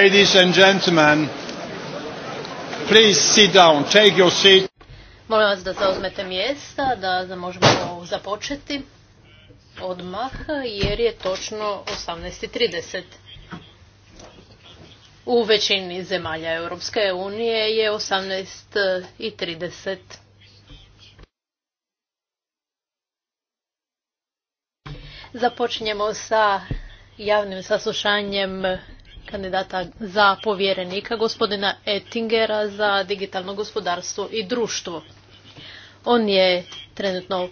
Ladies and gentlemen, please sit down, take your seat. Molim vas da zauzmete mjesta, da, možemo započeti odmah, jer je točno 18.30. U većini zemalja Europske unije je 18.30. Započinjemo sa javnim saslušanjem kandidata za povjerenika, gospodina Ettingera za digitalno gospodarstvo i društvo. On je trenutno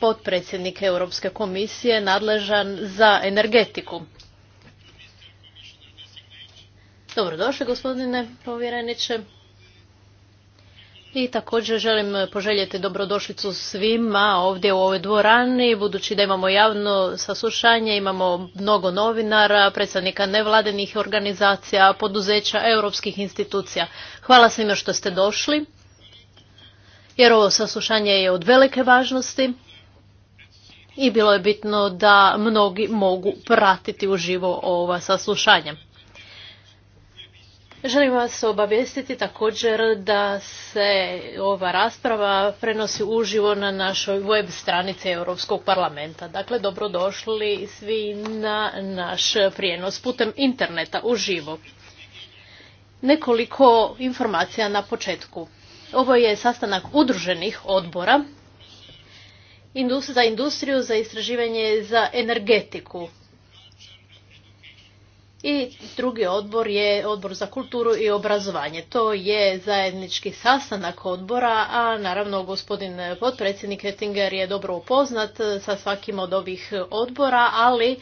potpredsjednik Europske komisije nadležan za energetiku. Dobrodošli gospodine povjereniče. I također želim poželjeti dobrodošlicu svima ovdje u ovoj dvorani, budući da imamo javno saslušanje, imamo mnogo novinara, predstavnika nevladenih organizacija, poduzeća, europskih institucija. Hvala svima što ste došli, jer ovo saslušanje je od velike važnosti i bilo je bitno da mnogi mogu pratiti uživo ova saslušanja. Želim vas obavijestiti također da se ova rasprava prenosi uživo na našoj web stranici Europskog parlamenta. Dakle, dobrodošli svi na naš prijenos putem interneta uživo. Nekoliko informacija na početku. Ovo je sastanak udruženih odbora za industriju, za istraživanje, za energetiku i drugi odbor je odbor za kulturu i obrazovanje. To je zajednički sastanak odbora, a naravno gospodin potpredsjednik Ettinger je dobro upoznat sa svakim od ovih odbora, ali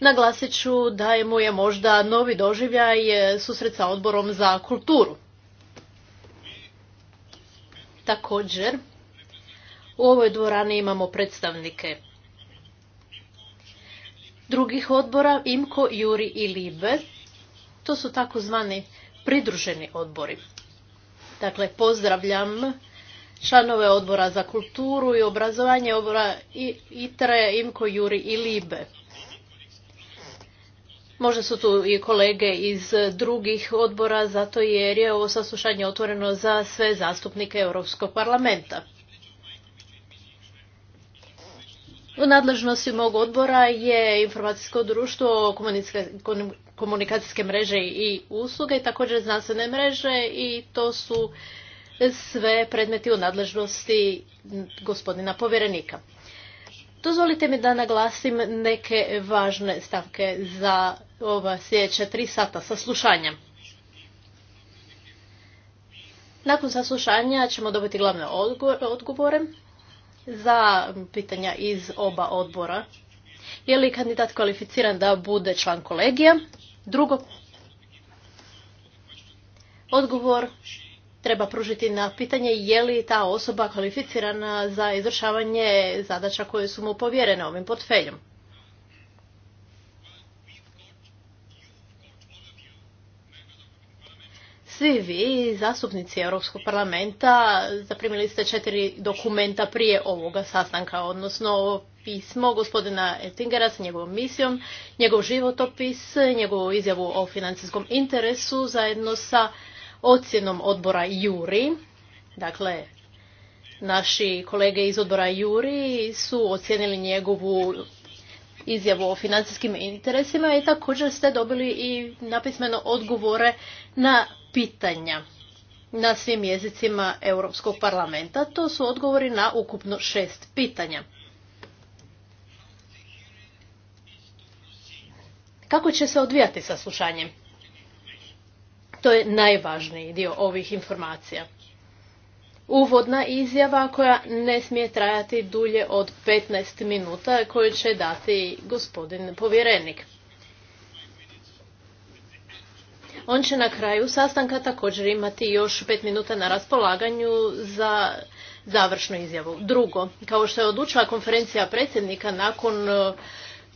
naglasit ću da je mu je možda novi doživljaj susret sa odborom za kulturu. Također, u ovoj dvorani imamo predstavnike drugih odbora, IMKO, JURI i LIBE. To su takozvani pridruženi odbori. Dakle, pozdravljam članove odbora za kulturu i obrazovanje odbora ITRE, IMKO, JURI i LIBE. Možda su tu i kolege iz drugih odbora, zato jer je ovo saslušanje otvoreno za sve zastupnike Europskog parlamenta. U nadležnosti mog odbora je informacijsko društvo, komunikacijske mreže i usluge, i također znanstvene mreže i to su sve predmeti u nadležnosti gospodina povjerenika. Dozvolite mi da naglasim neke važne stavke za ova sljedeća tri sata saslušanja. Nakon saslušanja ćemo dobiti glavne odgovore, za pitanja iz oba odbora. Je li kandidat kvalificiran da bude član kolegija? Drugo, odgovor treba pružiti na pitanje je li ta osoba kvalificirana za izvršavanje zadaća koje su mu povjerene ovim portfeljom. svi vi, zastupnici Europskog parlamenta, zaprimili ste četiri dokumenta prije ovoga sastanka, odnosno pismo gospodina Ettingera sa njegovom misijom, njegov životopis, njegovu izjavu o financijskom interesu zajedno sa ocjenom odbora Juri. Dakle, naši kolege iz odbora Juri su ocijenili njegovu izjavu o financijskim interesima i također ste dobili i napismeno odgovore na pitanja na svim jezicima Europskog parlamenta. To su odgovori na ukupno šest pitanja. Kako će se odvijati saslušanje? To je najvažniji dio ovih informacija. Uvodna izjava koja ne smije trajati dulje od 15 minuta koju će dati gospodin povjerenik. On će na kraju sastanka također imati još pet minuta na raspolaganju za završnu izjavu. Drugo, kao što je odlučila konferencija predsjednika nakon e,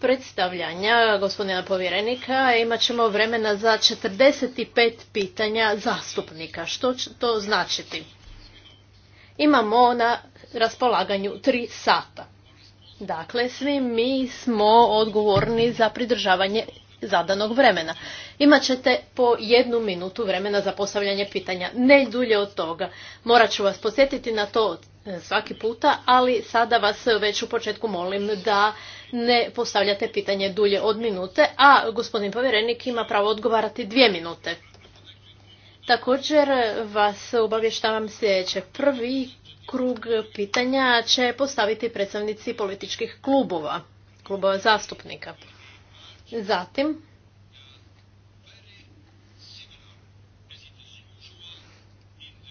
predstavljanja gospodina povjerenika imat ćemo vremena za 45 pitanja zastupnika. Što će to značiti? Imamo na raspolaganju tri sata. Dakle, svi mi smo odgovorni za pridržavanje zadanog vremena. Imaćete po jednu minutu vremena za postavljanje pitanja, ne dulje od toga. Morat ću vas posjetiti na to e, svaki puta, ali sada vas već u početku molim da ne postavljate pitanje dulje od minute, a gospodin povjerenik ima pravo odgovarati dvije minute. Također vas obavještavam sljedeće. Prvi krug pitanja će postaviti predstavnici političkih klubova, klubova zastupnika. Zatim,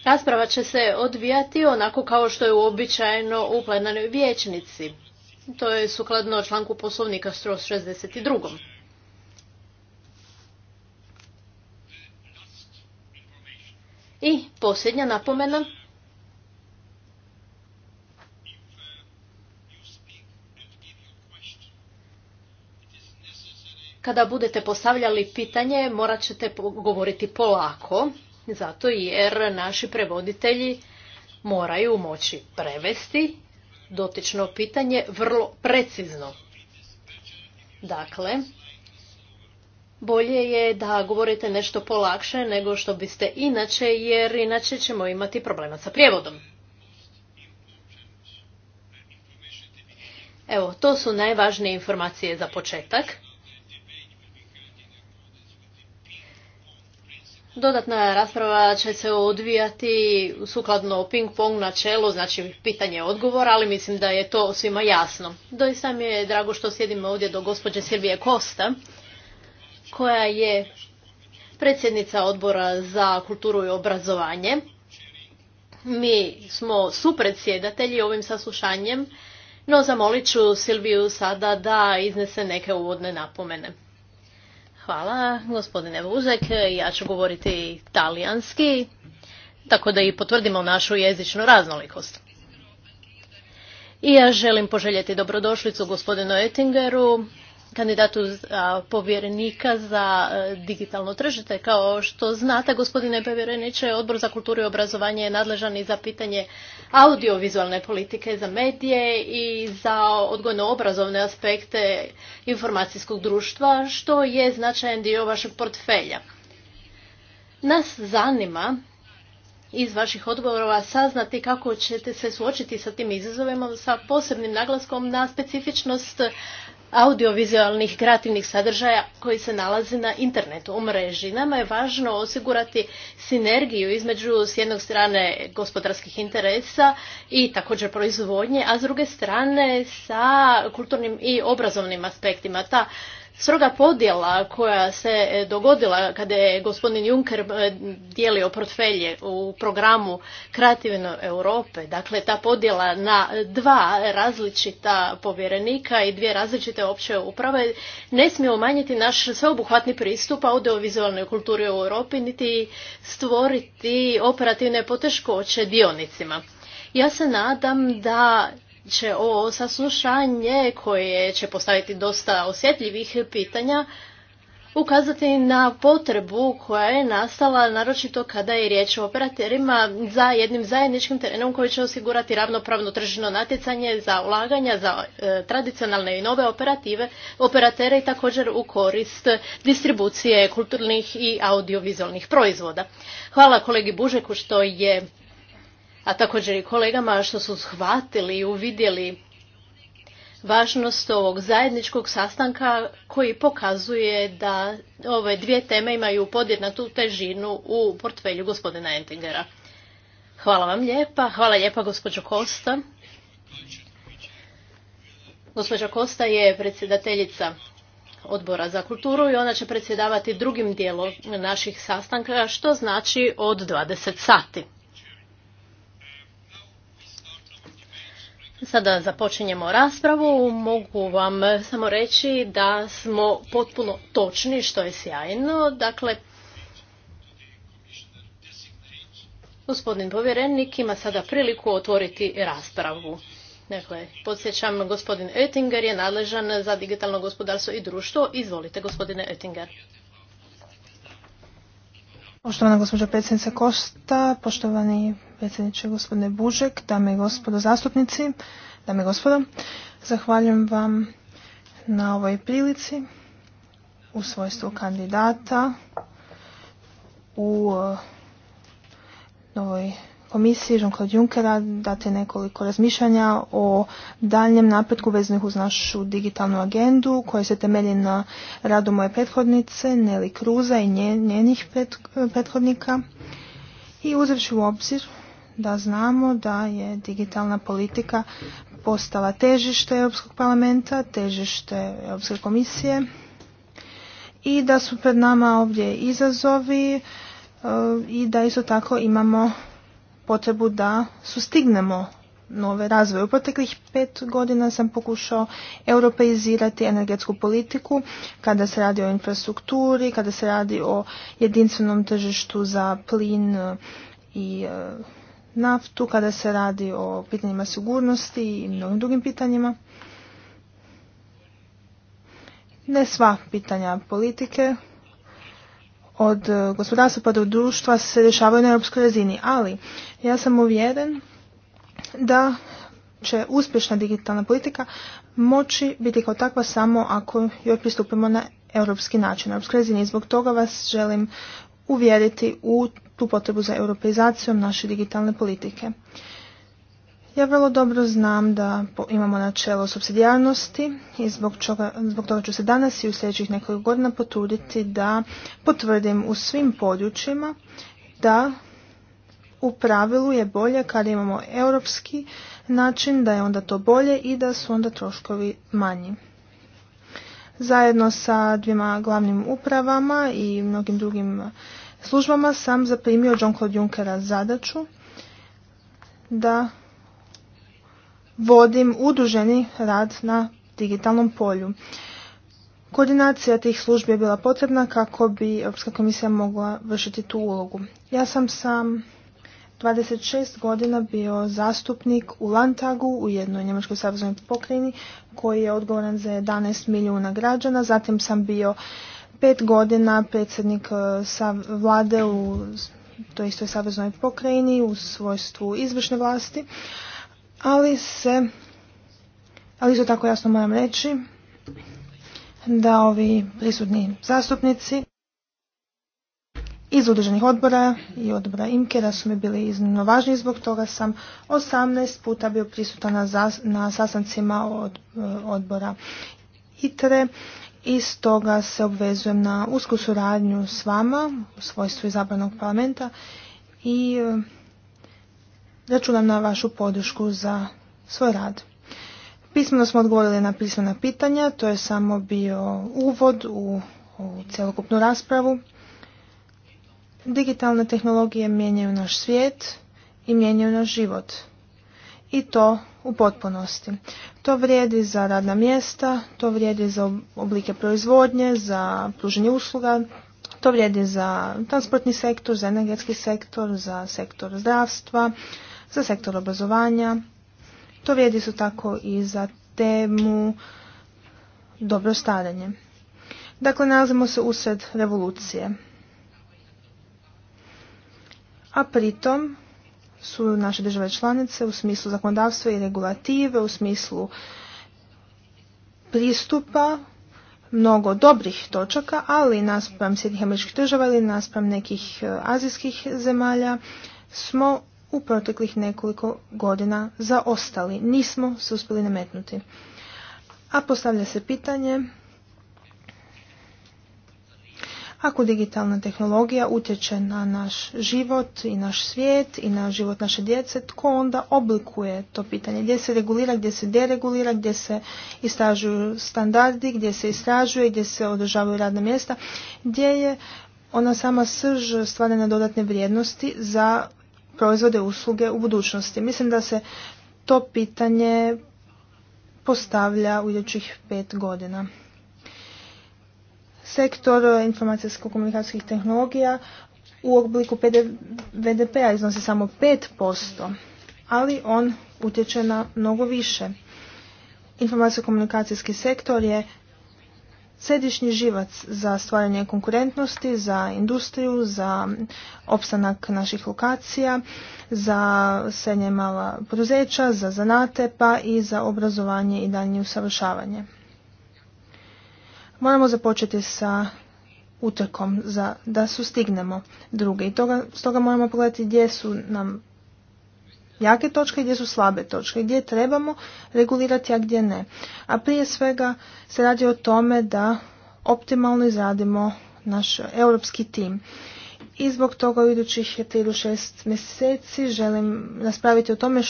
rasprava će se odvijati onako kao što je uobičajeno u plenarnoj vječnici. To je sukladno članku poslovnika 162. I posljednja napomena. Kada budete postavljali pitanje, morat ćete govoriti polako, zato jer naši prevoditelji moraju moći prevesti dotično pitanje vrlo precizno. Dakle, bolje je da govorite nešto polakše nego što biste inače, jer inače ćemo imati problema sa prijevodom. Evo, to su najvažnije informacije za početak. Dodatna rasprava će se odvijati sukladno ping-pong čelu, znači pitanje odgovora, ali mislim da je to svima jasno. Doista mi je drago što sjedimo ovdje do gospođe Silvije Kosta, koja je predsjednica odbora za kulturu i obrazovanje. Mi smo supredsjedatelji ovim saslušanjem, no zamolit ću Silviju sada da iznese neke uvodne napomene. Hvala, gospodine Vuzek. Ja ću govoriti talijanski, tako da i potvrdimo našu jezičnu raznolikost. I ja želim poželjeti dobrodošlicu gospodinu etingeru, kandidatu za povjerenika za digitalno tržište. Kao što znate, gospodine povjereniče, Odbor za kulturu i obrazovanje je nadležan i za pitanje audiovizualne politike za medije i za odgojno-obrazovne aspekte informacijskog društva, što je značajan dio vašeg portfelja. Nas zanima iz vaših odgovorova saznati kako ćete se suočiti sa tim izazovima sa posebnim naglaskom na specifičnost audiovizualnih kreativnih sadržaja koji se nalaze na internetu u mreži. Nama je važno osigurati sinergiju između s jednog strane gospodarskih interesa i također proizvodnje, a s druge strane sa kulturnim i obrazovnim aspektima. Ta stroga podjela koja se e, dogodila kada je gospodin Juncker e, dijelio portfelje u programu Kreativne Europe, dakle ta podjela na dva različita povjerenika i dvije različite opće uprave, ne smije umanjiti naš sveobuhvatni pristup audiovizualnoj kulturi u Europi, niti stvoriti operativne poteškoće dionicima. Ja se nadam da će ovo saslušanje koje će postaviti dosta osjetljivih pitanja ukazati na potrebu koja je nastala naročito kada je riječ o operaterima za jednim zajedničkim terenom koji će osigurati ravnopravno tržišno natjecanje za ulaganja za e, tradicionalne i nove operative, operatere i također u korist distribucije kulturnih i audiovizualnih proizvoda. Hvala kolegi Bužeku što je a također i kolegama što su shvatili i uvidjeli važnost ovog zajedničkog sastanka koji pokazuje da ove dvije teme imaju podjednaku težinu u portfelju gospodina Entingera. Hvala vam lijepa. Hvala lijepa gospođo Kosta. Gospođa Kosta je predsjedateljica odbora za kulturu i ona će predsjedavati drugim dijelom naših sastanka, što znači od 20 sati. Sada započinjemo raspravu. Mogu vam samo reći da smo potpuno točni, što je sjajno. Dakle, gospodin povjerenik ima sada priliku otvoriti raspravu. Dakle, podsjećam, gospodin Oettinger je nadležan za digitalno gospodarstvo i društvo. Izvolite, gospodine Oettinger. Poštovana gospođo predsjednice Kosta, poštovani predsjedniče gospodine Bužek, dame i gospodo zastupnici, dame i gospodo, zahvaljujem vam na ovoj prilici u svojstvu kandidata u eh, novoj komisiji Jean-Claude Junckera date nekoliko razmišljanja o daljem napretku vezanih uz našu digitalnu agendu koja se temelji na radu moje prethodnice Nelly Kruza i njenih prethodnika i uzreći u obzir da znamo da je digitalna politika postala težište Europskog parlamenta, težište Europske komisije i da su pred nama ovdje izazovi e, i da isto tako imamo potrebu da sustignemo nove razvoje. U proteklih pet godina sam pokušao europeizirati energetsku politiku kada se radi o infrastrukturi, kada se radi o jedinstvenom tržištu za plin e, i e, naftu, kada se radi o pitanjima sigurnosti i mnogim drugim pitanjima. Ne sva pitanja politike od eh, gospodarstva pa do društva se dešavaju na europskoj razini. Ali ja sam uvjeren da će uspješna digitalna politika moći biti kao takva samo ako joj pristupimo na europski način, na europskoj razini. Zbog toga vas želim uvjeriti u tu potrebu za europeizacijom naše digitalne politike. Ja vrlo dobro znam da imamo načelo subsidijarnosti i zbog, toga ću se danas i u sljedećih nekoliko godina potruditi da potvrdim u svim područjima da u pravilu je bolje kada imamo europski način, da je onda to bolje i da su onda troškovi manji. Zajedno sa dvima glavnim upravama i mnogim drugim službama sam zaprimio John Claude Junckera zadaću da vodim uduženi rad na digitalnom polju. Koordinacija tih službi je bila potrebna kako bi Europska komisija mogla vršiti tu ulogu. Ja sam sam 26 godina bio zastupnik u Lantagu u jednoj njemačkoj saveznoj pokrajini koji je odgovoran za 11 milijuna građana. Zatim sam bio pet godina predsjednik e, vlade u toj istoj saveznoj pokrajini u svojstvu izvršne vlasti ali se, ali isto tako jasno moram reći da ovi prisutni zastupnici iz udruženih odbora i odbora IMKE da su mi bili iznimno važni zbog toga sam 18 puta bio prisutan na, sastancima od, eh, odbora ITRE i stoga se obvezujem na usku suradnju s vama u svojstvu izabranog parlamenta i eh, računam na vašu podršku za svoj rad. Pismeno smo odgovorili na pismena pitanja, to je samo bio uvod u, u cjelokupnu raspravu. Digitalne tehnologije mijenjaju naš svijet i mijenjaju naš život. I to u potpunosti. To vrijedi za radna mjesta, to vrijedi za oblike proizvodnje, za pruženje usluga, to vrijedi za transportni sektor, za energetski sektor, za sektor zdravstva, za sektor obrazovanja. To vrijedi su tako i za temu dobro staranje. Dakle, nalazimo se usred revolucije. A pritom su naše države članice u smislu zakonodavstva i regulative, u smislu pristupa mnogo dobrih točaka, ali naspram Sjednih američkih država ili naspram nekih e, azijskih zemalja smo u proteklih nekoliko godina zaostali. Nismo se uspjeli nametnuti. A postavlja se pitanje ako digitalna tehnologija utječe na naš život i naš svijet i na život naše djece, tko onda oblikuje to pitanje? Gdje se regulira, gdje se deregulira, gdje se istražuju standardi, gdje se istražuje, gdje se održavaju radna mjesta, gdje je ona sama srž stvaranja dodatne vrijednosti za proizvode usluge u budućnosti. Mislim da se to pitanje postavlja u idućih pet godina. Sektor informacijsko-komunikacijskih tehnologija u obliku VDP-a iznosi samo 5%, ali on utječe na mnogo više. Informacijsko-komunikacijski sektor je središnji živac za stvaranje konkurentnosti, za industriju, za opstanak naših lokacija, za srednje mala poduzeća, za zanate, pa i za obrazovanje i daljnje usavršavanje. Moramo započeti sa utrkom za, da sustignemo druge i toga, stoga moramo pogledati gdje su nam jake točke, gdje su slabe točke, gdje trebamo regulirati, a gdje ne. A prije svega se radi o tome da optimalno izradimo naš europski tim. I zbog toga u idućih 3 6 mjeseci želim raspraviti o tome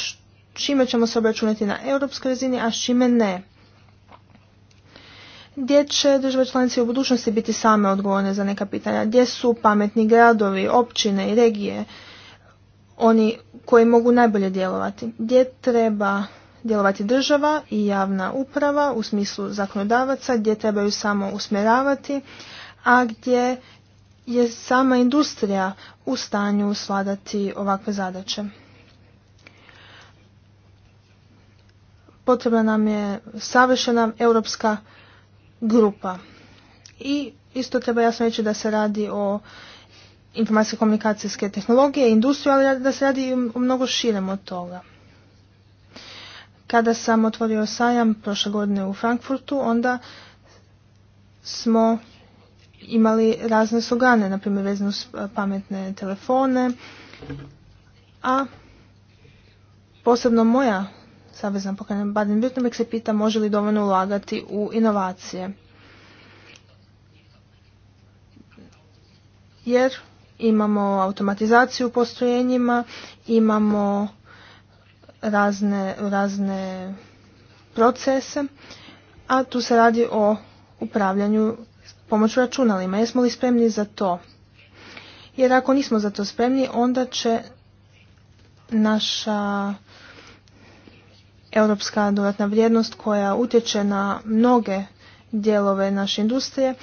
čime ćemo se obračunati na europskoj razini, a čime ne. Gdje će države članice u budućnosti biti same odgovorne za neka pitanja? Gdje su pametni gradovi, općine i regije? oni koji mogu najbolje djelovati. Gdje treba djelovati država i javna uprava u smislu zakonodavaca, gdje trebaju samo usmjeravati, a gdje je sama industrija u stanju sladati ovakve zadaće. Potrebna nam je savršena europska grupa. I isto treba jasno reći da se radi o informacijske komunikacijske tehnologije i industriju, ali da se radi o mnogo širem od toga. Kada sam otvorio sajam prošle godine u Frankfurtu, onda smo imali razne slogane, na primjer vezano s e, pametne telefone, a posebno moja savezna pokrenja Baden-Württemberg se pita može li dovoljno ulagati u inovacije. Jer imamo automatizaciju u postrojenjima, imamo razne, razne procese, a tu se radi o upravljanju pomoću računalima. Jesmo li spremni za to? Jer ako nismo za to spremni, onda će naša europska dodatna vrijednost koja utječe na mnoge dijelove naše industrije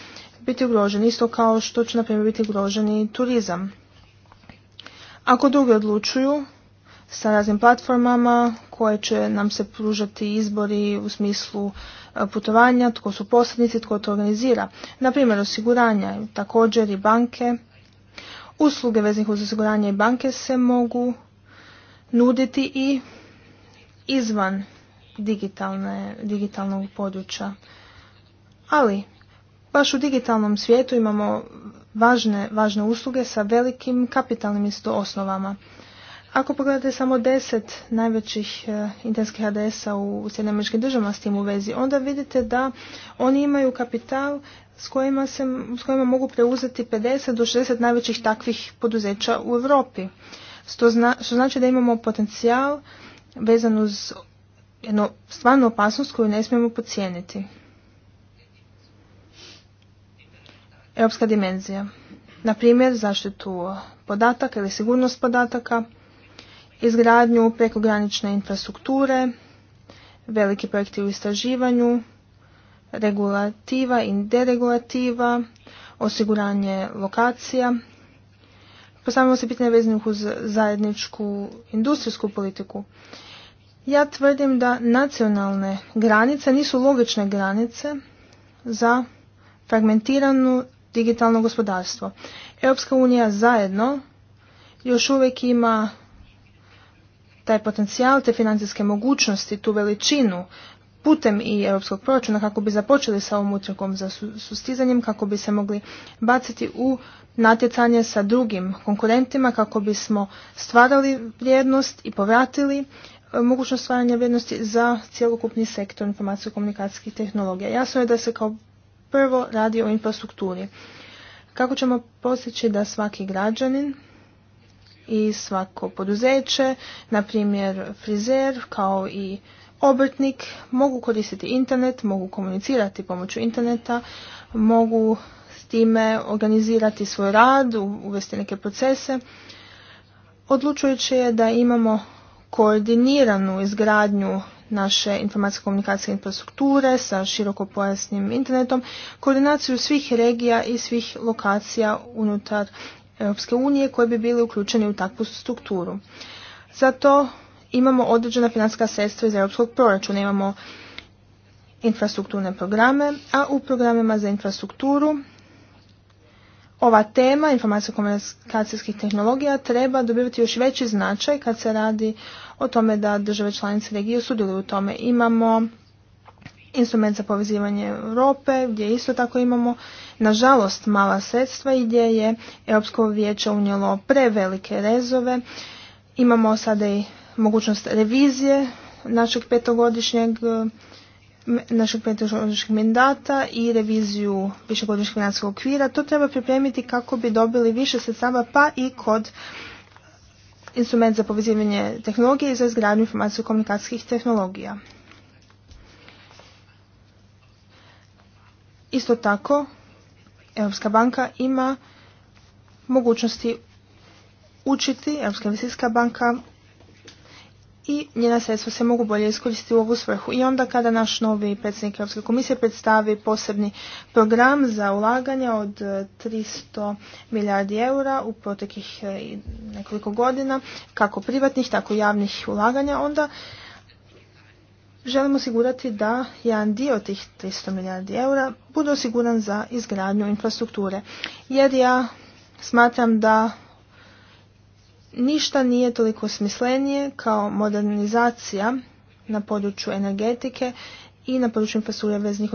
biti ugroženi, isto kao što će na primjer biti ugroženi turizam. Ako drugi odlučuju sa raznim platformama koje će nam se pružati izbori u smislu e, putovanja, tko su posrednici, tko to organizira. primjer osiguranja, također i banke. Usluge veznih uz osiguranje i banke se mogu nuditi i izvan digitalne, digitalnog područja. Ali, Baš u digitalnom svijetu imamo važne, važne usluge sa velikim kapitalnim isto osnovama. Ako pogledate samo deset najvećih intenskih internetskih ADS-a u Sjedinamečkim državama s tim u vezi, onda vidite da oni imaju kapital s kojima, se, s kojima mogu preuzeti 50 do 60 najvećih takvih poduzeća u Europi. Što, zna, što znači da imamo potencijal vezan uz jednu stvarnu opasnost koju ne smijemo pocijeniti. europska dimenzija. Na primjer, zaštitu podataka ili sigurnost podataka, izgradnju prekogranične infrastrukture, veliki projekti u istraživanju, regulativa i deregulativa, osiguranje lokacija. Postavljamo se pitanje vezanih uz zajedničku industrijsku politiku. Ja tvrdim da nacionalne granice nisu logične granice za fragmentiranu digitalno gospodarstvo. Europska unija zajedno još uvijek ima taj potencijal, te financijske mogućnosti, tu veličinu putem i europskog proračuna kako bi započeli sa ovom utrkom za sustizanjem, kako bi se mogli baciti u natjecanje sa drugim konkurentima, kako bismo stvarali vrijednost i povratili e, mogućnost stvaranja vrijednosti za cjelokupni sektor informacijsko-komunikacijskih tehnologija. Jasno je da se kao prvo radi o infrastrukturi. Kako ćemo postići da svaki građanin i svako poduzeće, na primjer frizer kao i obrtnik, mogu koristiti internet, mogu komunicirati pomoću interneta, mogu s time organizirati svoj rad, uvesti neke procese. Odlučujući je da imamo koordiniranu izgradnju naše informacijsko komunikacijske infrastrukture sa širokopojasnim internetom, koordinaciju svih regija i svih lokacija unutar Europske unije koje bi bili uključeni u takvu strukturu. Zato imamo određena financijska sredstva iz europskog proračuna, imamo infrastrukturne programe, a u programima za infrastrukturu ova tema informacijsko-komunikacijskih tehnologija treba dobivati još veći značaj kad se radi o tome da države članice regije sudjeluju u tome. Imamo instrument za povezivanje Europe gdje isto tako imamo nažalost mala sredstva i gdje je Europsko vijeće unijelo prevelike rezove. Imamo sada i mogućnost revizije našeg petogodišnjeg našeg petogodišnjeg mandata i reviziju višegodišnjeg financijskog okvira. To treba pripremiti kako bi dobili više sredstava pa i kod instrument za povezivanje tehnologije i za izgradnju informacijsko-komunikacijskih tehnologija. Isto tako, Europska banka ima mogućnosti učiti, Europska investicijska banka, i njena sredstva se mogu bolje iskoristiti u ovu svrhu. I onda kada naš novi predsjednik Europske komisije predstavi posebni program za ulaganja od 300 e, milijardi eura u protekih e, nekoliko godina, kako privatnih, tako i javnih ulaganja, onda želimo osigurati da jedan dio tih 300 milijardi eura bude osiguran za izgradnju infrastrukture. Jer ja smatram da Ništa nije toliko smislenije kao modernizacija na području energetike i na području infrastrukture veznih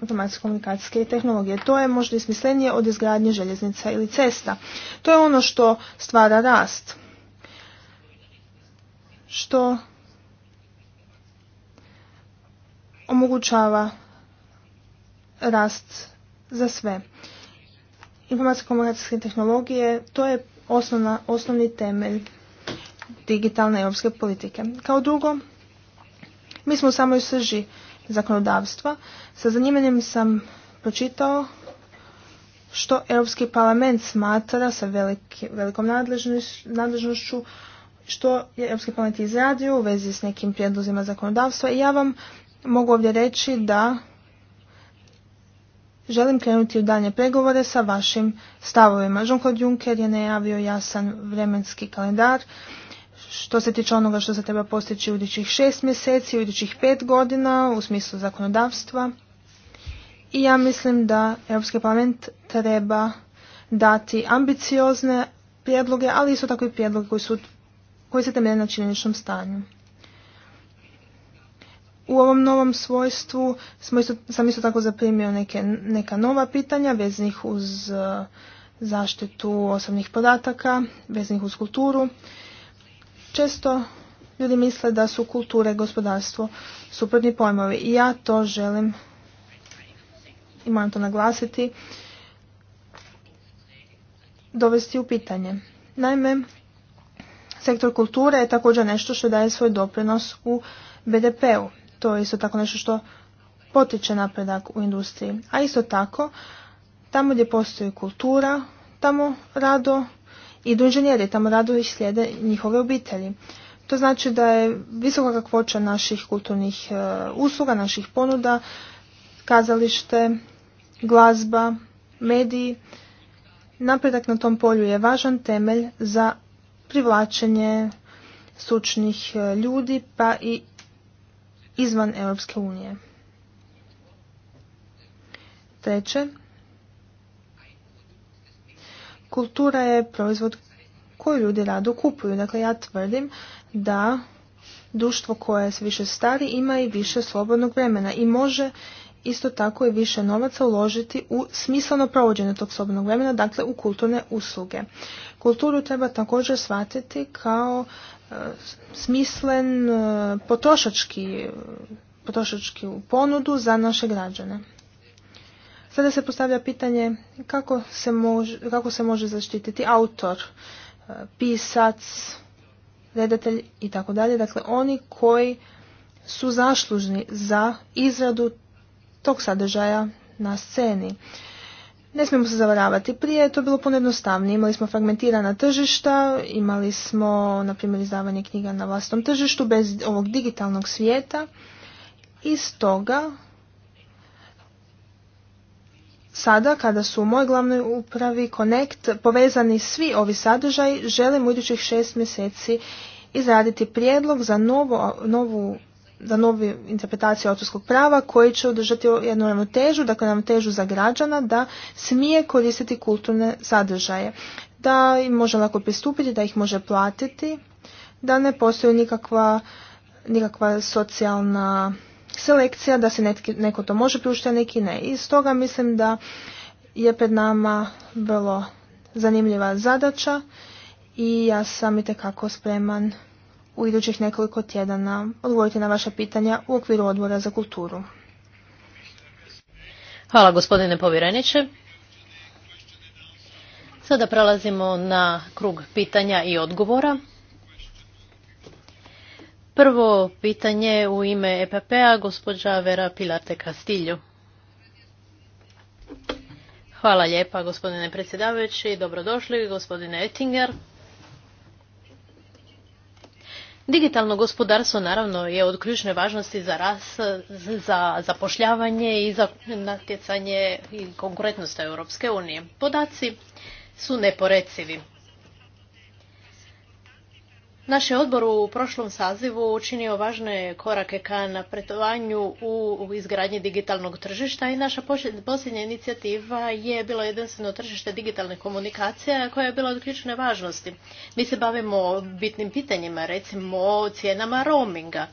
informacijsko komunikacijske tehnologije. To je možda i smislenije od izgradnje željeznica ili cesta. To je ono što stvara rast. Što omogućava rast za sve. Informacijsko komunikacijske tehnologije to je osnovna, osnovni temelj digitalne europske politike. Kao drugo, mi smo u samoj srži zakonodavstva. Sa zanimanjem sam pročitao što Europski parlament smatra sa velikom nadležnošću, što je Europski parlament izradio u vezi s nekim prijedlozima zakonodavstva i ja vam mogu ovdje reći da želim krenuti u dalje pregovore sa vašim stavovima. Jean-Claude Juncker je najavio jasan vremenski kalendar što se tiče onoga što se treba postići u idućih šest mjeseci, u idućih pet godina u smislu zakonodavstva. I ja mislim da Europski parlament treba dati ambiciozne prijedloge, ali isto tako i prijedloge koji, su, koji se temelje na činjeničnom stanju u ovom novom svojstvu smo sam isto tako zaprimio neka nova pitanja veznih uz e, zaštitu osobnih podataka, veznih uz kulturu. Često ljudi misle da su kulture i gospodarstvo suprotni pojmovi i ja to želim i moram to naglasiti dovesti u pitanje. Naime, sektor kulture je također nešto što daje svoj doprinos u BDP-u to je isto tako nešto što potiče napredak u industriji. A isto tako, tamo gdje postoji kultura, tamo rado idu inženjeri, tamo rado ih slijede njihove obitelji. To znači da je visoka kakvoća naših kulturnih e, usluga, naših ponuda, kazalište, glazba, mediji. Napredak na tom polju je važan temelj za privlačenje sučnih e, ljudi pa i izvan Europske unije. Treće, kultura je proizvod koji ljudi rado kupuju. Dakle, ja tvrdim da društvo koje se više stari ima i više slobodnog vremena i može isto tako i više novaca uložiti u smisleno provođenje tog slobodnog vremena, dakle u kulturne usluge. Kulturu treba također shvatiti kao e, smislen e, potrošački, potrošački ponudu za naše građane. Sada se postavlja pitanje kako se može, kako se može zaštititi autor, e, pisac, redatelj i tako dalje. Dakle, oni koji su zaslužni za izradu tog sadržaja na sceni. Ne smijemo se zavaravati. Prije je to bilo puno jednostavnije. Imali smo fragmentirana tržišta, imali smo, na primjer, izdavanje knjiga na vlastnom tržištu bez ovog digitalnog svijeta. I stoga, sada kada su u mojoj glavnoj upravi Connect povezani svi ovi sadržaji, želim u idućih šest mjeseci izraditi prijedlog za novo, novu za novi interpretaciju autorskog prava koji će održati jednu ravnotežu, dakle ravnotežu za građana da smije koristiti kulturne sadržaje, da im može lako pristupiti, da ih može platiti, da ne postoji nikakva, nikakva socijalna selekcija, da se netki, neko to može priuštiti, a neki ne. I stoga mislim da je pred nama vrlo zanimljiva zadaća i ja sam i spreman u idućih nekoliko tjedana odgovoriti na vaša pitanja u okviru odbora za kulturu. Hvala gospodine povjereniče. Sada prelazimo na krug pitanja i odgovora. Prvo pitanje u ime EPP-a, gospođa Vera Pilate Castillo. Hvala lijepa gospodine predsjedavajući, dobrodošli gospodine Ettinger. Digitalno gospodarstvo naravno je od ključne važnosti za ras, za zapošljavanje i za natjecanje i konkurentnost Europske unije. Podaci su neporecivi. Naš je odbor u prošlom sazivu učinio važne korake ka napretovanju u izgradnji digitalnog tržišta i naša posljednja inicijativa je bilo jedinstveno tržište digitalne komunikacije koja je bila od ključne važnosti. Mi se bavimo bitnim pitanjima, recimo cijenama roaminga.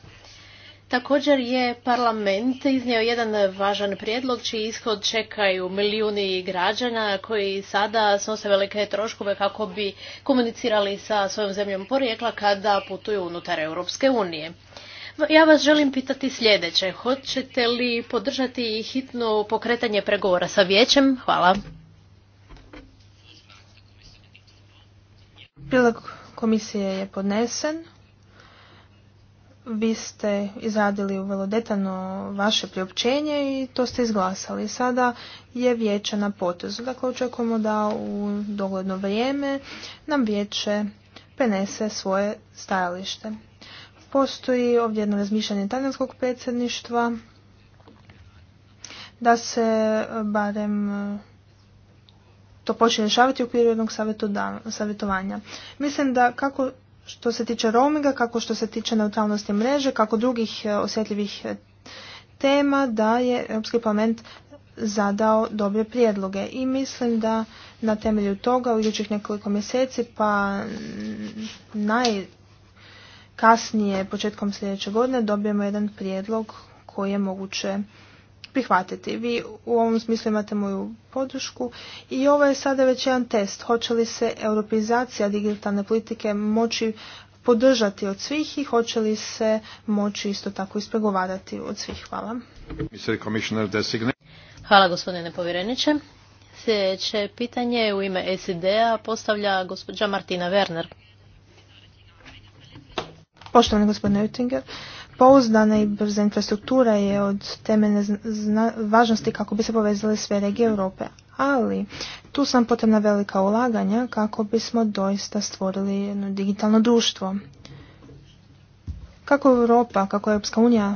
Također je parlament iznio jedan važan prijedlog čiji ishod čekaju milijuni građana koji sada snose velike troškove kako bi komunicirali sa svojom zemljom porijekla kada putuju unutar Europske unije. Ja vas želim pitati sljedeće. Hoćete li podržati hitno pokretanje pregovora sa vijećem? Hvala. Prilog komisije je podnesen vi ste izradili vrlo detaljno vaše priopćenje i to ste izglasali. Sada je vijeće na potezu. Dakle, očekujemo da u dogledno vrijeme nam vijeće prenese svoje stajalište. Postoji ovdje jedno razmišljanje talijanskog predsjedništva da se e, barem e, to počne rješavati u okviru jednog savjetovanja. Mislim da kako što se tiče roaminga, kako što se tiče neutralnosti mreže, kako drugih e, osjetljivih e, tema da je Europski parlament zadao dobre prijedloge i mislim da na temelju toga u idućih nekoliko mjeseci pa najkasnije početkom sljedeće godine dobijemo jedan prijedlog koji je moguće prihvatiti. Vi u ovom smislu imate moju podršku i ovo je sada već jedan test. Hoće li se europeizacija digitalne politike moći podržati od svih i hoće li se moći isto tako ispregovarati od svih. Hvala. Hvala gospodine povjereniče. Sljedeće pitanje u ime SID-a postavlja gospođa Martina Werner. Poštovani gospodine Oettinger, pouzdana i brza infrastruktura je od temeljne važnosti kako bi se povezale sve regije Europe. Ali tu sam potrebna velika ulaganja kako bismo doista stvorili jedno digitalno društvo. Kako Europa, kako Europska unija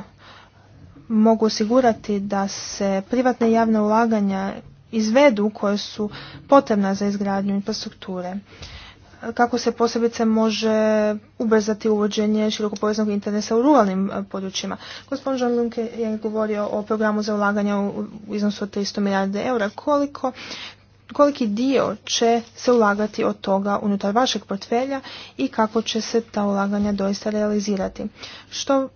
mogu osigurati da se privatne i javne ulaganja izvedu koje su potrebna za izgradnju infrastrukture kako se posebice može ubrzati uvođenje širokopoveznog interneta u ruralnim e, područjima. Gospodin John Lunke je govorio o programu za ulaganje u iznosu od 300 milijarde eura. Koliko koliki dio će se ulagati od toga unutar vašeg portfelja i kako će se ta ulaganja doista realizirati. Što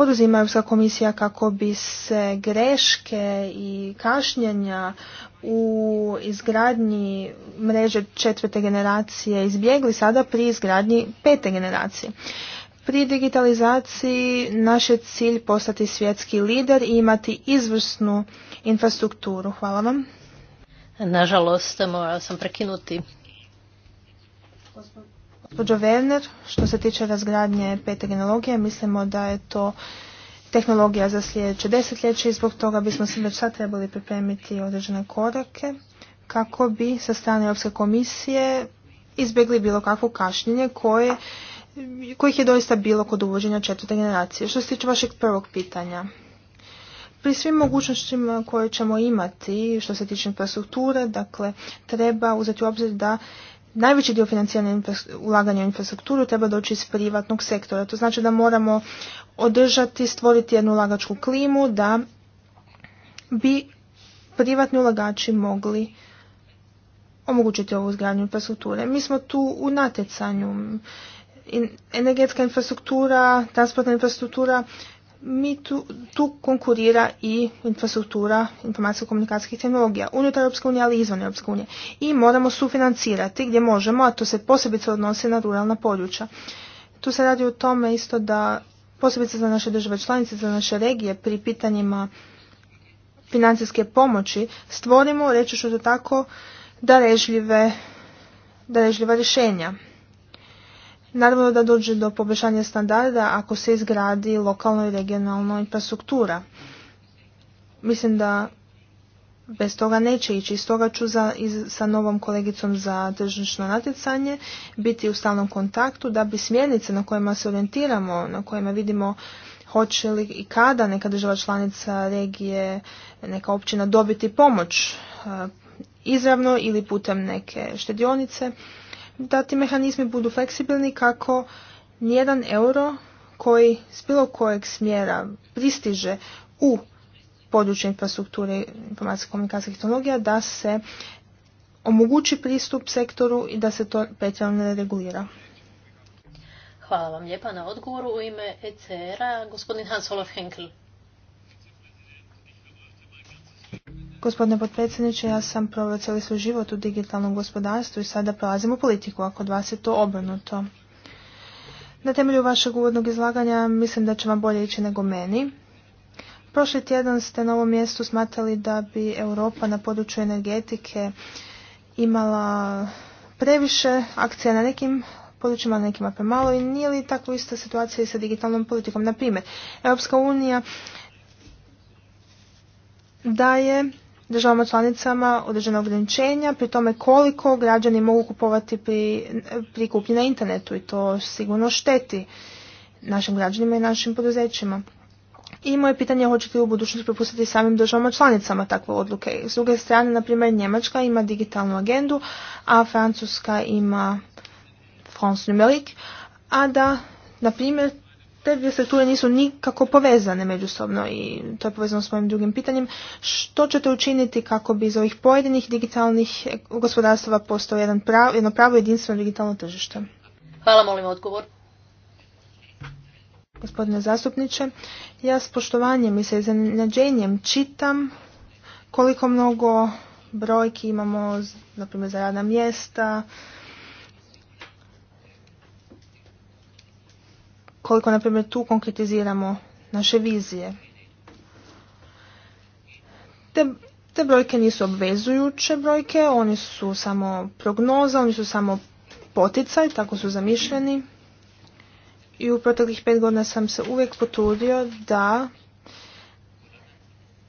poduzima Europska komisija kako bi se greške i kašnjenja u izgradnji mreže četvrte generacije izbjegli sada pri izgradnji pete generacije. Pri digitalizaciji naš je cilj postati svjetski lider i imati izvrsnu infrastrukturu. Hvala vam. Nažalost, morala sam prekinuti. Gospodin Gospođo Werner, što se tiče razgradnje pete genealogije, mislimo da je to tehnologija za sljedeće desetljeće i zbog toga bismo se već sad trebali pripremiti određene korake kako bi sa strane Europske komisije izbjegli bilo kakvo kašnjenje koje, kojih je doista bilo kod uvođenja četvrte generacije. Što se tiče vašeg prvog pitanja, pri svim mogućnostima koje ćemo imati što se tiče infrastrukture, dakle, treba uzeti u obzir da najveći dio financiranja ulaganja u infrastrukturu treba doći iz privatnog sektora. To znači da moramo održati, stvoriti jednu ulagačku klimu da bi privatni ulagači mogli omogućiti ovu izgradnju infrastrukture. Mi smo tu u natjecanju. Energetska infrastruktura, transportna infrastruktura mi tu, tu konkurira i infrastruktura informacijsko-komunikacijskih tehnologija unutar Europske unije, ali i izvan Europske unije. I moramo sufinancirati gdje možemo, a to se posebice odnosi na ruralna područja. Tu se radi o tome isto da posebice za naše države članice, za naše regije pri pitanjima financijske pomoći stvorimo, reći ću to tako, darežljive, darežljiva rješenja Naravno da dođe do poboljšanja standarda ako se izgradi lokalno i regionalna infrastruktura. Mislim da bez toga neće ići. Stoga ću za, sa novom kolegicom za tržišno natjecanje biti u stalnom kontaktu da bi smjernice na kojima se orijentiramo, na kojima vidimo hoće li i kada neka država članica regije, neka općina dobiti pomoć eh, izravno ili putem neke štedionice, da ti mehanizmi budu fleksibilni kako nijedan euro koji s bilo kojeg smjera pristiže u područje infrastrukture informacijsko komunikacijskih tehnologija da se omogući pristup sektoru i da se to pretjerano ne regulira. Hvala vam lijepa na odgovoru. U ime ECR-a gospodin Hans-Olof Henkel. Gospodine potpredsjedniče, ja sam provoceli cijeli svoj život u digitalnom gospodarstvu i sada prelazim u politiku, ako od vas je to obrnuto. Na temelju vašeg uvodnog izlaganja mislim da će vam bolje ići nego meni. Prošli tjedan ste na ovom mjestu smatrali da bi Europa na području energetike imala previše akcija na nekim područjima, na nekima premalo i nije li tako ista situacija i sa digitalnom politikom. Na primjer, Europska unija daje državama članicama određena ograničenja pri tome koliko građani mogu kupovati pri, pri kupnji na internetu i to sigurno šteti našim građanima i našim poduzećima. I moje pitanje je hoćete li u budućnosti propustiti samim državama članicama takve odluke. S druge strane, na primjer, Njemačka ima digitalnu agendu, a Francuska ima France Numerique, a da, na primjer, te dvije strukture nisu nikako povezane međusobno i to je povezano s mojim drugim pitanjem. Što ćete učiniti kako bi iz ovih pojedinih digitalnih gospodarstva postao jedan pravo jedno pravo jedinstveno digitalno tržište? Hvala, molim odgovor. Gospodine zastupniče, ja s poštovanjem i sa iznenađenjem čitam koliko mnogo brojki imamo, na primjer, za radna mjesta, koliko, na primjer, tu konkretiziramo naše vizije. Te, te brojke nisu obvezujuće brojke, oni su samo prognoza, oni su samo poticaj, tako su zamišljeni. I u proteklih pet godina sam se uvijek potrudio da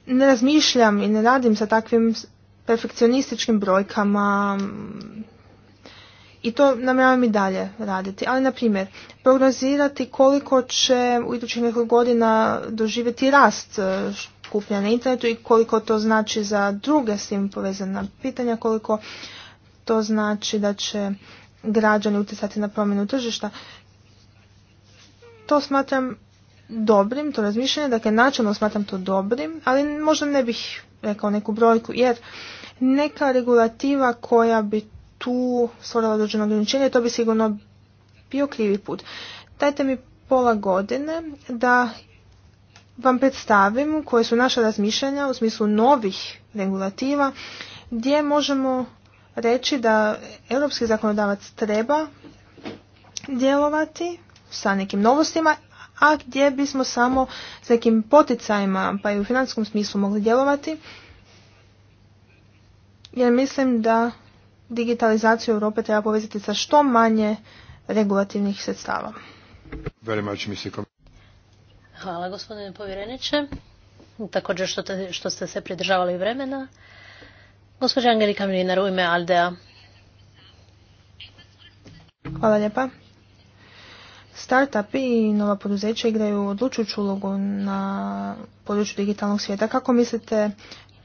ne razmišljam i ne radim sa takvim perfekcionističkim brojkama, i to namjeravam i dalje raditi. Ali, na primjer, prognozirati koliko će u idućih nekoliko godina doživjeti rast e, kupnja na internetu i koliko to znači za druge s tim povezana pitanja, koliko to znači da će građani utjecati na promjenu tržišta. To smatram dobrim, to razmišljanje, dakle načelno smatram to dobrim, ali možda ne bih rekao neku brojku, jer neka regulativa koja bi tu stvorila određeno ograničenje, to bi sigurno bio krivi put. Dajte mi pola godine da vam predstavim koje su naša razmišljanja u smislu novih regulativa gdje možemo reći da europski zakonodavac treba djelovati sa nekim novostima, a gdje bismo samo s nekim poticajima pa i u financijskom smislu mogli djelovati jer mislim da digitalizaciju Europe treba povezati sa što manje regulativnih sredstava. Hvala gospodine povjereniče. Također što, što ste se pridržavali vremena. Gospođa Angelika Mlinar u ime Aldea. Hvala lijepa. Startupi i nova poduzeća igraju odlučujuću ulogu na području digitalnog svijeta. Kako mislite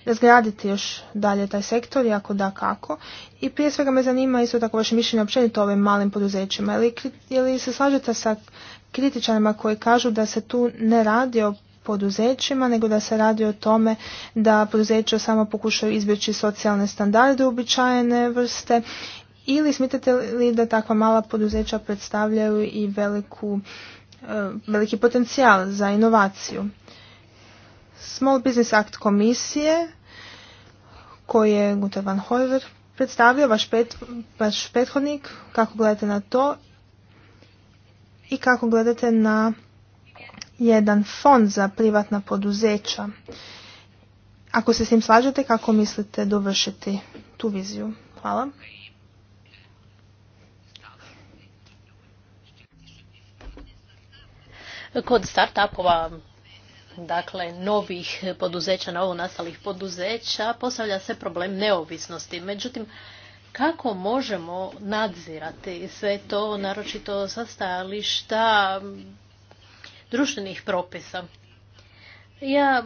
razgraditi još dalje taj sektor i ako da kako. I prije svega me zanima isto tako vaše mišljenje općenito o ovim malim poduzećima. je li se slažete sa kritičarima koji kažu da se tu ne radi o poduzećima, nego da se radi o tome da poduzeća samo pokušaju izbjeći socijalne standarde uobičajene vrste ili smitate li da takva mala poduzeća predstavljaju i veliku, e, veliki potencijal za inovaciju? Small Business Act komisije koji je Guter van Hoover predstavio, vaš, pet, prethodnik, kako gledate na to i kako gledate na jedan fond za privatna poduzeća. Ako se s tim slažete, kako mislite dovršiti tu viziju? Hvala. Kod startupova dakle novih poduzeća, novo nastalih poduzeća, postavlja se problem neovisnosti. Međutim, kako možemo nadzirati sve to, naročito sa stajališta društvenih propisa? Ja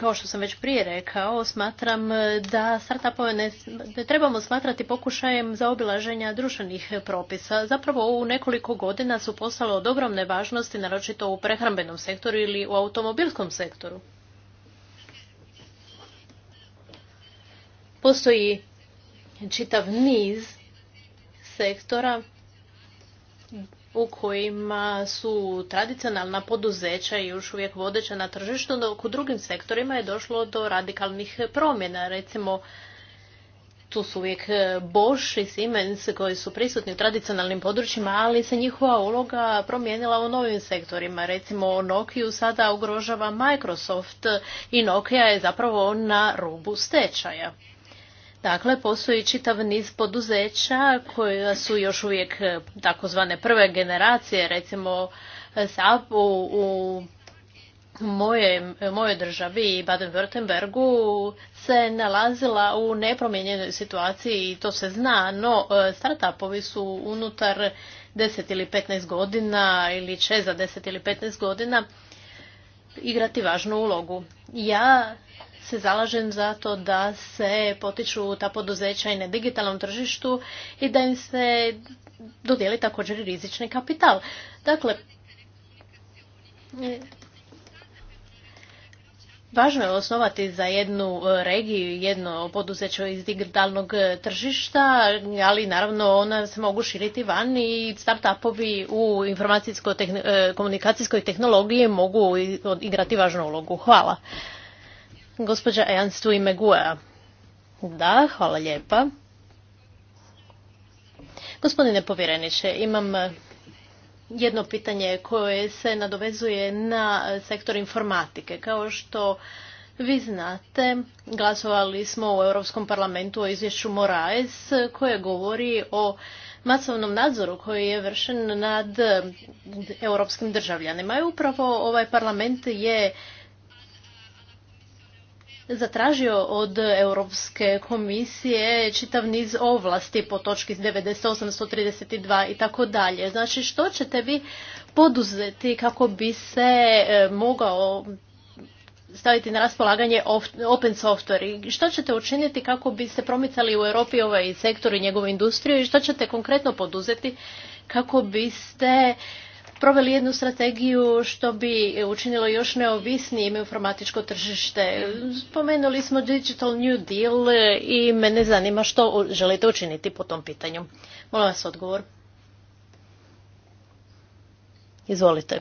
kao što sam već prije rekao, smatram e, da startupove ne, ne trebamo smatrati pokušajem za obilaženja društvenih propisa. Zapravo u nekoliko godina su postale od ogromne važnosti, naročito u prehrambenom sektoru ili u automobilskom sektoru. Postoji čitav niz sektora u kojima su tradicionalna poduzeća još uvijek vodeća na tržištu, dok u drugim sektorima je došlo do radikalnih promjena. Recimo, tu su uvijek e, Bosch i Siemens koji su prisutni u tradicionalnim područjima, ali se njihova uloga promijenila u novim sektorima. Recimo Nokiju sada ugrožava Microsoft i Nokia je zapravo na rubu stečaja. Dakle, postoji čitav niz poduzeća koja su još uvijek e, takozvane prve generacije, recimo e, SAP u, u moje, mojoj državi i Baden-Württembergu se nalazila u nepromijenjenoj situaciji i to se zna, no e, startupovi su unutar 10 ili 15 godina ili će za 10 ili 15 godina igrati važnu ulogu. Ja se zalažem za to da se potiču ta poduzeća i na digitalnom tržištu i da im se dodijeli također rizični kapital. Dakle, Važno je osnovati za jednu regiju, jedno poduzeće iz digitalnog tržišta, ali naravno ona se mogu širiti van i start-upovi u informacijsko-komunikacijskoj e, tehnologiji mogu igrati važnu ulogu. Hvala. Gospođa u ime Da, hvala Gospodine povjereniče, imam eh, jedno pitanje koje se nadovezuje na eh, sektor informatike. Kao što vi znate, glasovali smo u Europskom parlamentu o izvješću Moraes koje govori o masovnom nadzoru koji je vršen nad eh, europskim državljanima. I upravo ovaj parlament je zatražio od Europske komisije čitav niz ovlasti po točki 98, 132 i tako dalje. Znači što ćete vi poduzeti kako bi se e, mogao staviti na raspolaganje open software i što ćete učiniti kako bi se promicali u Europi ovaj sektor i njegovu industriju i što ćete konkretno poduzeti kako biste proveli jednu strategiju što bi učinilo još neovisnijim informatičko tržište. Spomenuli smo Digital New Deal i mene zanima što želite učiniti po tom pitanju. Molim vas odgovor. Izvolite.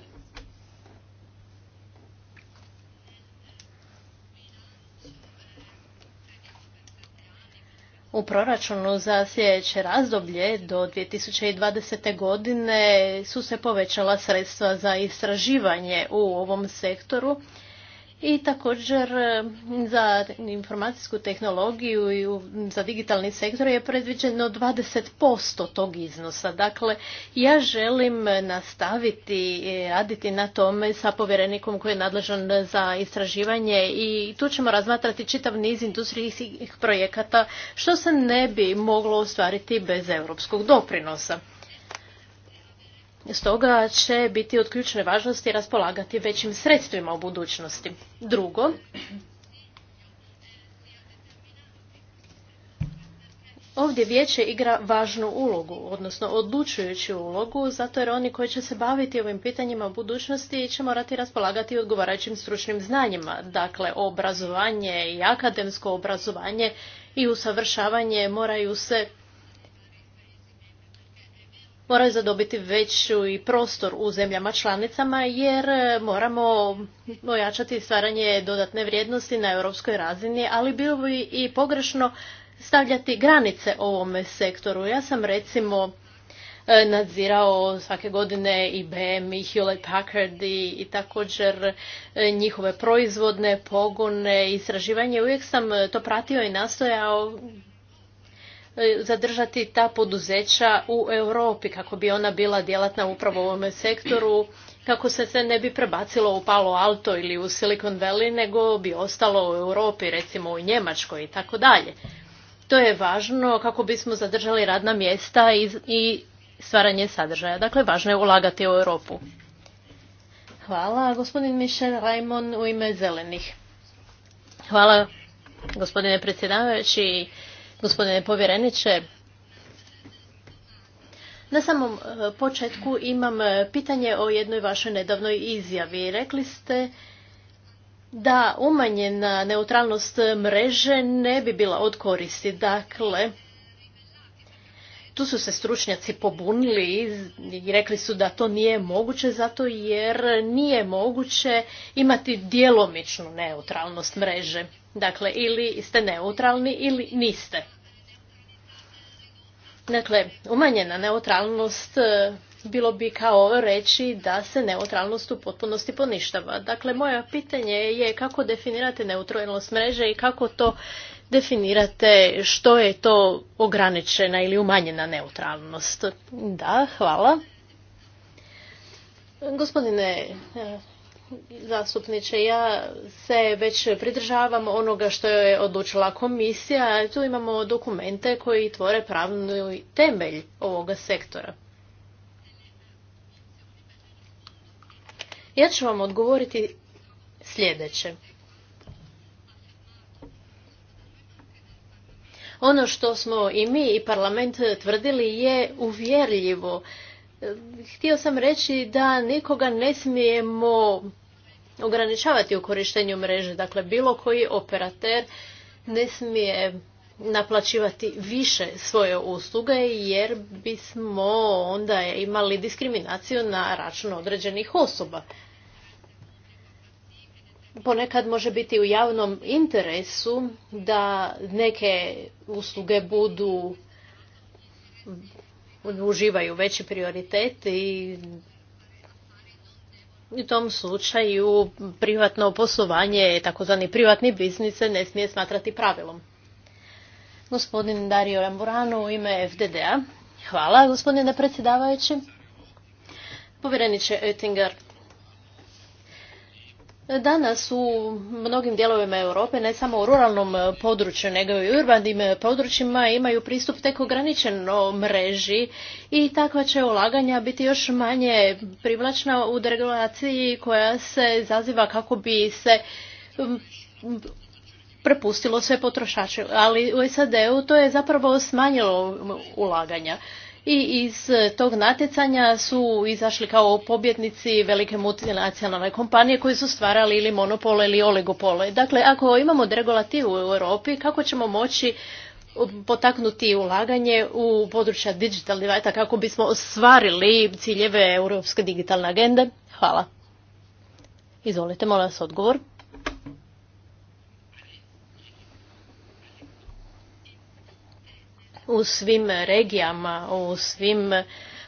u proračunu za sljedeće razdoblje do 2020. godine su se povećala sredstva za istraživanje u ovom sektoru i također za informacijsku tehnologiju i za digitalni sektor je predviđeno 20% tog iznosa. Dakle, ja želim nastaviti e, raditi na tome sa povjerenikom koji je nadležan za istraživanje i tu ćemo razmatrati čitav niz industrijskih projekata što se ne bi moglo ostvariti bez europskog doprinosa. Stoga će biti od ključne važnosti raspolagati većim sredstvima u budućnosti. Drugo, Ovdje vijeće igra važnu ulogu, odnosno odlučujuću ulogu, zato jer oni koji će se baviti ovim pitanjima u budućnosti će morati raspolagati odgovarajućim stručnim znanjima. Dakle, obrazovanje i akademsko obrazovanje i usavršavanje moraju se moraju zadobiti veću i prostor u zemljama članicama jer e, moramo ojačati stvaranje dodatne vrijednosti na europskoj razini, ali bilo bi i pogrešno stavljati granice ovome sektoru. Ja sam recimo e, nadzirao svake godine i i Hewlett Packard i, i također e, njihove proizvodne pogone, i istraživanje. Uvijek sam to pratio i nastojao E, zadržati ta poduzeća u Europi kako bi ona bila djelatna upravo u ovom sektoru, kako se se ne bi prebacilo u Palo Alto ili u Silicon Valley, nego bi ostalo u Europi, recimo u Njemačkoj i tako dalje. To je važno kako bismo zadržali radna mjesta i, stvaranje sadržaja. Dakle, važno je ulagati u Europu. Hvala, gospodin Mišel Rajmon u ime zelenih. Hvala, gospodine predsjedavajući. Gospodine povjereniče, na samom e, početku imam e, pitanje o jednoj vašoj nedavnoj izjavi. Rekli ste da umanjena neutralnost mreže ne bi bila od koristi. Dakle, tu su se stručnjaci pobunili i rekli su da to nije moguće zato jer nije moguće imati djelomičnu neutralnost mreže. Dakle, ili ste neutralni ili niste. Dakle, umanjena neutralnost e, bilo bi kao reći da se neutralnost u potpunosti poništava. Dakle, moje pitanje je kako definirate neutralnost mreže i kako to definirate što je to ograničena ili umanjena neutralnost. Da, hvala. Gospodine e, zastupniče. Ja se već pridržavam onoga što je odlučila komisija. Tu imamo dokumente koji tvore pravni temelj ovoga sektora. Ja ću vam odgovoriti sljedeće. Ono što smo i mi i parlament tvrdili je uvjerljivo Htio sam reći da nikoga ne smijemo ograničavati u korištenju mreže. Dakle, bilo koji operater ne smije naplaćivati više svoje usluge jer bismo onda imali diskriminaciju na račun određenih osoba. Ponekad može biti u javnom interesu da neke usluge budu uživaju veći prioritet i u tom slučaju privatno poslovanje, takozvani privatni biznis ne smije smatrati pravilom. Gospodin Dario Ramburano u ime fdd Hvala, gospodine predsjedavajući. Povjereniče Oettinger, Danas u mnogim dijelovima Europe, ne samo u ruralnom području, nego i u urbanim područjima imaju pristup tek ograničeno mreži i takva će ulaganja biti još manje privlačna u deregulaciji koja se zaziva kako bi se prepustilo sve potrošače. Ali u SAD-u to je zapravo smanjilo ulaganja i iz tog natjecanja su izašli kao pobjednici velike multinacionalne kompanije koje su stvarali ili monopole ili oligopole. Dakle, ako imamo deregulativu u Europi, kako ćemo moći potaknuti ulaganje u područja digital divajta kako bismo ostvarili ciljeve Europske digitalne agende? Hvala. Izvolite, molim vas odgovor. u svim regijama, u svim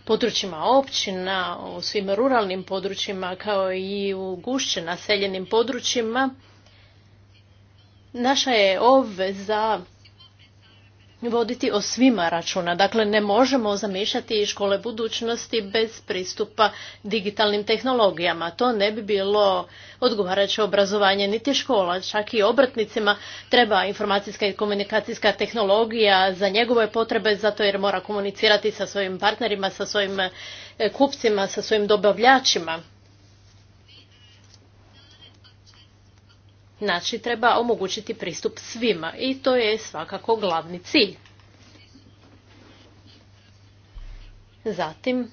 područjima općina, u svim ruralnim područjima kao i u gušće naseljenim područjima, naša je obveza voditi o svima računa. Dakle, ne možemo zamišljati škole budućnosti bez pristupa digitalnim tehnologijama. To ne bi bilo odgovarajuće obrazovanje niti škola. Čak i obrtnicima treba informacijska i komunikacijska tehnologija za njegove potrebe, zato jer mora komunicirati sa svojim partnerima, sa svojim e, kupcima, sa svojim dobavljačima. Znači, treba omogućiti pristup svima i to je svakako glavni cilj. Zatim,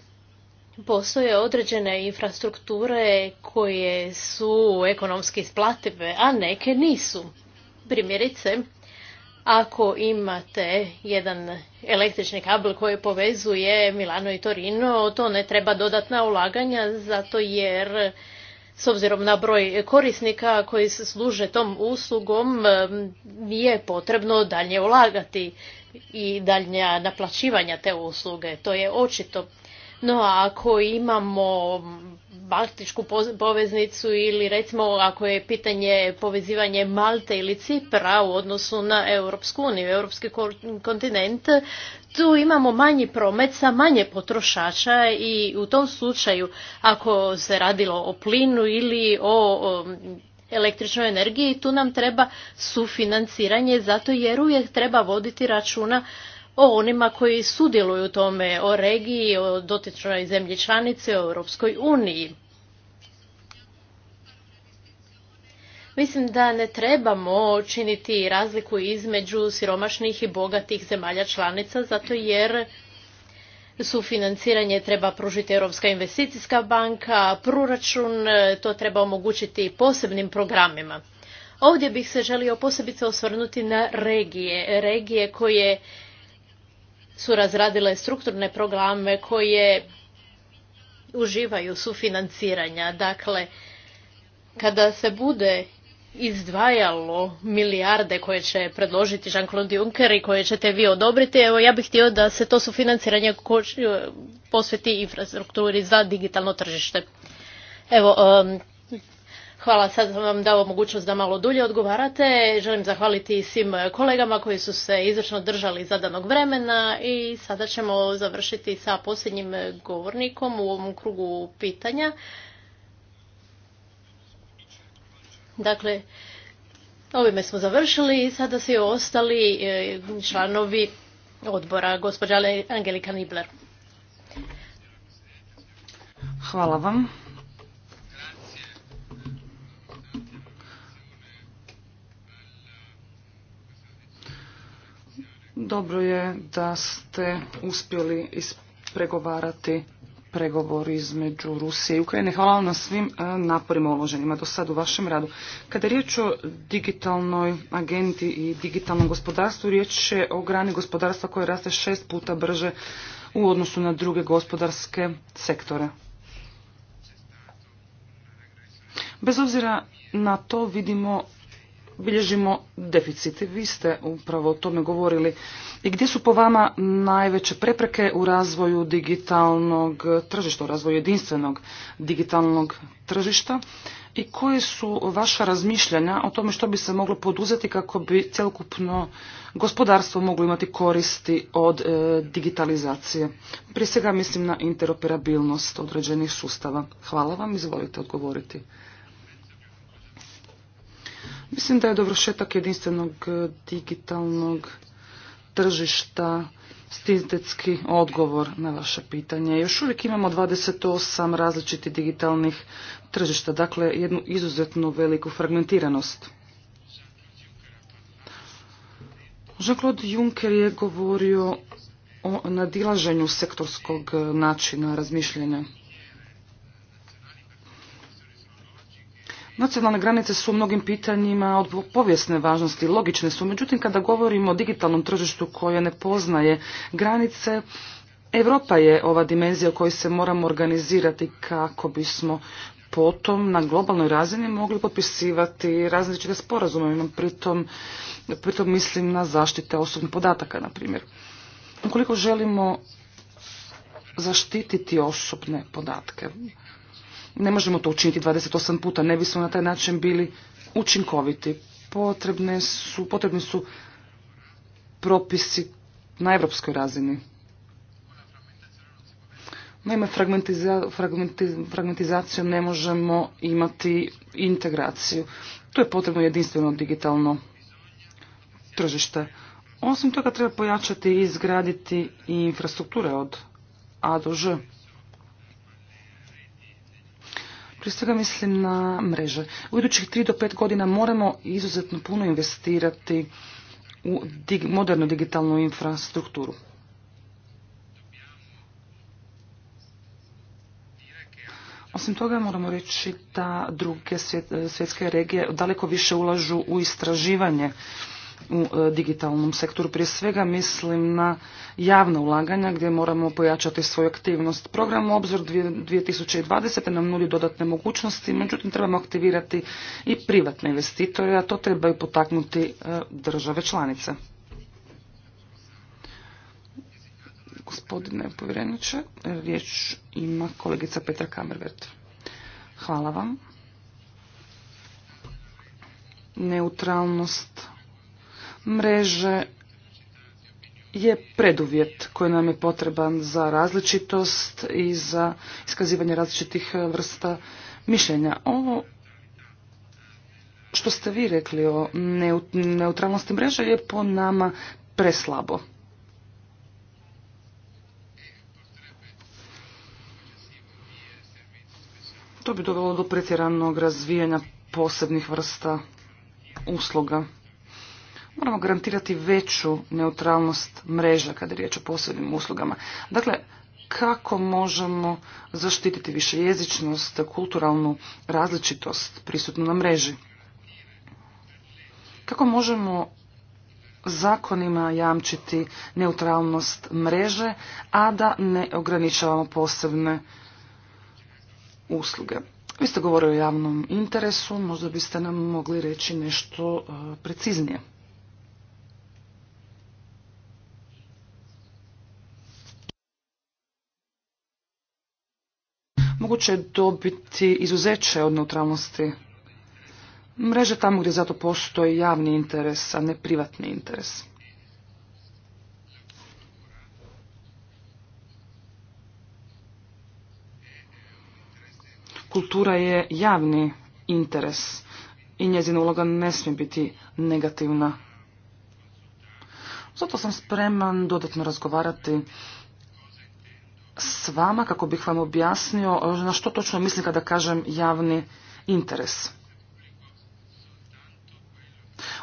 postoje određene infrastrukture koje su ekonomski isplative, a neke nisu. Primjerice, ako imate jedan električni kabel koji povezuje Milano i Torino, to ne treba dodatna ulaganja zato jer s obzirom na broj korisnika koji se služe tom uslugom e, nije potrebno dalje ulagati i daljnja naplaćivanja te usluge. To je očito. No ako imamo baltičku poveznicu ili recimo ako je pitanje povezivanje Malte ili Cipra u odnosu na Europsku uniju, Europski kontinent, tu imamo manji promet sa manje potrošača i u tom slučaju ako se radilo o plinu ili o električnoj energiji, tu nam treba sufinanciranje zato jer uvijek treba voditi računa o onima koji sudjeluju u tome, o regiji, o dotičnoj zemlji članici, o Europskoj uniji. Mislim da ne trebamo činiti razliku između siromašnih i bogatih zemalja članica, zato jer sufinanciranje treba pružiti Europska investicijska banka, proračun to treba omogućiti posebnim programima. Ovdje bih se želio posebice osvrnuti na regije, regije koje su razradile strukturne programe koje uživaju sufinanciranja. Dakle, kada se bude izdvajalo milijarde koje će predložiti Jean-Claude Juncker i koje ćete vi odobriti, evo ja bih htio da se to sufinanciranje posveti infrastrukturi za digitalno tržište. Evo, Hvala, sad sam vam dao mogućnost da malo dulje odgovarate. Želim zahvaliti svim kolegama koji su se izvršno držali zadanog vremena i sada ćemo završiti sa posljednjim govornikom u ovom krugu pitanja. Dakle, ovime smo završili i sada svi ostali e, članovi odbora, gospođa Angelika Nibler. Hvala vam. Dobro je da ste uspjeli ispregovarati pregovor između Rusije i Ukrajine. Hvala vam na svim e, naporima uloženima do sad u vašem radu. Kada je riječ o digitalnoj agenti i digitalnom gospodarstvu, riječ je o grani gospodarstva koje raste šest puta brže u odnosu na druge gospodarske sektore. Bez obzira na to vidimo bilježimo deficite, Vi ste upravo o tome govorili. I gdje su po vama najveće prepreke u razvoju digitalnog tržišta, u razvoju jedinstvenog digitalnog tržišta? I koje su vaša razmišljanja o tome što bi se moglo poduzeti kako bi cjelokupno gospodarstvo moglo imati koristi od e, digitalizacije? Prije svega mislim na interoperabilnost određenih sustava. Hvala vam, izvolite odgovoriti. Mislim da je dovršetak jedinstvenog e, digitalnog tržišta stintetski odgovor na vaše pitanje. Još uvijek imamo 28 različitih digitalnih tržišta, dakle jednu izuzetno veliku fragmentiranost. Jean-Claude Juncker je govorio o nadilaženju sektorskog e, načina razmišljanja. Nacionalne granice su u mnogim pitanjima od povijesne važnosti, logične su. Međutim, kada govorimo o digitalnom tržištu koje ne poznaje granice, Europa je ova dimenzija u kojoj se moramo organizirati kako bismo potom na globalnoj razini mogli potpisivati različite sporazume. Pritom, pritom mislim na zaštite osobnih podataka, na primjer. Ukoliko želimo zaštititi osobne podatke, ne možemo to učiniti 28 puta, ne bismo na taj način bili učinkoviti. Potrebne su, potrebni su propisi na evropskoj razini. Naime, fragmentizacijom ne možemo imati integraciju. Tu je potrebno jedinstveno digitalno tržište. Osim toga treba pojačati i izgraditi infrastrukture od A do Ž. Prije svega mislim na mreže. U idućih 3 do 5 godina moramo izuzetno puno investirati u modernu digitalnu infrastrukturu. Osim toga moramo reći da druge svjetske regije daleko više ulažu u istraživanje u e, digitalnom sektoru. Prije svega mislim na javna ulaganja gdje moramo pojačati svoju aktivnost. Program Obzor 2020. nam nudi dodatne mogućnosti, međutim trebamo aktivirati i privatne investitore, a to trebaju potaknuti e, države članice. Gospodine povjereniče, riječ ima kolegica Petra Kamervert. Hvala vam. Neutralnost mreže je preduvjet koji nam je potreban za različitost i za iskazivanje različitih vrsta mišljenja. Ovo što ste vi rekli o neutralnosti mreže je po nama preslabo. To bi dovelo do pretjeranog razvijanja posebnih vrsta usluga moramo garantirati veću neutralnost mreža kada je riječ o posebnim uslugama. Dakle, kako možemo zaštititi višejezičnost, kulturalnu različitost prisutnu na mreži? Kako možemo zakonima jamčiti neutralnost mreže, a da ne ograničavamo posebne usluge? Vi ste govorili o javnom interesu, možda biste nam mogli reći nešto e, preciznije. moguće je dobiti izuzeće od neutralnosti mreže tamo gdje zato postoji javni interes, a ne privatni interes. Kultura je javni interes i njezina uloga ne smije biti negativna. Zato sam spreman dodatno razgovarati s vama kako bih vam objasnio e, na što točno mislim kada kažem javni interes.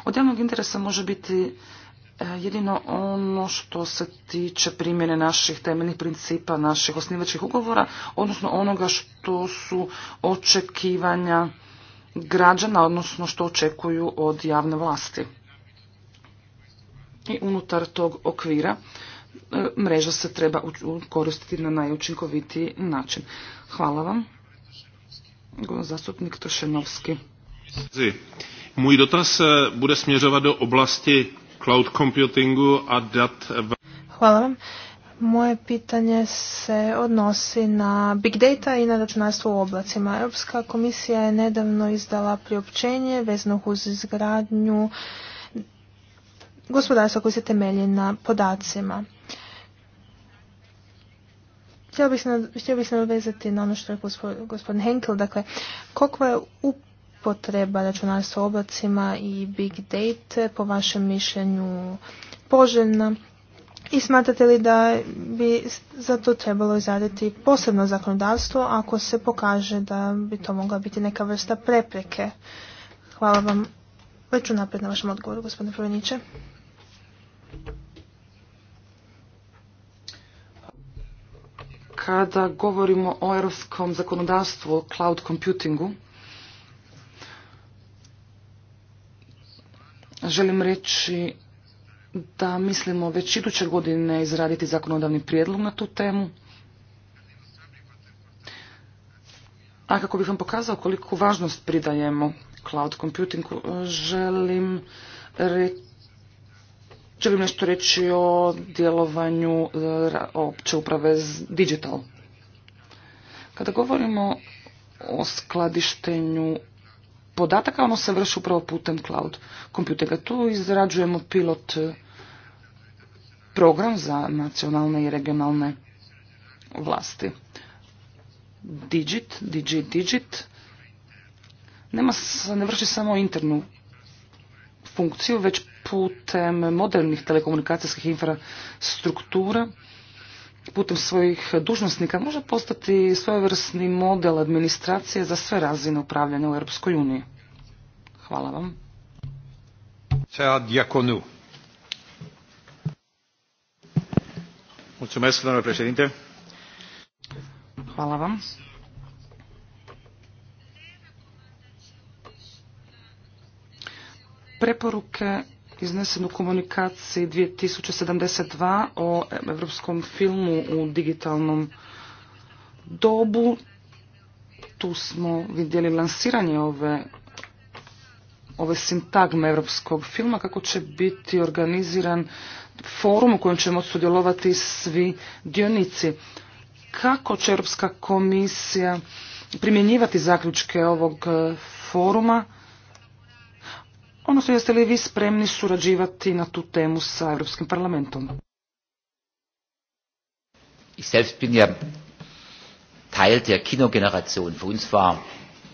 Od javnog interesa može biti e, jedino ono što se tiče primjene naših temeljnih principa, naših osnivačkih ugovora, odnosno onoga što su očekivanja građana, odnosno što očekuju od javne vlasti. I unutar tog okvira E, mreža se treba koristiti na najučinkovitiji način. Hvala vam. Zastupnik Tošenovski. Můj dotaz e, bude směřovat do oblasti cloud computingu a Hvala vam. Moje pitanje se odnosi na big data i na računarstvo u oblacima. Europska komisija je nedavno izdala priopćenje vezno uz izgradnju gospodarstva koji se temelji na podacima. Htio bih, se, bih se nadovezati na ono što je gospodin Henkel, dakle, koliko je upotreba računarstva obacima i big date po vašem mišljenju poželjna i smatrate li da bi za to trebalo izraditi posebno zakonodavstvo ako se pokaže da bi to mogla biti neka vrsta prepreke? Hvala vam već unaprijed na vašem odgovoru, gospodine Proveniće. kada govorimo o europskom zakonodavstvu o cloud computingu, želim reći da mislimo već iduće godine izraditi zakonodavni prijedlog na tu temu. A kako bih vam pokazao koliku važnost pridajemo cloud computingu, želim reći Želim nešto reći o djelovanju e, opće uprave digital. Kada govorimo o skladištenju podataka, ono se vrši upravo putem cloud kompjutera. Tu izrađujemo pilot e, program za nacionalne i regionalne vlasti. Digit, digit, digit. Nema, ne vrši samo internu funkciju, već putem modernih telekomunikacijskih infrastruktura, putem svojih dužnosnika može postati svojevrsni model administracije za sve razine upravljanja u Europskoj Hvala vam. Hvala vam. Preporuke iznesen u komunikaciji 2072 o evropskom filmu u digitalnom dobu. Tu smo vidjeli lansiranje ove ove sintagme europskog filma, kako će biti organiziran forum u kojem ćemo sudjelovati svi dionici. Kako će Europska komisija primjenjivati zaključke ovog foruma? odnosno jeste li vi spremni surađivati na tu temu sa Europskim parlamentom? Ich selbst bin ja Teil der Kinogeneration. Für uns war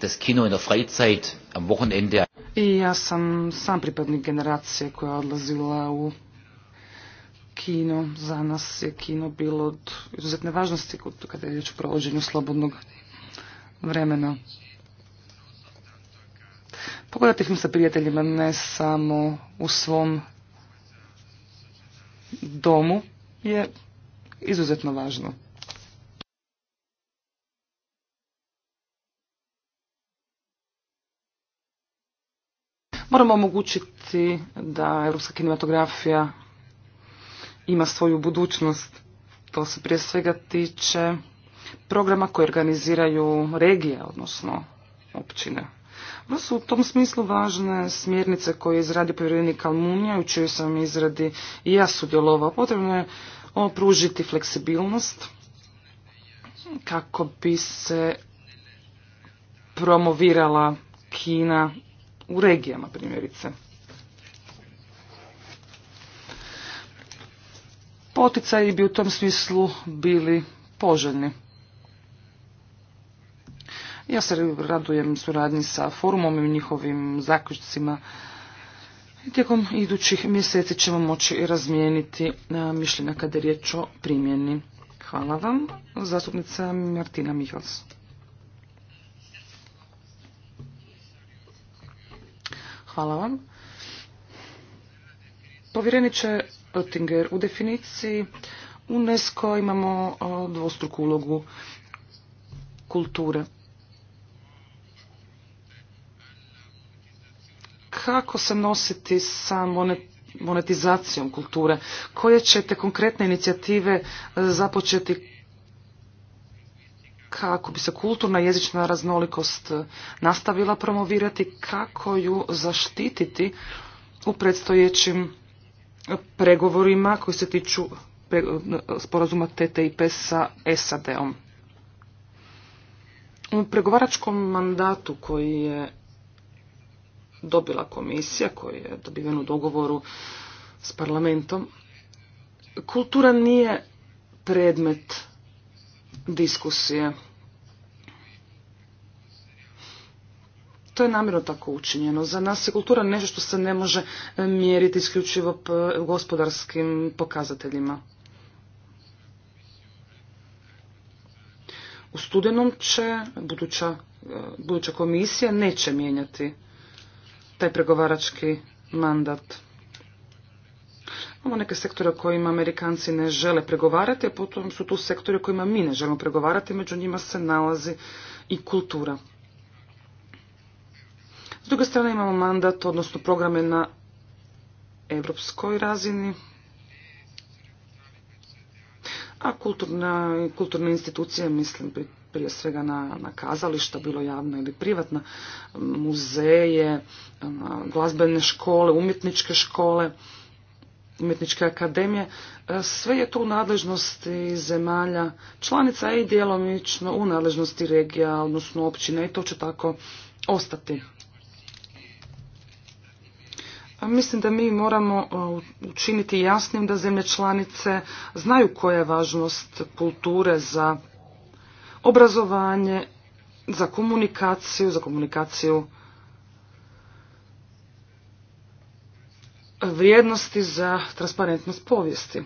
das Kino in der Freizeit am Wochenende. I ja sam sam pripadnik generacije koja je odlazila u kino. Za nas je kino bilo od izuzetne važnosti kada je riječ o provođenju slobodnog vremena pogledati film sa prijateljima ne samo u svom domu je izuzetno važno. Moramo omogućiti da europska kinematografija ima svoju budućnost. To se prije svega tiče programa koje organiziraju regije, odnosno općine. To pa su u tom smislu važne smjernice koje izradi izradio povjerenik Almunija, u čijoj sam izradi i ja sudjelovao. Potrebno je pružiti fleksibilnost kako bi se promovirala Kina u regijama, primjerice. Poticaji bi u tom smislu bili poželjni. Ja se radujem suradnji sa forumom i njihovim zaključcima. tijekom idućih mjeseci ćemo moći razmijeniti e, mišljenja kada je riječ o primjeni. Hvala vam. Zastupnica Martina Mihals. Hvala vam. Povjereniče Oettinger, u definiciji UNESCO imamo e, dvostruku ulogu kulture. kako se nositi sa monetizacijom kulture, koje ćete konkretne inicijative e, započeti kako bi se kulturna jezična raznolikost e, nastavila promovirati, kako ju zaštititi u predstojećim pregovorima koji se tiču e, sporazuma TTIP sa SAD-om. U pregovaračkom mandatu koji je dobila komisija koji je dobiven u dogovoru s parlamentom, kultura nije predmet diskusije. To je namjerno tako učinjeno. Za nas je kultura nešto što se ne može mjeriti isključivo gospodarskim pokazateljima. U studenom će buduća, e, buduća komisija neće mijenjati taj pregovarački mandat. Imamo neke sektore o kojima Amerikanci ne žele pregovarati, a potom su tu sektori o kojima mi ne želimo pregovarati, među njima se nalazi i kultura. S druge strane imamo mandat, odnosno programe na evropskoj razini, a kulturne institucije, mislim prije svega na, na kazališta, bilo javna ili privatna, muzeje, glazbene škole, umjetničke škole, umjetničke akademije, e, sve je to u nadležnosti zemalja članica i djelomično u nadležnosti regija, odnosno općine i to će tako ostati. Mislim da mi moramo e, učiniti jasnim da zemlje članice znaju koja je važnost kulture za obrazovanje, za komunikaciju, za komunikaciju vrijednosti za transparentnost povijesti.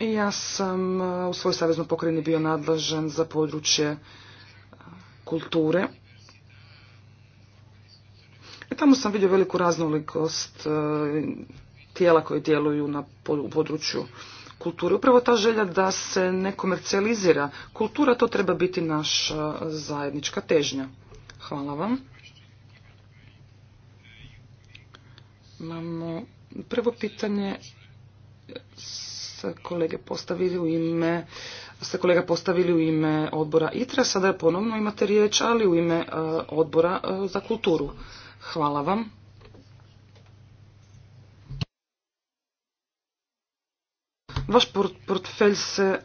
Ja sam e, u svojoj saveznoj pokrajini bio nadležan za područje e, kulture i e, tamo sam vidio veliku raznolikost e, tijela koje djeluju na području kulture. Upravo ta želja da se ne komercijalizira kultura, to treba biti naša zajednička težnja. Hvala vam. prvo pitanje sa kolege postavili u ime ste kolega postavili u ime odbora ITRA, sada ponovno imate riječ, ali u ime e, odbora za kulturu. Hvala vam. Vaš portfelj se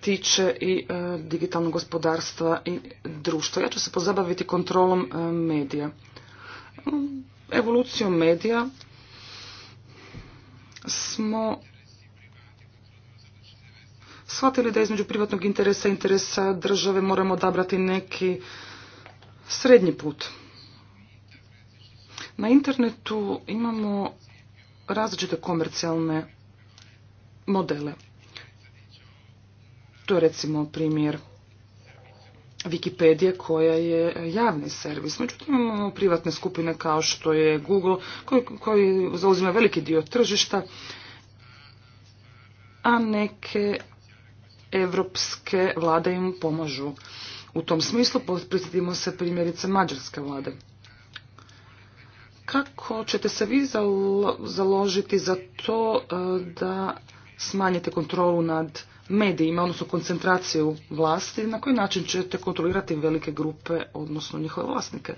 tiče i e, digitalnog gospodarstva i društva. Ja ću se pozabaviti kontrolom e, medija. Evolucijom medija smo shvatili da između privatnog interesa i interesa države moramo odabrati neki srednji put. Na internetu imamo različite komercijalne modele. To je recimo primjer Wikipedia koja je javni servis. Međutim, imamo privatne skupine kao što je Google koji, zauzima veliki dio tržišta, a neke evropske vlade im pomažu. U tom smislu prisjetimo se primjerice mađarske vlade. Kako ćete se vi založiti za to e, da smanjite kontrolu nad medijima, odnosno koncentraciju vlasti, na koji način ćete kontrolirati velike grupe, odnosno njihove vlasnike?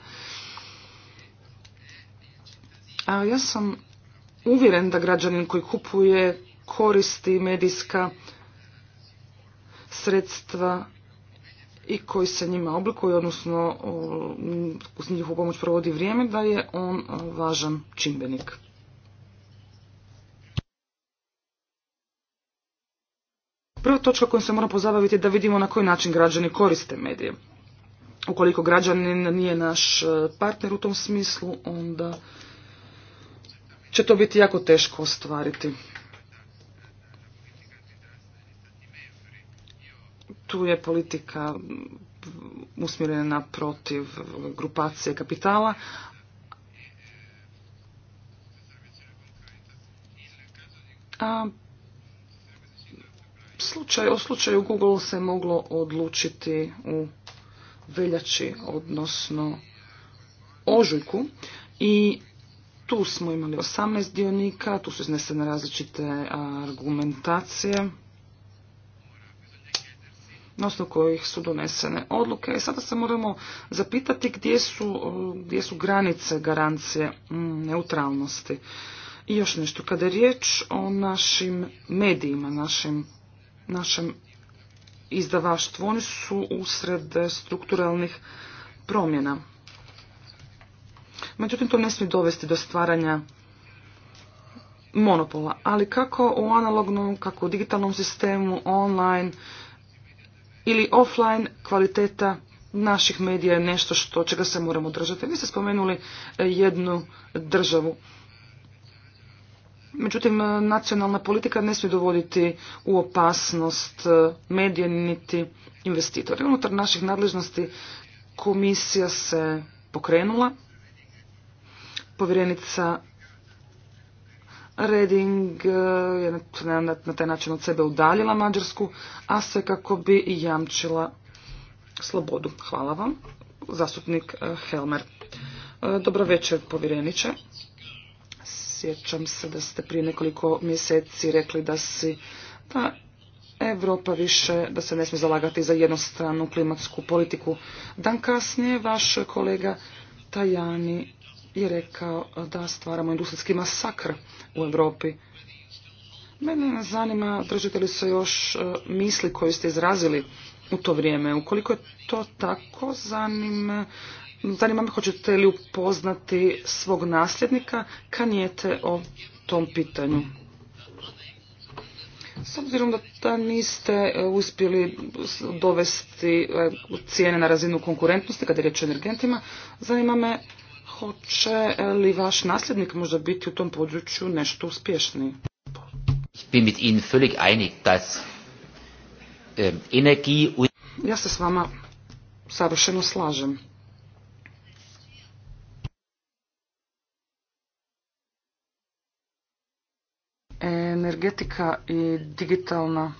A ja sam uvjeren da građanin koji kupuje koristi medijska sredstva i koji se njima oblikuje, odnosno uz njihovu pomoć provodi vrijeme, da je on važan čimbenik. Prva točka kojom se moramo pozabaviti je da vidimo na koji način građani koriste medije. Ukoliko građanin nije naš e, partner u tom smislu, onda će to biti jako teško ostvariti. tu je politika usmjerena protiv grupacije kapitala, a slučaj, o slučaju Google se moglo odlučiti u veljači, odnosno ožujku i tu smo imali 18 dionika, tu su iznesene različite argumentacije na osnovu kojih su donesene odluke. I e, sada se moramo zapitati gdje su, gdje su granice garancije mm, neutralnosti. I još nešto, kada je riječ o našim medijima, našim, našem izdavaštvu, oni su usred strukturalnih promjena. Međutim, to ne smije dovesti do stvaranja monopola, ali kako u analognom, kako u digitalnom sistemu, online, ili offline kvaliteta naših medija je nešto što čega se moramo držati. Vi ste spomenuli e, jednu državu. Međutim, e, nacionalna politika ne smije dovoditi u opasnost e, medije niti investitori. Unutar naših nadležnosti komisija se pokrenula. Povjerenica Reding eh, je na taj način od sebe udaljila Mađarsku, a sve kako bi jamčila slobodu. Hvala vam. Zastupnik eh, Helmer. Eh, dobro večer, povjereniče. Sjećam se da ste prije nekoliko mjeseci rekli da si da Europa više, da se ne smije zalagati za jednostranu klimatsku politiku. Dan kasnije vaš kolega Tajani je rekao da stvaramo industrijski masakr u Europi. Mene zanima, držite li se još e, misli koje ste izrazili u to vrijeme? Ukoliko je to tako, zanima, zanima me hoćete li upoznati svog nasljednika kanijete o tom pitanju. S obzirom da, da niste e, uspjeli dovesti e, cijene na razinu konkurentnosti kada je riječ o energentima, zanima me Hoće li vaš nasljednik možda biti u tom području nešto uspješniji? Ja se s vama savršeno slažem. Energetika i digitalna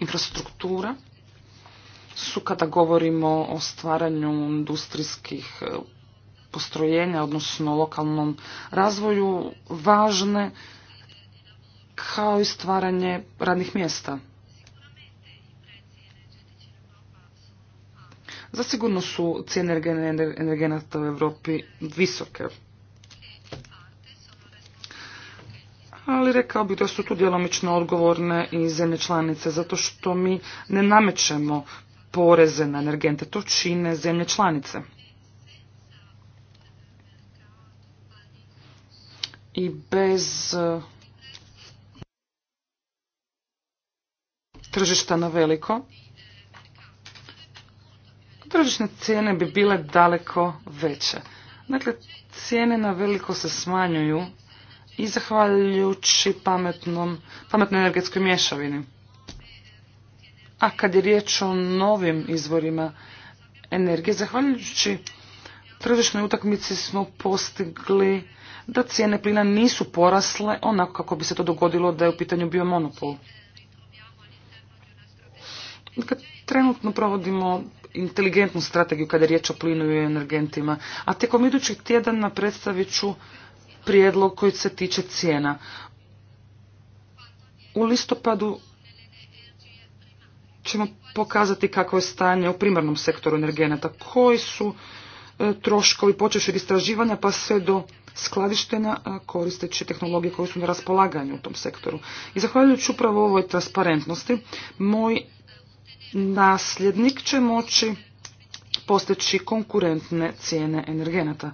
infrastruktura su kada govorimo o stvaranju industrijskih e, postrojenja, odnosno lokalnom razvoju, važne kao i stvaranje radnih mjesta. Zasigurno su cijene energenata u Europi visoke. ali rekao bih da su tu djelomično odgovorne i zemlje članice, zato što mi ne namećemo poreze na energente. To čine zemlje članice. I bez eh, tržišta na veliko, tržišne cijene bi bile daleko veće. Dakle, cijene na veliko se smanjuju i zahvaljujući pametnoj energetskoj mješavini. A kad je riječ o novim izvorima energije, zahvaljujući tržišnoj utakmici smo postigli da cijene plina nisu porasle onako kako bi se to dogodilo da je u pitanju bio monopol. Dakle, trenutno provodimo inteligentnu strategiju kada je riječ o plinu i energentima, a tijekom idućih tjedana predstavit ću prijedlog koji se tiče cijena. U listopadu ćemo pokazati kako je stanje u primarnom sektoru energenata, koji su e, troškovi počeš od istraživanja pa sve do skladištenja e, koristeći tehnologije koje su na raspolaganju u tom sektoru. I zahvaljujući upravo ovoj transparentnosti, moj nasljednik će moći postići konkurentne cijene energenata.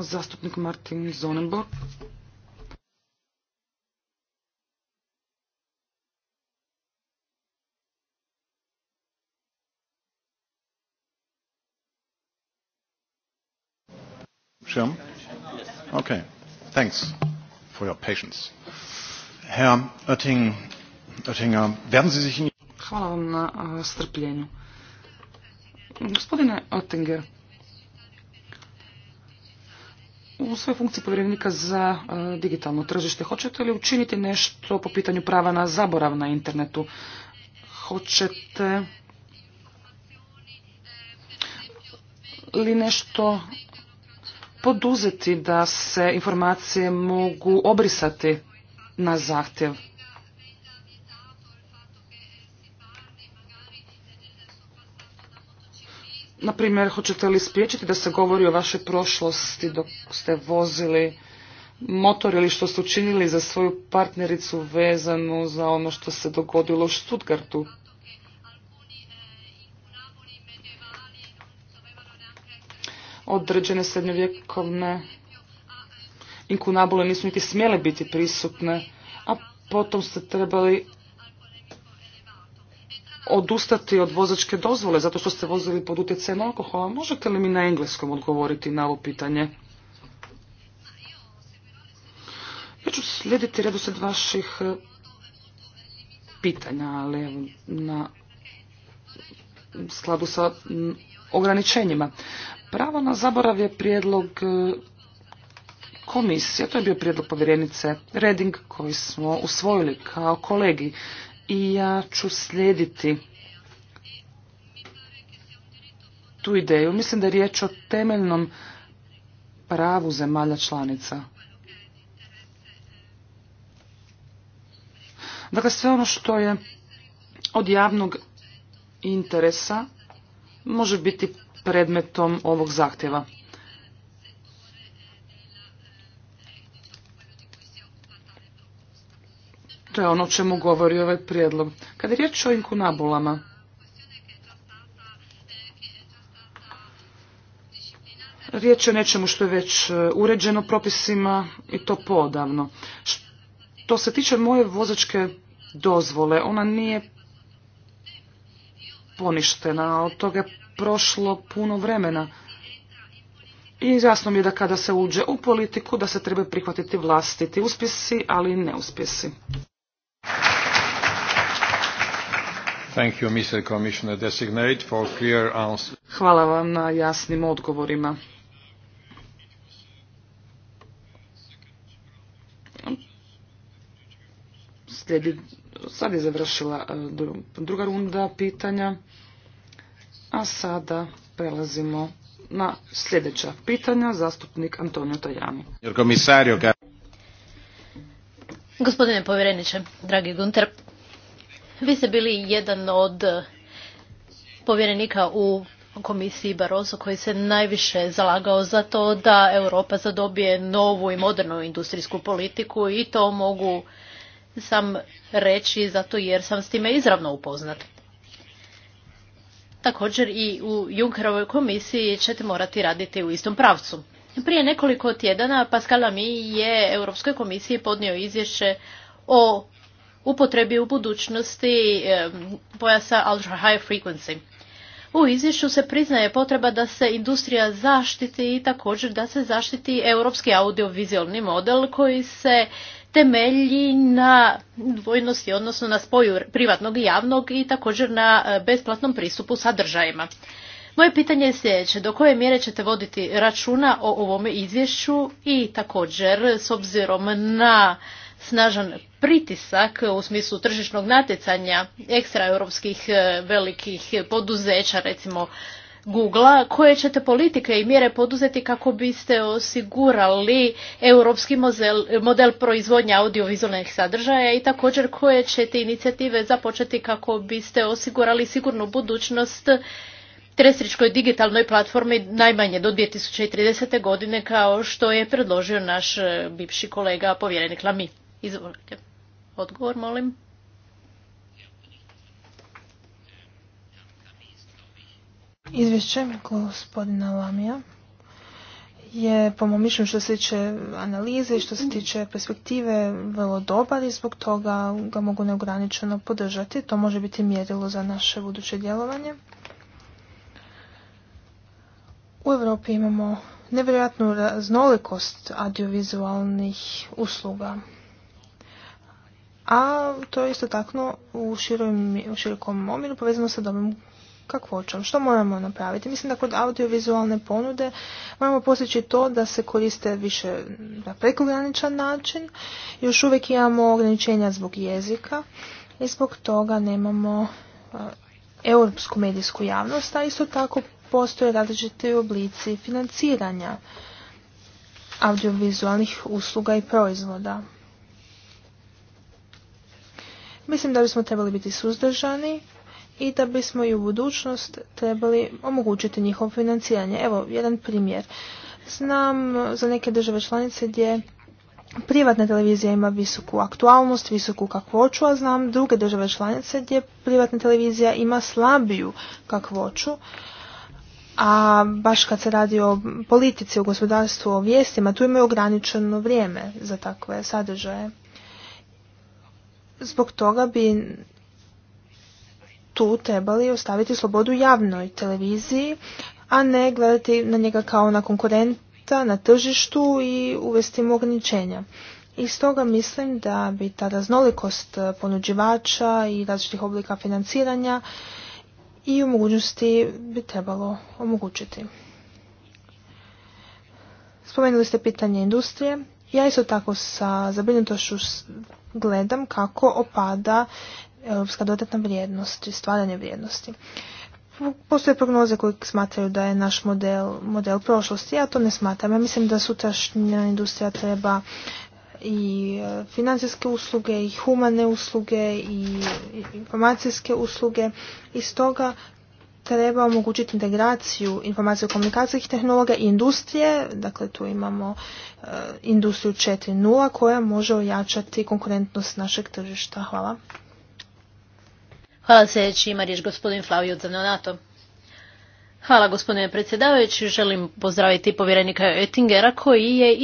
Zastupnik Martin Zonenborg. Schirm? Okay. Thanks for your patience. Herr Oetting, Oettinger, werden Sie sich in... Hvala vam na strpljenju. Gospodine Oettinger, u svojoj funkciji povjerenika za digitalno tržište, hoćete li učiniti nešto po pitanju prava na zaborav na internetu? Hoćete li nešto poduzeti da se informacije mogu obrisati na zahtjev? Na primjer, hoćete li spriječiti da se govori o vašoj prošlosti dok ste vozili motor ili što ste učinili za svoju partnericu vezanu za ono što se dogodilo u Stuttgartu? određene srednjovjekovne inkunabule nisu niti smjele biti prisutne, a potom ste trebali odustati od vozačke dozvole zato što ste vozili pod utjecajem alkohola. Možete li mi na engleskom odgovoriti na ovo pitanje? Ja ću slijediti sred vaših e, pitanja, ali na skladu sa ograničenjima. Pravo na zaborav je prijedlog e, komisije, to je bio prijedlog povjerenice Reding koji smo usvojili kao kolegi i ja ću slijediti tu ideju. Mislim da je riječ o temeljnom pravu zemalja članica. Dakle, sve ono što je od javnog interesa može biti predmetom ovog zahtjeva. To je ono o čemu govori ovaj prijedlog. Kad je riječ o inkunabulama, riječ je o nečemu što je već e, uređeno propisima i to podavno. Što se tiče moje vozačke dozvole, ona nije poništena, od toga je prošlo puno vremena. I jasno mi je da kada se uđe u politiku da se treba prihvatiti vlastiti uspjesi, ali i neuspjesi. Thank Hvala vam na jasnim odgovorima. sad je završila eh, druga runda pitanja. A sada prelazimo na sljedeća pitanja. Zastupnik Antonio Tajani. Gospodine povjereniče, dragi Gunter, vi ste bili jedan od povjerenika u komisiji Barroso koji se najviše zalagao za to da Europa zadobije novu i modernu industrijsku politiku i to mogu sam reći zato jer sam s time izravno upoznat također i u Junckerovoj komisiji ćete morati raditi u istom pravcu. Prije nekoliko tjedana Pascal Ami je Europskoj komisiji podnio izvješće o upotrebi u budućnosti pojasa ultra high frequency. U izvješću se priznaje potreba da se industrija zaštiti i također da se zaštiti europski audiovizualni model koji se temelji na dvojnosti, odnosno na spoju privatnog i javnog i također na e, besplatnom pristupu sadržajima. Moje pitanje je sljedeće, do koje mjere ćete voditi računa o ovome izvješću i također s obzirom na snažan pritisak u smislu tržišnog natjecanja ekstra europskih e, velikih poduzeća, recimo google koje ćete politike i mjere poduzeti kako biste osigurali europski model, model proizvodnja audiovizualnih sadržaja i također koje ćete inicijative započeti kako biste osigurali sigurnu budućnost terestričkoj digitalnoj platformi najmanje do 2030. godine kao što je predložio naš bivši kolega povjerenik Lami. Izvolite. Odgovor molim. Izvješće gospodina Lamija je po mom mišljenju što se tiče analize i što se tiče perspektive vrlo dobar i zbog toga ga mogu neograničeno podržati. To može biti mjerilo za naše buduće djelovanje. U Europi imamo nevjerojatnu raznolikost audiovizualnih usluga. A to je isto tako u, širokom omiru povezano sa dobrom kakvoćom. Što moramo napraviti? Mislim da kod audiovizualne ponude moramo postići to da se koriste više na prekograničan način. Još uvijek imamo ograničenja zbog jezika i zbog toga nemamo e, europsku medijsku javnost, a isto tako postoje različiti oblici financiranja audiovizualnih usluga i proizvoda. Mislim da bismo trebali biti suzdržani i da bismo i u budućnost trebali omogućiti njihovo financiranje. Evo, jedan primjer. Znam za neke države članice gdje privatna televizija ima visoku aktualnost, visoku kakvoću, a znam druge države članice gdje privatna televizija ima slabiju kakvoću. A baš kad se radi o politici, o gospodarstvu, o vijestima, tu imaju ograničeno vrijeme za takve sadržaje. Zbog toga bi tu trebali ostaviti slobodu javnoj televiziji, a ne gledati na njega kao na konkurenta na tržištu i uvesti mu ograničenja. I stoga mislim da bi ta raznolikost ponuđivača i različitih oblika financiranja i u mogućnosti bi trebalo omogućiti. Spomenuli ste pitanje industrije. Ja isto tako sa zabrinutošću gledam kako opada europska dodatna vrijednost i stvaranje vrijednosti. Postoje prognoze koje smatraju da je naš model, model prošlosti. Ja to ne smatram. Ja mislim da sutrašnja industrija treba i e, financijske usluge i humane usluge i informacijske usluge i stoga treba omogućiti integraciju informacije komunikacijskih tehnologa i industrije, dakle tu imamo e, industriju 4.0 koja može ojačati konkurentnost našeg tržišta. Hvala. Hvala sljedeći ima riječ gospodin Flavio Zanonato. Hvala gospodine predsjedavajući. Želim pozdraviti povjerenika Oettingera koji je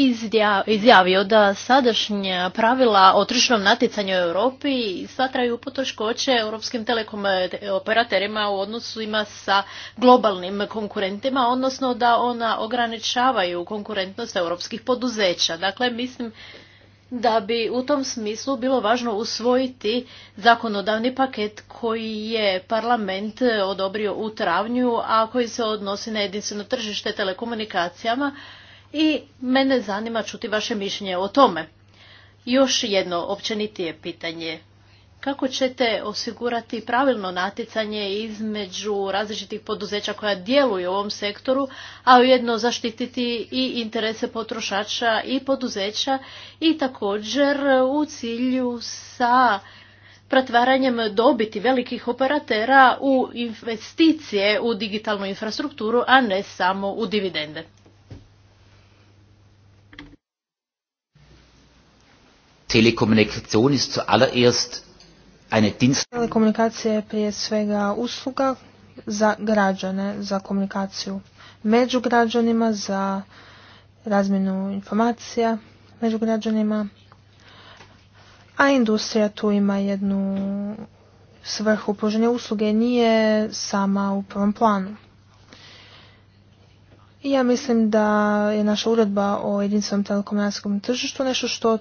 izjavio da sadašnja pravila o tržišnom natjecanju u Europi smatraju poteškoće europskim telekom operaterima u odnosu ima sa globalnim konkurentima, odnosno da ona ograničavaju konkurentnost europskih poduzeća. Dakle, mislim da bi u tom smislu bilo važno usvojiti zakonodavni paket koji je parlament odobrio u travnju, a koji se odnosi na jedinstveno tržište telekomunikacijama i mene zanima čuti vaše mišljenje o tome. Još jedno općenitije pitanje. Kako ćete osigurati pravilno natjecanje između različitih poduzeća koja djeluju u ovom sektoru, a ujedno zaštititi i interese potrošača i poduzeća i također u cilju sa pretvaranjem dobiti velikih operatera u investicije u digitalnu infrastrukturu, a ne samo u dividende. Telekommunikation ist zuallererst Telekomunikacija je prije svega usluga za građane, za komunikaciju među građanima, za razmjenu informacija među građanima, a industrija tu ima jednu svrhu pružene usluge nije sama u prvom planu. I ja mislim da je naša uredba o jedinstvenom telekomunikacijskom tržištu nešto što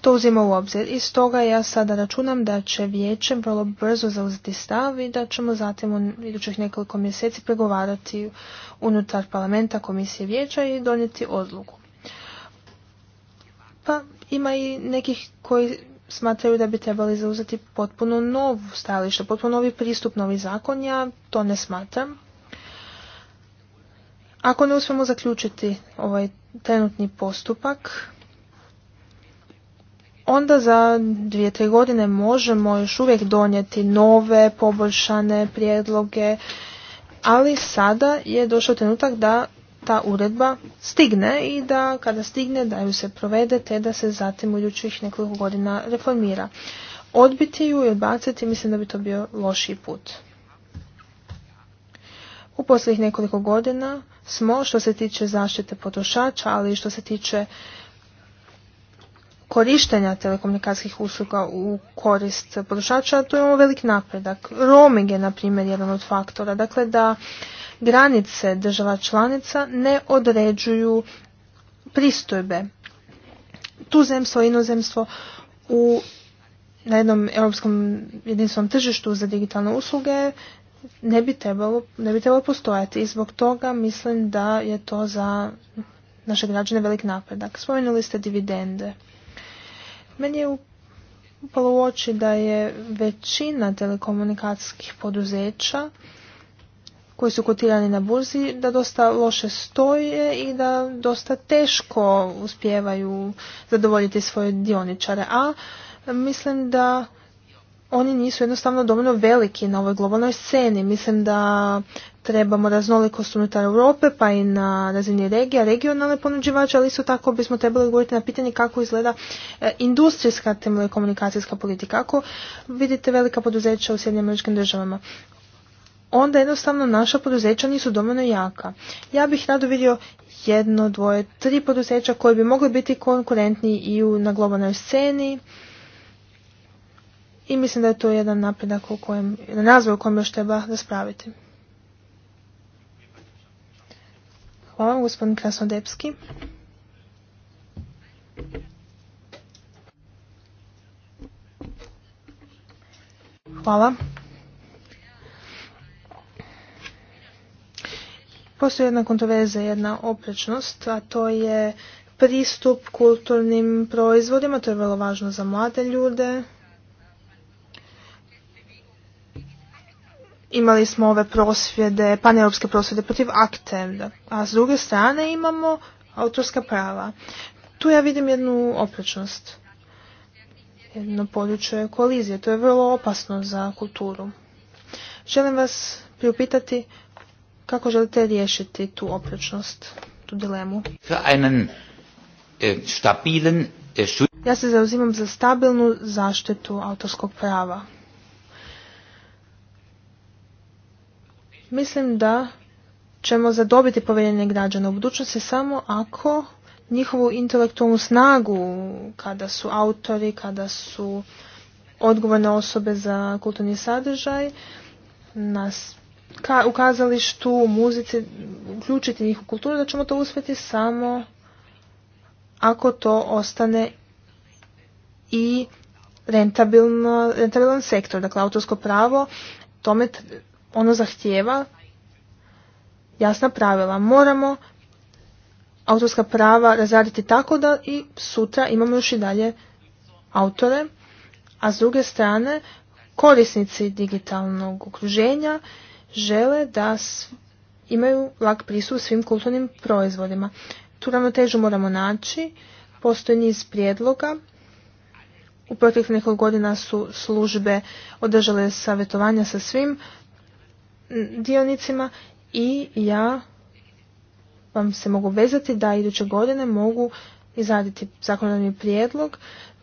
to uzima u obzir i stoga ja sada računam da će vijeće vrlo brzo zauzeti stav i da ćemo zatim u idućih nekoliko mjeseci pregovarati unutar parlamenta komisije vijeća i donijeti odluku. Pa ima i nekih koji smatraju da bi trebali zauzeti potpuno novu stajalište, potpuno novi pristup, novi zakon, ja to ne smatram. Ako ne uspemo zaključiti ovaj trenutni postupak, onda za dvije, tri godine možemo još uvijek donijeti nove, poboljšane prijedloge, ali sada je došao trenutak da ta uredba stigne i da kada stigne da ju se provede te da se zatim u idućih nekoliko godina reformira. Odbiti ju i odbaciti mislim da bi to bio lošiji put. U posljednjih nekoliko godina smo što se tiče zaštite potrošača, ali i što se tiče korištenja telekomunikacijskih usluga u korist potrošača, tu imamo ovaj velik napredak. Roaming je, na primjer, jedan od faktora. Dakle, da granice država članica ne određuju pristojbe. Tu zemstvo inozemstvo u, na jednom europskom jedinstvenom tržištu za digitalne usluge ne bi trebalo, ne bi trebalo postojati i zbog toga mislim da je to za naše građane velik napredak. Spomenuli ste dividende. Meni je upalo u oči da je većina telekomunikacijskih poduzeća koji su kotirani na burzi da dosta loše stoje i da dosta teško uspijevaju zadovoljiti svoje dioničare. A mislim da oni nisu jednostavno dovoljno veliki na ovoj globalnoj sceni. Mislim da trebamo raznolikost unutar Europe pa i na razini regija, regionalne ponuđivače, ali isto tako bismo trebali odgovoriti na pitanje kako izgleda e, industrijska telekomunikacijska politika. Ako vidite velika poduzeća u Sjedinjim američkim državama, onda jednostavno naša poduzeća nisu dovoljno jaka. Ja bih rado vidio jedno, dvoje, tri poduzeća koji bi mogli biti konkurentni i na globalnoj sceni. I mislim da je to jedan napredak o kojem, razvoj u kojem još treba raspraviti. Hvala vam, gospodin Krasnodepski. Hvala. Postoji jedna kontroverza, jedna oprečnost, a to je pristup kulturnim proizvodima, to je vrlo važno za mlade ljude. imali smo ove prosvjede, paneuropske prosvjede protiv akte, a s druge strane imamo autorska prava. Tu ja vidim jednu oprečnost, jedno područje kolizije. To je vrlo opasno za kulturu. Želim vas priupitati kako želite riješiti tu oprečnost, tu dilemu. Äh, äh, ja se zauzimam za stabilnu zaštitu autorskog prava. Mislim da ćemo zadobiti povjerenje građana u budućnosti samo ako njihovu intelektualnu snagu kada su autori, kada su odgovorne osobe za kulturni sadržaj nas ka, u kazalištu, muzici, uključiti njih u kulturu, da ćemo to uspjeti samo ako to ostane i rentabilan sektor. Dakle, autorsko pravo tome ono zahtjeva jasna pravila. Moramo autorska prava razraditi tako da i sutra imamo još i dalje autore, a s druge strane korisnici digitalnog okruženja žele da imaju lak pristup svim kulturnim proizvodima. Tu ravnotežu moramo naći, postoji niz prijedloga. U proteklih nekoliko godina su službe održale savjetovanja sa svim dionicima i ja vam se mogu vezati da iduće godine mogu izraditi zakonodavni prijedlog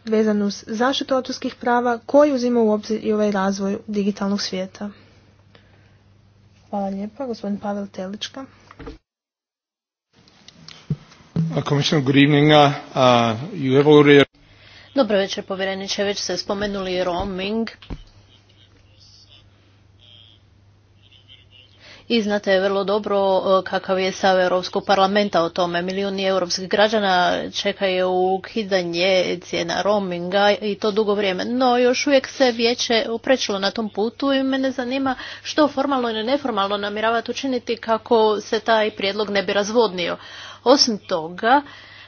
vezan uz zaštitu autorskih prava koji uzima u obzir i ovaj razvoj digitalnog svijeta. Hvala lijepa, gospodin Pavel Telička. Uh, uh, uh, Dobro večer, povjereniče. Već ste spomenuli roaming i znate vrlo dobro e, kakav je stav Europskog parlamenta o tome. Milijuni europskih građana čekaju ukidanje cijena roaminga i to dugo vrijeme. No još uvijek se vijeće uprečilo na tom putu i mene zanima što formalno ili neformalno namjeravate učiniti kako se taj prijedlog ne bi razvodnio. Osim toga,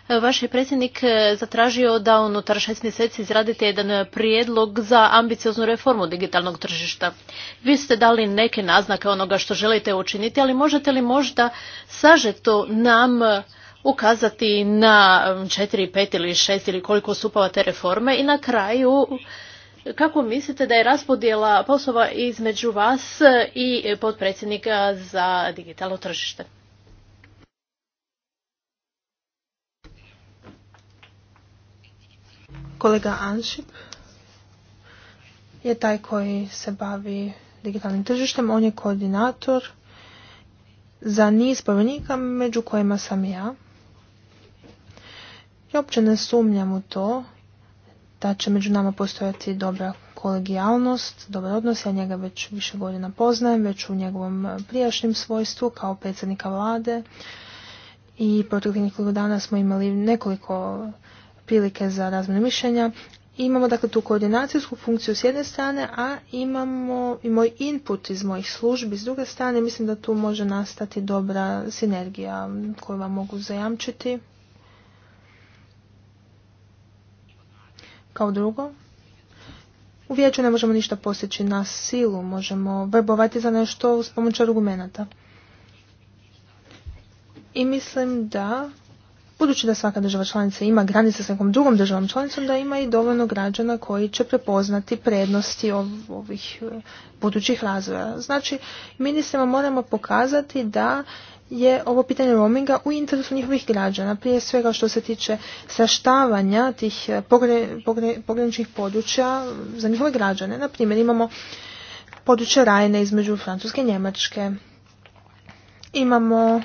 Vaš je predsjednik e, zatražio da unutar šest mjeseci izradite jedan prijedlog za ambicioznu reformu digitalnog tržišta. Vi ste dali neke naznake onoga što želite učiniti, ali možete li možda sažeto nam e, ukazati na četiri, pet ili šest ili koliko stupava te reforme i na kraju kako mislite da je raspodjela poslova između vas i potpredsjednika za digitalno tržište? Kolega Anšip je taj koji se bavi digitalnim tržištem. On je koordinator za niz povjenika, među kojima sam ja. I uopće ne sumnjam u to da će među nama postojati dobra kolegijalnost, dobar odnos. Ja njega već više godina poznajem, već u njegovom prijašnjem svojstvu kao predsjednika vlade. I proteklih nekoliko dana smo imali nekoliko prilike za razmjene mišljenja. Imamo dakle tu koordinacijsku funkciju s jedne strane, a imamo i moj input iz mojih službi s druge strane. Mislim da tu može nastati dobra sinergija koju vam mogu zajamčiti. Kao drugo, u vijeću ne možemo ništa postići na silu, možemo vrbovati za nešto s pomoću argumenata. I mislim da Budući da svaka država članica ima granice sa nekom drugom državom članicom, da ima i dovoljno građana koji će prepoznati prednosti ovih e, budućih razvoja. Znači, ministrima moramo pokazati da je ovo pitanje roaminga u interesu njihovih građana, prije svega što se tiče saštavanja tih e, pogre, pograničnih područja za njihove građane. Na imamo područje Rajne između Francuske i Njemačke. Imamo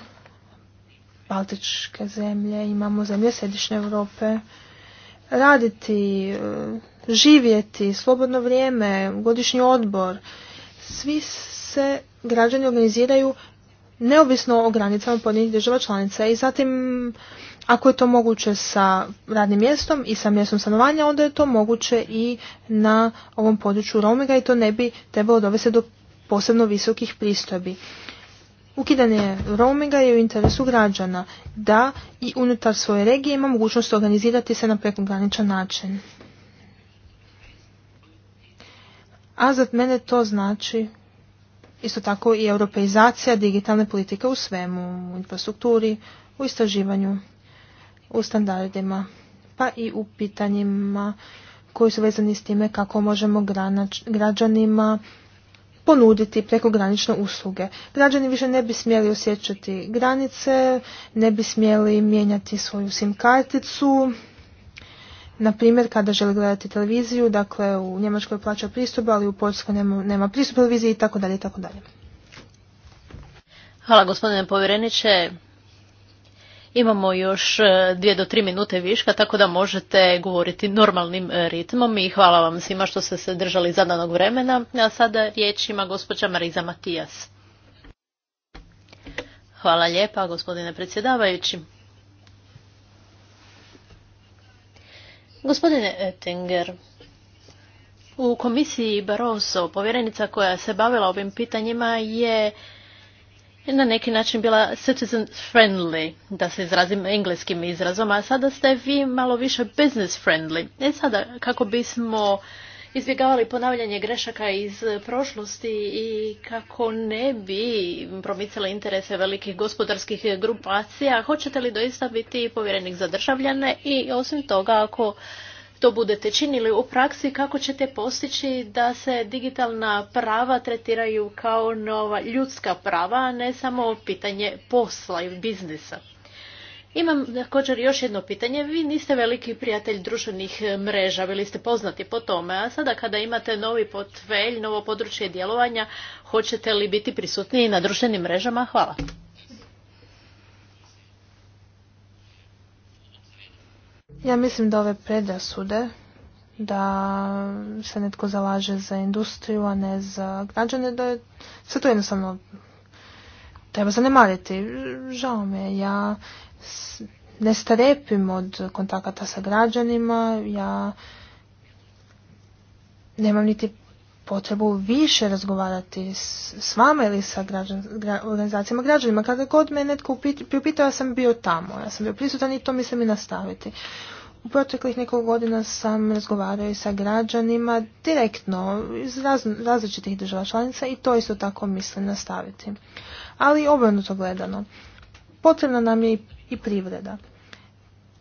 Baltičke zemlje, imamo zemlje Središnje Europe, raditi, e, živjeti, slobodno vrijeme, godišnji odbor. Svi se građani organiziraju neovisno o granicama pojedinih država članica i zatim ako je to moguće sa radnim mjestom i sa mjestom stanovanja, onda je to moguće i na ovom području Romega i to ne bi trebalo dovesti do posebno visokih pristojbi. Ukidanje roaminga je u interesu građana da i unutar svoje regije ima mogućnost organizirati se na prekograničan način. A za mene to znači isto tako i europeizacija digitalne politike u svemu, u infrastrukturi, u istraživanju, u standardima, pa i u pitanjima koji su vezani s time kako možemo građanima ponuditi prekogranične usluge. Građani više ne bi smjeli osjećati granice, ne bi smjeli mijenjati svoju SIM karticu. Na kada žele gledati televiziju, dakle u Njemačkoj plaća pristup, ali u Poljskoj nema, nema pristup televiziji i tako dalje i tako dalje. Hvala gospodine povjereniče. Imamo još e, dvije do tri minute viška, tako da možete govoriti normalnim e, ritmom i hvala vam svima što ste se držali zadanog vremena. A sada riječ ima gospođa Mariza Matijas. Hvala lijepa, gospodine predsjedavajući. Gospodine Ettinger, u komisiji Barroso povjerenica koja se bavila ovim pitanjima je na neki način bila citizen friendly, da se izrazim engleskim izrazom, a sada ste vi malo više business friendly. E sada, kako bismo izbjegavali ponavljanje grešaka iz prošlosti i kako ne bi promicali interese velikih gospodarskih grupacija, hoćete li doista biti povjerenik za državljane i osim toga ako to budete činili u praksi, kako ćete postići da se digitalna prava tretiraju kao nova ljudska prava, a ne samo pitanje posla i biznisa. Imam također još jedno pitanje. Vi niste veliki prijatelj društvenih mreža, bili ste poznati po tome, a sada kada imate novi potvelj, novo područje djelovanja, hoćete li biti prisutniji na društvenim mrežama? Hvala. Ja mislim da ove predrasude da se netko zalaže za industriju, a ne za građane, da je, se to jednostavno treba zanemariti. Žao me, ja ne strepim od kontakata sa građanima, ja nemam niti potrebu više razgovarati s, vama ili sa organizacijama građanima. Kada god me netko priupitao, ja sam bio tamo, ja sam bio prisutan i to mislim i nastaviti. U proteklih nekoliko godina sam razgovarao i sa građanima direktno iz različitih država članica i to isto tako mislim nastaviti. Ali obrnuto gledano, potrebna nam je i, i privreda.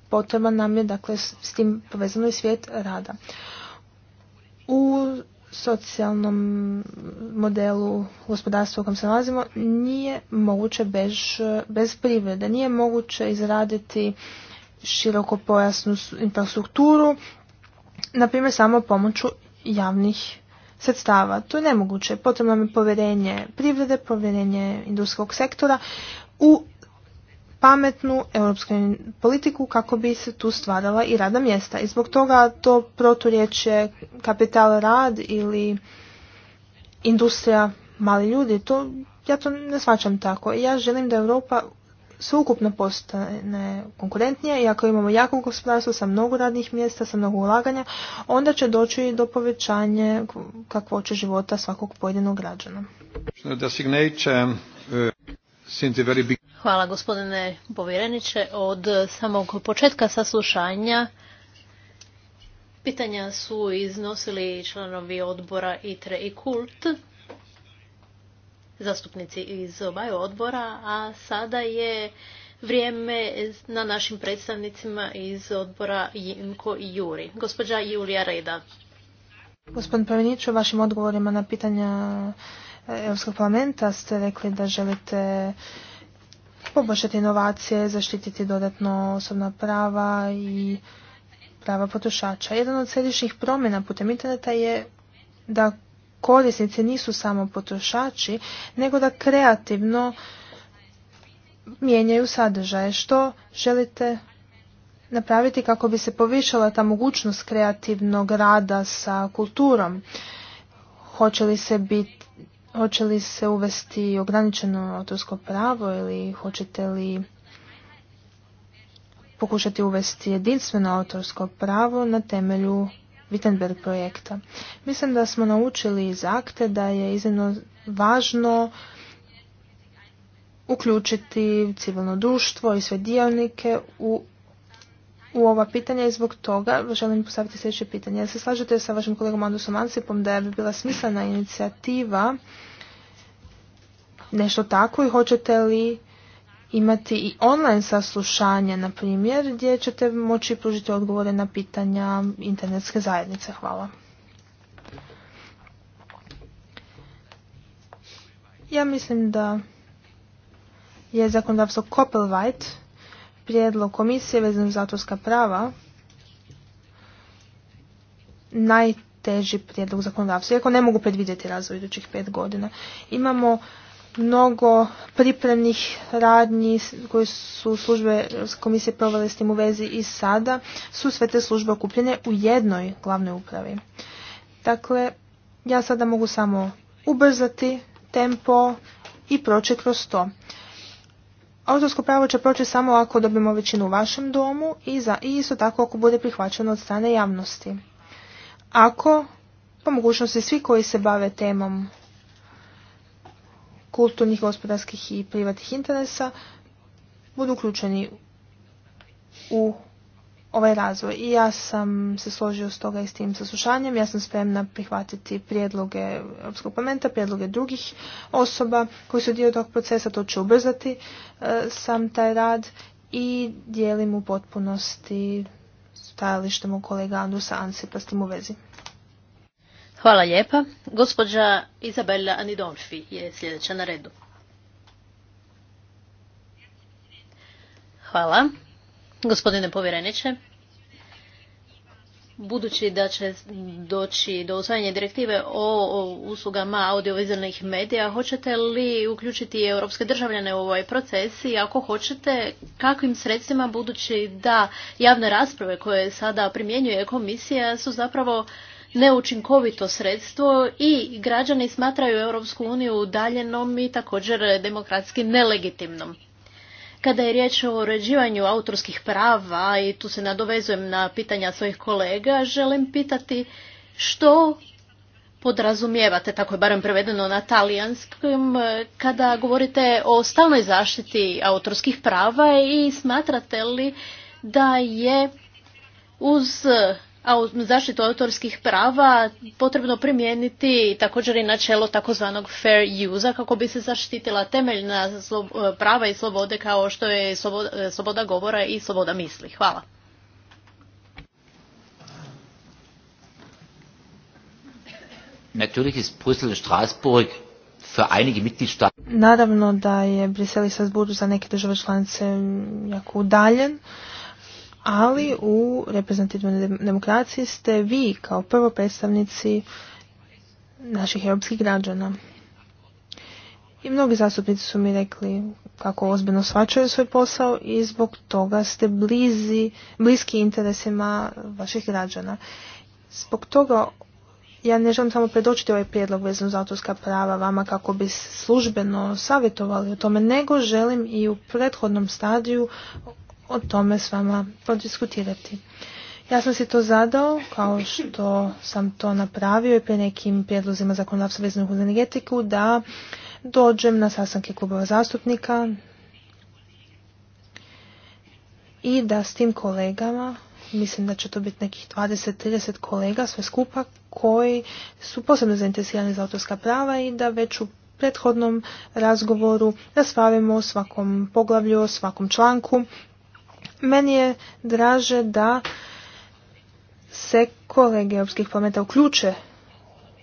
Potreban nam je dakle s, s tim povezano i svijet rada. U socijalnom modelu gospodarstva u kojem se nalazimo nije moguće bez, bez privrede. Nije moguće izraditi široko pojasnu infrastrukturu, na primjer samo pomoću javnih sredstava. To je nemoguće. Potrebno je povjerenje privrede, povjerenje industrijskog sektora u pametnu europsku politiku kako bi se tu stvarala i radna mjesta. I zbog toga to proturječe kapital rad ili industrija mali ljudi, to, ja to ne svačam tako. Ja želim da Europa sveukupno postane konkurentnija i ako imamo jako gospodarstvo sa mnogo radnih mjesta, sa mnogo ulaganja, onda će doći i do povećanja kakvoće života svakog pojedinog građana. Hvala gospodine povjereniče. Od samog početka saslušanja pitanja su iznosili članovi odbora ITRE i KULT, zastupnici iz obaju odbora, a sada je vrijeme na našim predstavnicima iz odbora Jinko i Juri. Gospođa Julija Reda. Gospodin povjereniče, vašim odgovorima na pitanja Europskog parlamenta ste rekli da želite poboljšati inovacije, zaštititi dodatno osobna prava i prava potrošača. Jedan od središnjih promjena putem interneta je da korisnici nisu samo potrošači, nego da kreativno mijenjaju sadržaje. Što želite napraviti kako bi se povišala ta mogućnost kreativnog rada sa kulturom? Hoće li se biti Hoće li se uvesti ograničeno autorsko pravo ili hoćete li pokušati uvesti jedinstveno autorsko pravo na temelju Wittenberg projekta. Mislim da smo naučili iz akte da je iznimno važno uključiti civilno društvo i sve dionike u u ova pitanja i zbog toga želim postaviti sljedeće pitanje. se slažete sa vašim kolegom Andusom Ansipom da bi bila smislena inicijativa nešto tako i hoćete li imati i online saslušanje, na primjer, gdje ćete moći pružiti odgovore na pitanja internetske zajednice. Hvala. Ja mislim da je zakonodavstvo Koppelweit prijedlog komisije vezan za autorska prava najteži prijedlog zakonodavstva, iako ne mogu predvidjeti razvoj idućih pet godina. Imamo mnogo pripremnih radnji koje su službe komisije provale s tim u vezi i sada su sve te službe okupljene u jednoj glavnoj upravi. Dakle, ja sada mogu samo ubrzati tempo i proći kroz to. Autorsko pravo će proći samo ako dobijemo većinu u vašem domu i, za, i isto tako ako bude prihvaćeno od strane javnosti. Ako, po mogućnosti svi koji se bave temom kulturnih, gospodarskih i privatnih interesa, budu uključeni u ovaj razvoj. I ja sam se složio s toga i s tim saslušanjem. Ja sam spremna prihvatiti prijedloge Europskog parlamenta, prijedloge drugih osoba koji su dio tog procesa. To će ubrzati e, sam taj rad i dijelim u potpunosti stajalište mu kolega Andusa pa s tim u vezi. Hvala lijepa. Gospođa Izabela Anidonfi je sljedeća na redu. Hvala. Gospodine povjereniče, budući da će doći do usvajanja direktive o uslugama audiovizualnih medija, hoćete li uključiti europske državljane u ovaj proces i ako hoćete, kakvim sredstvima budući da javne rasprave koje sada primjenjuje komisija su zapravo neučinkovito sredstvo i građani smatraju Europsku uniju udaljenom i također demokratski nelegitimnom. Kada je riječ o uređivanju autorskih prava i tu se nadovezujem na pitanja svojih kolega, želim pitati što podrazumijevate, tako je barem prevedeno na talijanskom, kada govorite o stalnoj zaštiti autorskih prava i smatrate li da je uz a u zaštitu autorskih prava potrebno primijeniti također i načelo takozvanog fair use kako bi se zaštitila temeljna e, prava i slobode kao što je e, sloboda govora i sloboda misli. Hvala. Natürlich ist Brüssel Straßburg für einige Naravno da je Brisel i Strasbourg za neke države članice jako udaljen ali u reprezentativnoj demokraciji ste vi kao prvo predstavnici naših europskih građana. I mnogi zastupnici su mi rekli kako ozbiljno svačaju svoj posao i zbog toga ste blizi, bliski interesima vaših građana. Zbog toga ja ne želim samo predočiti ovaj prijedlog vezan za autorska prava vama kako bi službeno savjetovali o tome, nego želim i u prethodnom stadiju o tome s vama podiskutirati. Ja sam si to zadao, kao što sam to napravio i prije nekim prijedlozima zakonodavstva vezanih uz energetiku, da dođem na sastanke klubova zastupnika i da s tim kolegama, mislim da će to biti nekih 20-30 kolega sve skupa, koji su posebno zainteresirani za autorska prava i da već u prethodnom razgovoru raspravimo o svakom poglavlju, o svakom članku meni je draže da se kolege Europskih parlamenta uključe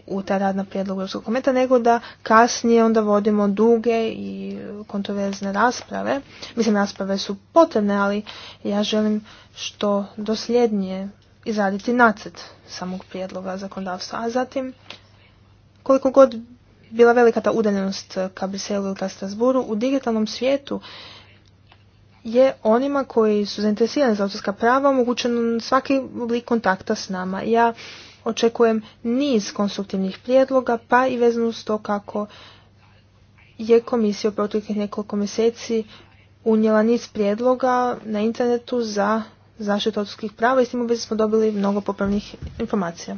u ta radna prijedloga Europskog kometa, nego da kasnije onda vodimo duge i kontroverzne rasprave. Mislim, rasprave su potrebne, ali ja želim što dosljednije izraditi nacet samog prijedloga zakonodavstva. A zatim, koliko god bila velika ta udaljenost ka Briselu ili ka Strasburu, u digitalnom svijetu je onima koji su zainteresirani za autorska prava omogućen svaki oblik kontakta s nama. Ja očekujem niz konstruktivnih prijedloga, pa i vezano s to kako je komisija u proteklih nekoliko mjeseci unijela niz prijedloga na internetu za zaštitu autorskih prava i s tim u smo dobili mnogo popravnih informacija.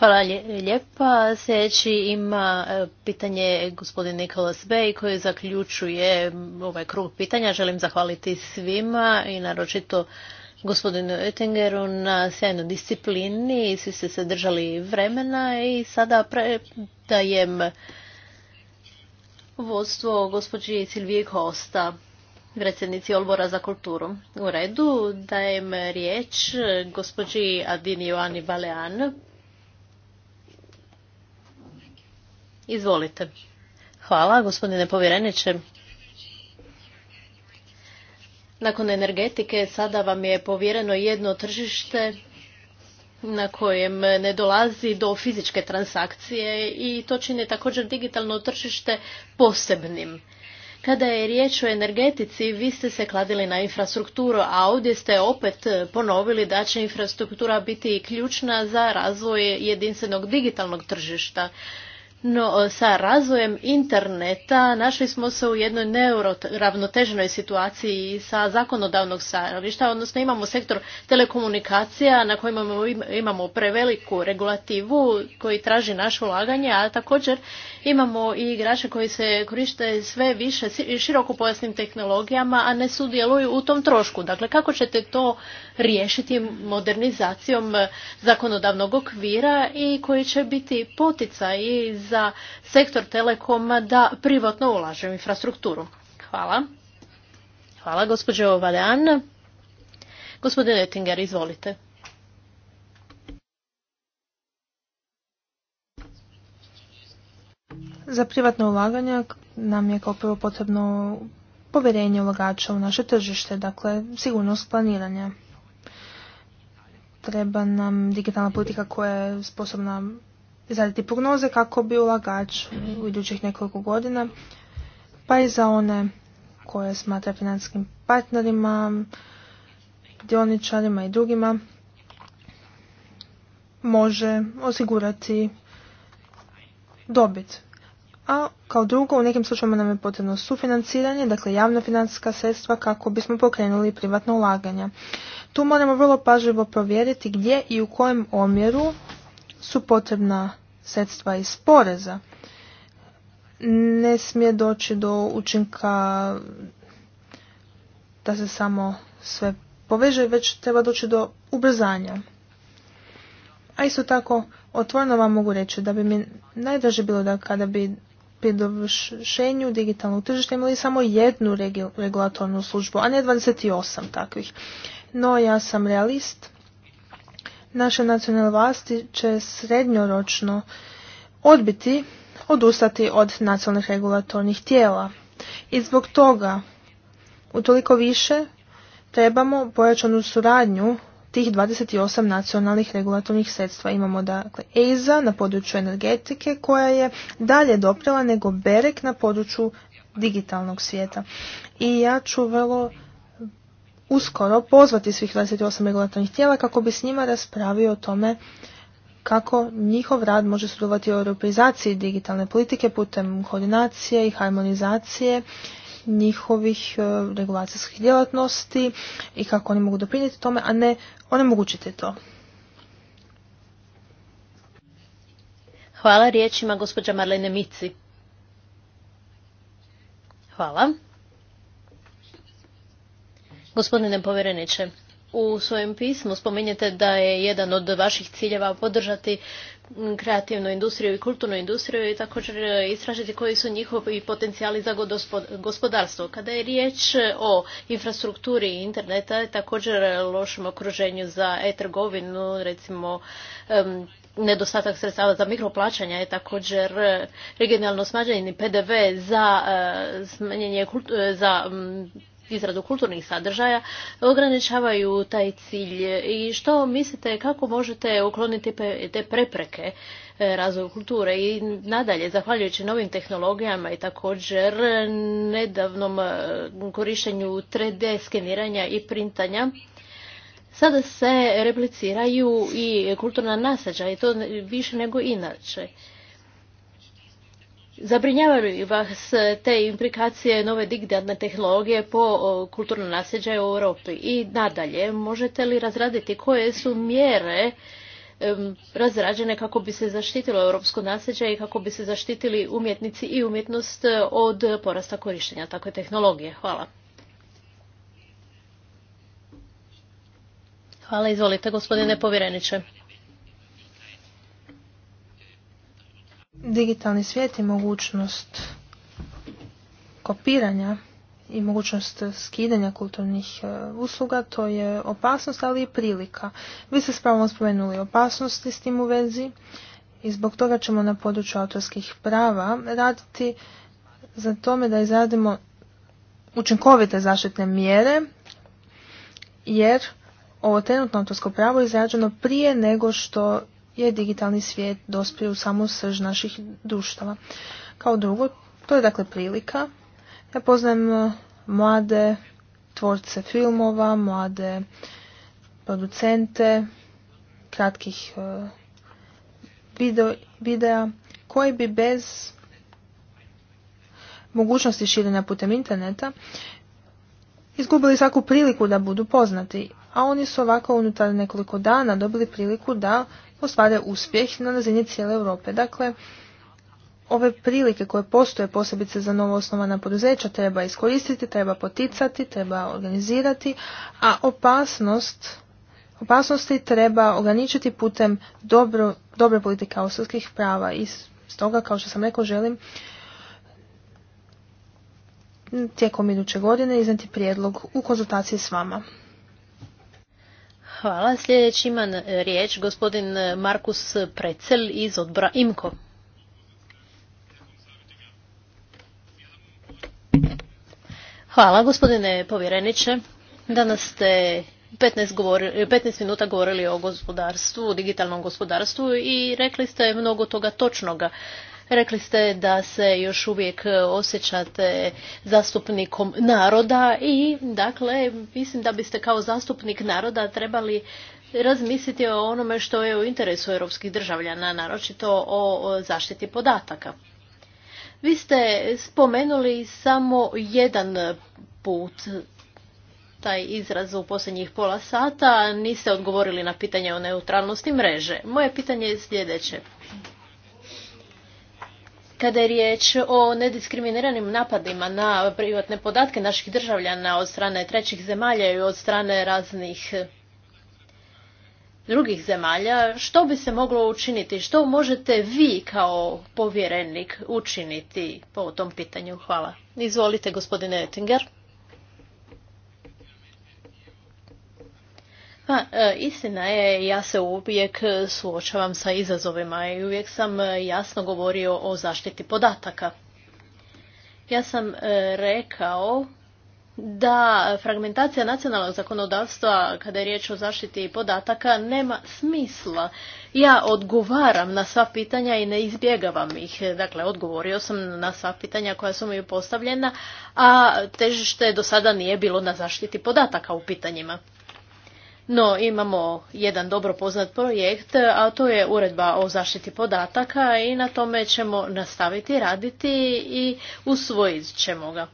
Hvala lijepa. Sljedeći ima e, pitanje gospodin Nikolas Bey koji zaključuje ovaj krug pitanja. Želim zahvaliti svima i naročito gospodinu Oettingeru na sjajnoj disciplini. Svi ste se držali vremena i sada predajem vodstvo gospođi Silvije Kosta predsjednici Odbora za kulturu. U redu dajem riječ gospođi Adini Joani Balean, Izvolite. Hvala, gospodine povjereniče. Nakon energetike sada vam je povjereno jedno tržište na kojem ne dolazi do fizičke transakcije i to čini također digitalno tržište posebnim. Kada je riječ o energetici, vi ste se kladili na infrastrukturu, a ovdje ste opet ponovili da će infrastruktura biti ključna za razvoj jedinstvenog digitalnog tržišta. No, e, sa razvojem interneta našli smo se u jednoj neuravnoteženoj situaciji sa zakonodavnog stanovišta, odnosno imamo sektor telekomunikacija na kojima imamo preveliku regulativu koji traži naše ulaganje, a također imamo i igrače koji se koriste sve više široko pojasnim tehnologijama, a ne sudjeluju u tom trošku. Dakle, kako ćete to riješiti modernizacijom zakonodavnog okvira i koji će biti poticaj za sektor telekoma da privatno ulaže u infrastrukturu. Hvala. Hvala gospođo Valjan. Gospodin Ettinger, izvolite. Za privatno ulaganje nam je kao prvo potrebno povjerenje ulagača u naše tržište, dakle sigurnost planiranja treba nam digitalna politika koja je sposobna izraditi prognoze kako bi ulagač u idućih nekoliko godina, pa i za one koje smatra financijskim partnerima, dioničarima i drugima, može osigurati dobit. A kao drugo, u nekim slučajima nam je potrebno sufinanciranje, dakle javno financijska sredstva kako bismo pokrenuli privatno ulaganja. Tu moramo vrlo pažljivo provjeriti gdje i u kojem omjeru su potrebna sredstva iz poreza. Ne smije doći do učinka da se samo sve poveže, već treba doći do ubrzanja. A isto tako, otvorno vam mogu reći da bi mi najdraže bilo da kada bi pri dovršenju digitalnog tržišta imali samo jednu regulatornu službu, a ne 28 takvih. No ja sam realist. Naše nacionalne vlasti će srednjoročno odbiti, odustati od nacionalnih regulatornih tijela. I zbog toga utoliko više trebamo pojačanu suradnju tih 28 nacionalnih regulatornih sredstva. Imamo dakle EIZA na području energetike koja je dalje doprela nego BEREK na području digitalnog svijeta. I ja ću vrlo uskoro pozvati svih 28 regulatornih tijela kako bi s njima raspravio o tome kako njihov rad može sudovati u europeizaciji digitalne politike putem koordinacije i harmonizacije njihovih e, regulacijskih djelatnosti i kako oni mogu doprinijeti tome, a ne onemogućiti to. Hvala riječima gospođa Marlene Mici. Hvala. Gospodine povjereniče, u svojem pismu spominjete da je jedan od vaših ciljeva podržati kreativnu industriju i kulturnu industriju i također e, istražiti koji su njihovi potencijali za gospodarstvo. Kada je riječ e, o infrastrukturi interneta, također e, lošem okruženju za e-trgovinu, recimo nedostatak sredstava za mikroplaćanja je također regionalno smanjeni PDV za smanjenje za izradu kulturnih sadržaja ograničavaju taj cilj i što mislite kako možete ukloniti te prepreke e, razvoju kulture i nadalje zahvaljujući novim tehnologijama i također nedavnom e, korištenju 3D skeniranja i printanja sada se repliciraju i kulturna nasađa i to više nego inače. Zabrinjavaju vas te implikacije nove digitalne tehnologije po kulturno nasljeđe u Europi i nadalje možete li razraditi koje su mjere razrađene kako bi se zaštitilo europsko nasljeđe i kako bi se zaštitili umjetnici i umjetnost e, od porasta korištenja takve tehnologije. Hvala. Hvala, izvolite gospodine povjereniče. digitalni svijet i mogućnost kopiranja i mogućnost skidanja kulturnih e, usluga, to je opasnost, ali i prilika. Vi ste spravo spomenuli opasnosti s tim u vezi i zbog toga ćemo na području autorskih prava raditi za tome da izradimo učinkovite zaštitne mjere, jer ovo trenutno autorsko pravo je izrađeno prije nego što je digitalni svijet dospio u samu srž naših društava. Kao drugo, to je dakle prilika. Ja poznajem e, mlade tvorce filmova, mlade producente, kratkih e, videa, koji bi bez mogućnosti širenja putem interneta izgubili svaku priliku da budu poznati, a oni su ovako unutar nekoliko dana dobili priliku da ostvare uspjeh na razini cijele Europe. Dakle, ove prilike koje postoje posebice za novo osnovana poduzeća treba iskoristiti, treba poticati, treba organizirati, a opasnost opasnosti treba ograničiti putem dobro, dobre politike osobskih prava i stoga kao što sam rekao želim tijekom iduće godine iznati prijedlog u konzultaciji s vama. Hvala. Sljedeći ima riječ gospodin Markus Precel iz odbora IMKO. Hvala gospodine povjereniče. Danas ste 15, 15 minuta govorili o gospodarstvu, o digitalnom gospodarstvu i rekli ste mnogo toga točnoga. Rekli ste da se još uvijek osjećate zastupnikom naroda i dakle mislim da biste kao zastupnik naroda trebali razmisliti o onome što je u interesu europskih državljana, naročito o zaštiti podataka. Vi ste spomenuli samo jedan put taj izraz u posljednjih pola sata, niste odgovorili na pitanje o neutralnosti mreže. Moje pitanje je sljedeće kada je riječ o nediskriminiranim napadima na privatne podatke naših državljana od strane trećih zemalja i od strane raznih eh, drugih zemalja, što bi se moglo učiniti? Što možete vi kao povjerenik učiniti po tom pitanju? Hvala. Izvolite, gospodine Ettinger. Pa, e, istina je, ja se uvijek e, suočavam sa izazovima i uvijek sam e, jasno govorio o zaštiti podataka. Ja sam rekao da fragmentacija nacionalnog zakonodavstva kada je riječ o zaštiti podataka nema smisla. Ja odgovaram na sva pitanja i ne izbjegavam ih. Dakle, odgovorio sam na sva pitanja koja su mi postavljena, a težište do sada nije bilo na zaštiti podataka u pitanjima. No, imamo jedan dobro poznat projekt, a to je uredba o zaštiti podataka i na tome ćemo nastaviti raditi i usvojit ćemo ga.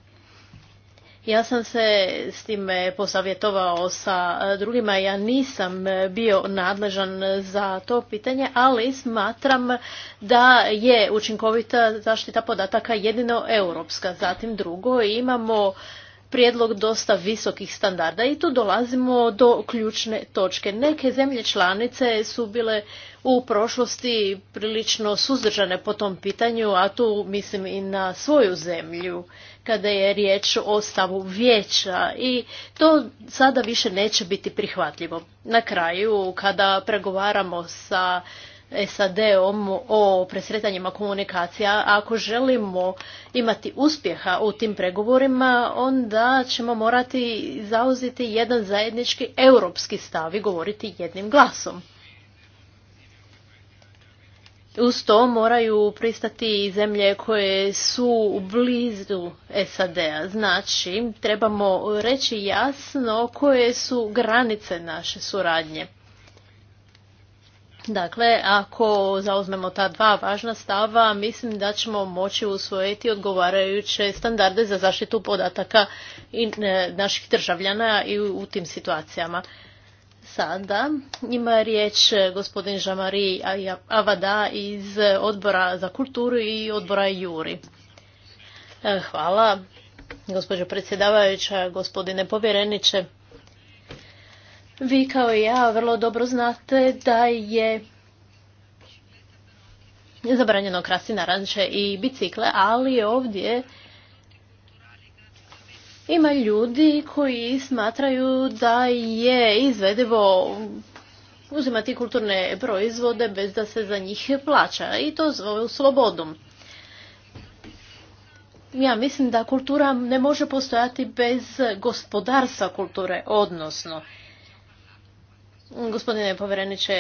Ja sam se s time posavjetovao sa drugima, ja nisam bio nadležan za to pitanje, ali smatram da je učinkovita zaštita podataka jedino europska. Zatim drugo, imamo prijedlog dosta visokih standarda i tu dolazimo do ključne točke. Neke zemlje članice su bile u prošlosti prilično suzdržane po tom pitanju, a tu mislim i na svoju zemlju kada je riječ o stavu vijeća i to sada više neće biti prihvatljivo. Na kraju, kada pregovaramo sa SAD-om o presretanjima komunikacija. Ako želimo imati uspjeha u tim pregovorima, onda ćemo morati zauzeti jedan zajednički europski stav i govoriti jednim glasom. Uz to moraju pristati i zemlje koje su blizu SAD-a. Znači, trebamo reći jasno koje su granice naše suradnje. Dakle, ako zauzmemo ta dva važna stava, mislim da ćemo moći usvojiti odgovarajuće standarde za zaštitu podataka e, naših državljana i u tim situacijama. Sada ima riječ e, gospodin Žamari Avada iz odbora za kulturu i odbora Juri. E, hvala, gospođo predsjedavajuća, gospodine povjereniče. Vi kao i ja vrlo dobro znate da je zabranjeno krasti naranče i bicikle, ali ovdje ima ljudi koji smatraju da je izvedivo uzimati kulturne proizvode bez da se za njih plaća i to zove slobodom. Ja mislim da kultura ne može postojati bez gospodarstva kulture, odnosno Gospodine povjereniče,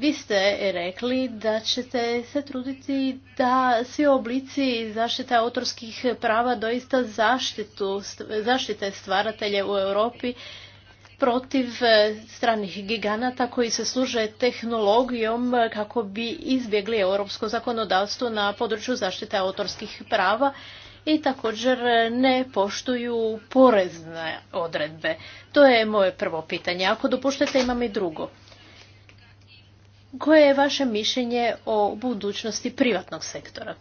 vi ste rekli da ćete se truditi da svi oblici zaštite autorskih prava doista zaštite stvaratelje u Europi protiv e, stranih giganata koji se služe tehnologijom kako bi izbjegli europsko zakonodavstvo na području zaštite autorskih prava i također ne poštuju porezne odredbe. To je moje prvo pitanje. Ako dopuštate imam i drugo. Koje je vaše mišljenje o budućnosti privatnog sektora?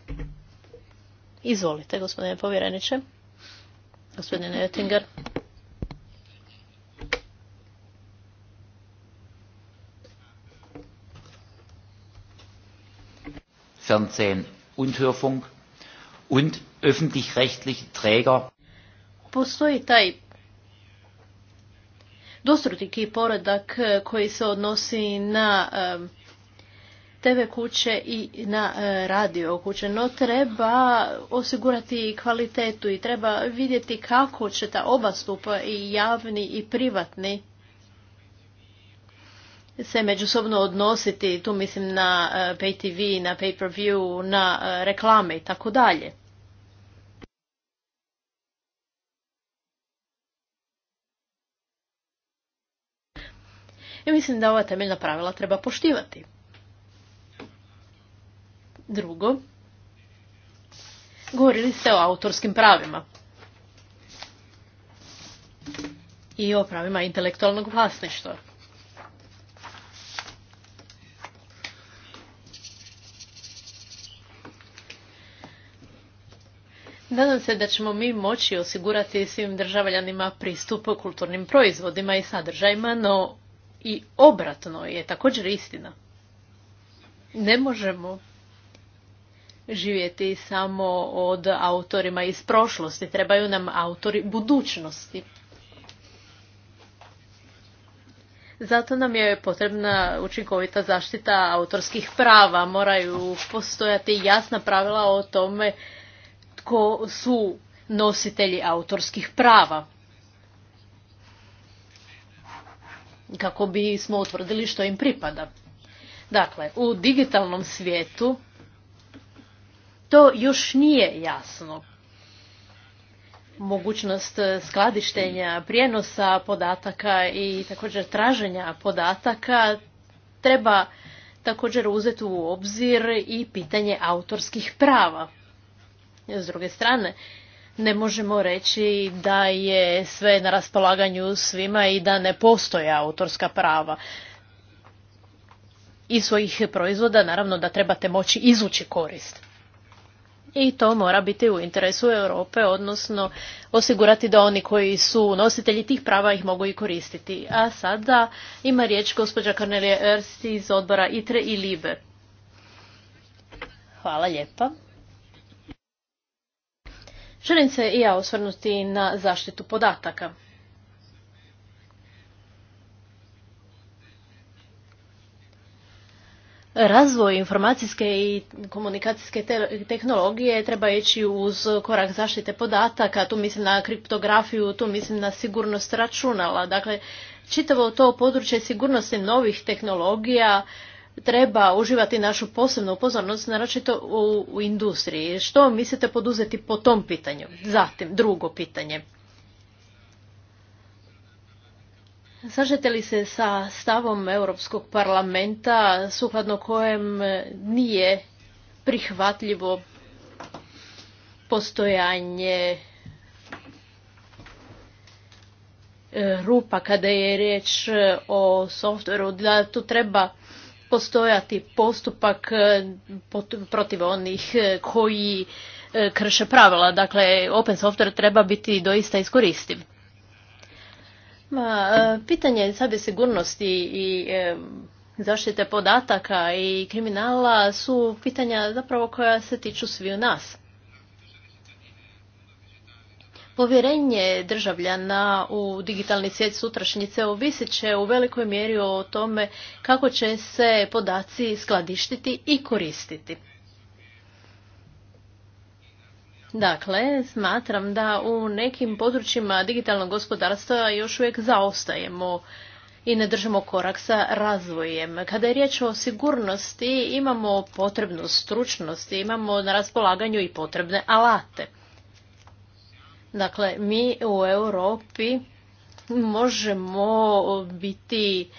Izvolite, gospodine povjereniče. Gospodine Oettinger. Fernsehen und Hörfunk und öffentlich-rechtliche Träger. Postoji taj dostrutiki poredak eh, koji se odnosi na TV kuće i na eh, radio kuće, no treba osigurati kvalitetu i treba vidjeti kako će ta oba stupa i javni i privatni se međusobno odnositi, tu mislim na eh, pay TV, na pay per view, na reklame i tako dalje. I mislim da ova temeljna pravila treba poštivati. Drugo, govorili ste o autorskim pravima i o pravima intelektualnog vlasništva. Nadam se da ćemo mi moći osigurati svim državljanima pristup kulturnim proizvodima i sadržajima, no i obratno je također istina. Ne možemo živjeti samo od autorima iz prošlosti, trebaju nam autori budućnosti. Zato nam je potrebna učinkovita zaštita autorskih prava. Moraju postojati jasna pravila o tome tko su nositelji autorskih prava. kako bismo utvrdili što im pripada. Dakle, u digitalnom svijetu to još nije jasno. Mogućnost skladištenja, prijenosa podataka i također traženja podataka treba također uzeti u obzir i pitanje autorskih prava. S druge strane, ne možemo reći da je sve na raspolaganju svima i da ne postoje autorska prava. Iz svojih proizvoda naravno da trebate moći izući korist. I to mora biti u interesu Europe, odnosno osigurati da oni koji su nositelji tih prava ih mogu i koristiti. A sada ima riječ gospođa Cornelia Ersti iz odbora ITRE i LIBE. Hvala lijepa. Želim se i ja osvrnuti na zaštitu podataka. Razvoj informacijske i komunikacijske tehnologije treba ići uz korak zaštite podataka, tu mislim na kriptografiju, tu mislim na sigurnost računala. Dakle, čitavo to područje sigurnosti novih tehnologija treba uživati našu posebnu pozornost, naročito u, industriji. Što mislite poduzeti po tom pitanju? Zatim, drugo pitanje. Slažete li se sa stavom Europskog parlamenta sukladno kojem nije prihvatljivo postojanje e, rupa kada je riječ e, o softveru, da tu treba postojati postupak e, protiv onih e, koji e, krše pravila. Dakle, open software treba biti doista iskoristiv. Ma, pitanje sabe sigurnosti i zaštite podataka i kriminala su pitanja zapravo koja se tiču sviju nas. Povjerenje državljana u digitalni svijet sutrašnjice ovisit će u velikoj mjeri o tome kako će se podaci skladištiti i koristiti. Dakle, smatram da u nekim područjima digitalnog gospodarstva još uvijek zaostajemo i ne držimo korak sa razvojem. Kada je riječ o sigurnosti, imamo potrebnu stručnost, imamo na raspolaganju i potrebne alate. Dakle, mi u Europi možemo biti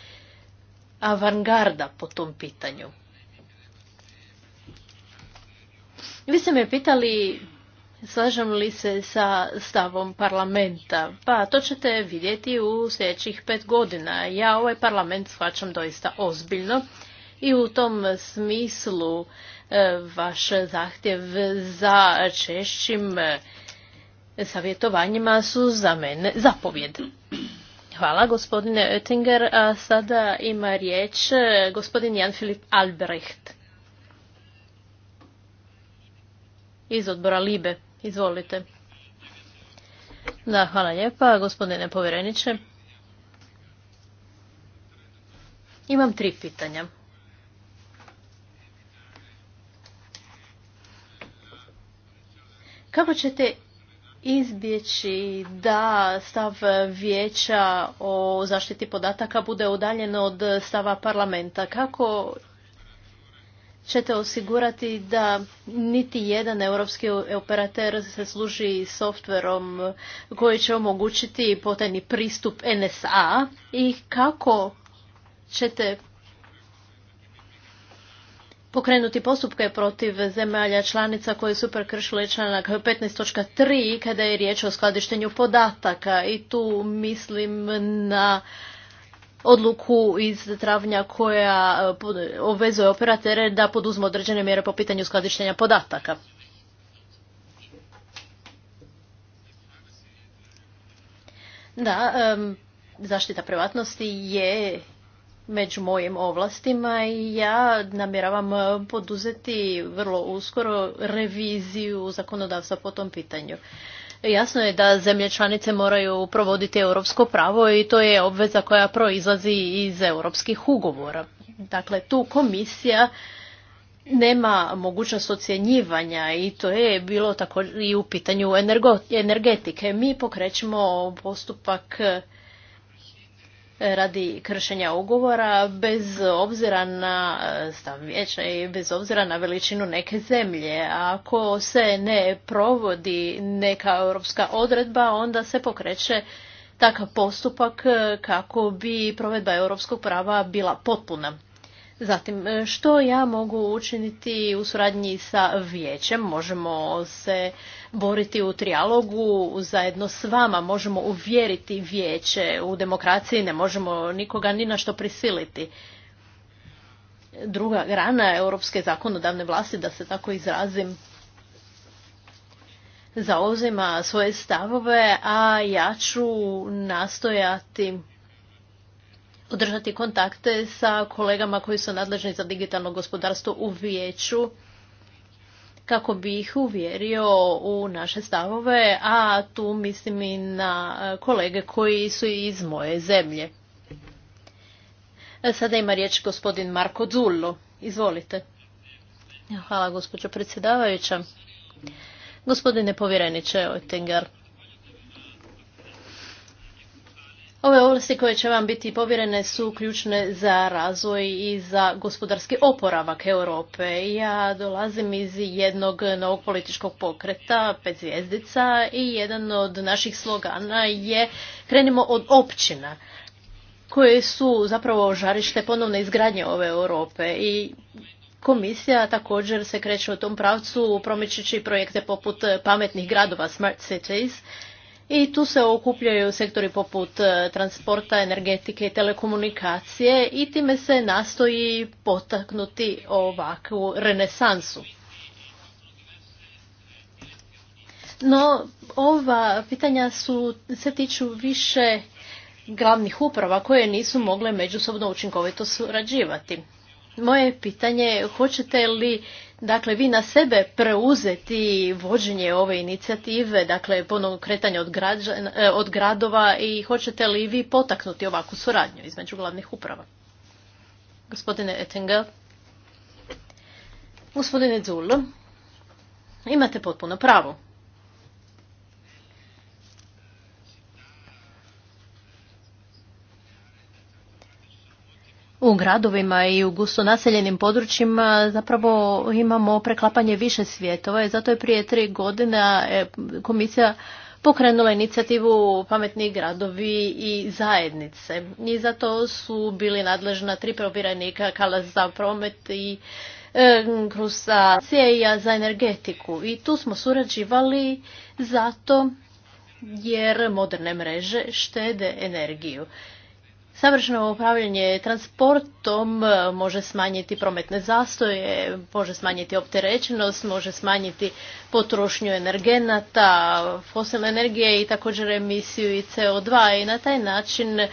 avangarda po tom pitanju. Vi ste me pitali slažem li se sa stavom parlamenta. Pa to ćete vidjeti u sljedećih pet godina. Ja ovaj parlament shvaćam doista ozbiljno i u tom smislu e, vaš zahtjev za češćim savjetovanjima su za mene zapovjed. Hvala gospodine Oettinger. A sada ima riječ e, gospodin Jan Filip Albrecht iz odbora Libe. Izvolite. Da, hvala lijepa gospodine povjereniče. Imam tri pitanja. Kako ćete izbjeći da stav vijeća o zaštiti podataka bude udaljen od stava parlamenta? Kako ćete osigurati da niti jedan europski operater se služi softverom koji će omogućiti potajni pristup NSA i kako ćete pokrenuti postupke protiv zemalja članica koje su prekršile članak 15.3 kada je riječ o skladištenju podataka i tu mislim na odluku iz travnja koja eh, obvezuje operatere da poduzmu određene mjere po pitanju skladištenja podataka. Da, zaštita privatnosti je među mojim ovlastima i ja namjeravam e, poduzeti vrlo uskoro reviziju zakonodavstva po tom pitanju. Jasno je da zemlje članice moraju provoditi europsko pravo i to je obveza koja proizlazi iz europskih ugovora. Dakle, tu komisija nema mogućnost ocjenjivanja i to je bilo tako i u pitanju energetike. Mi pokrećemo postupak radi kršenja ugovora bez obzira na e, stav vijeća i bez obzira na veličinu neke zemlje. ako se ne provodi neka europska odredba, onda se pokreće takav postupak e, kako bi provedba europskog prava bila potpuna. Zatim, e, što ja mogu učiniti u suradnji sa vijećem? Možemo se boriti u trijalogu zajedno s vama. Možemo uvjeriti vijeće u demokraciji, ne možemo nikoga ni na što prisiliti. Druga grana europske zakonodavne vlasti, da se tako izrazim, zauzima svoje stavove, a ja ću nastojati održati kontakte sa kolegama koji su nadležni za digitalno gospodarstvo u vijeću kako bi ih uvjerio u naše stavove, a tu mislim i na e, kolege koji su iz moje zemlje. E, sada ima riječ gospodin Marko Zullo. Izvolite. Hvala gospođo predsjedavajuća. Gospodine povjereniče Oettinger, Ove ovlasti koje će vam biti povjerene su ključne za razvoj i za gospodarski oporavak Europe. Ja dolazim iz jednog novog političkog pokreta, pet zvijezdica i jedan od naših slogana je krenimo od općina koje su zapravo žarište ponovne izgradnje ove Europe i Komisija također se kreće u tom pravcu promičući projekte poput pametnih gradova Smart Cities i tu se okupljaju sektori poput e, transporta, energetike i telekomunikacije i time se nastoji potaknuti ovakvu renesansu. No, ova pitanja su, se tiču više glavnih uprava koje nisu mogle međusobno učinkovito surađivati. Moje pitanje je hoćete li dakle vi na sebe preuzeti vođenje ove inicijative, dakle ponovno kretanje od, e, od gradova i hoćete li vi potaknuti ovakvu suradnju između glavnih uprava? Gospodine Ettinger. Gospodine Zullo, imate potpuno pravo. u gradovima i u gusto naseljenim područjima zapravo imamo preklapanje više svjetova i zato je prije tri godina e, komisija pokrenula inicijativu Pametni gradovi i zajednice. I zato su bili nadležna tri probiranika Kalas za promet i e, Krusa za energetiku. I tu smo surađivali zato jer moderne mreže štede energiju. Savršeno upravljanje transportom e, može smanjiti prometne zastoje, može smanjiti opterećenost, može smanjiti potrošnju energenata, fosilne energije i također emisiju i CO2 i na taj način e,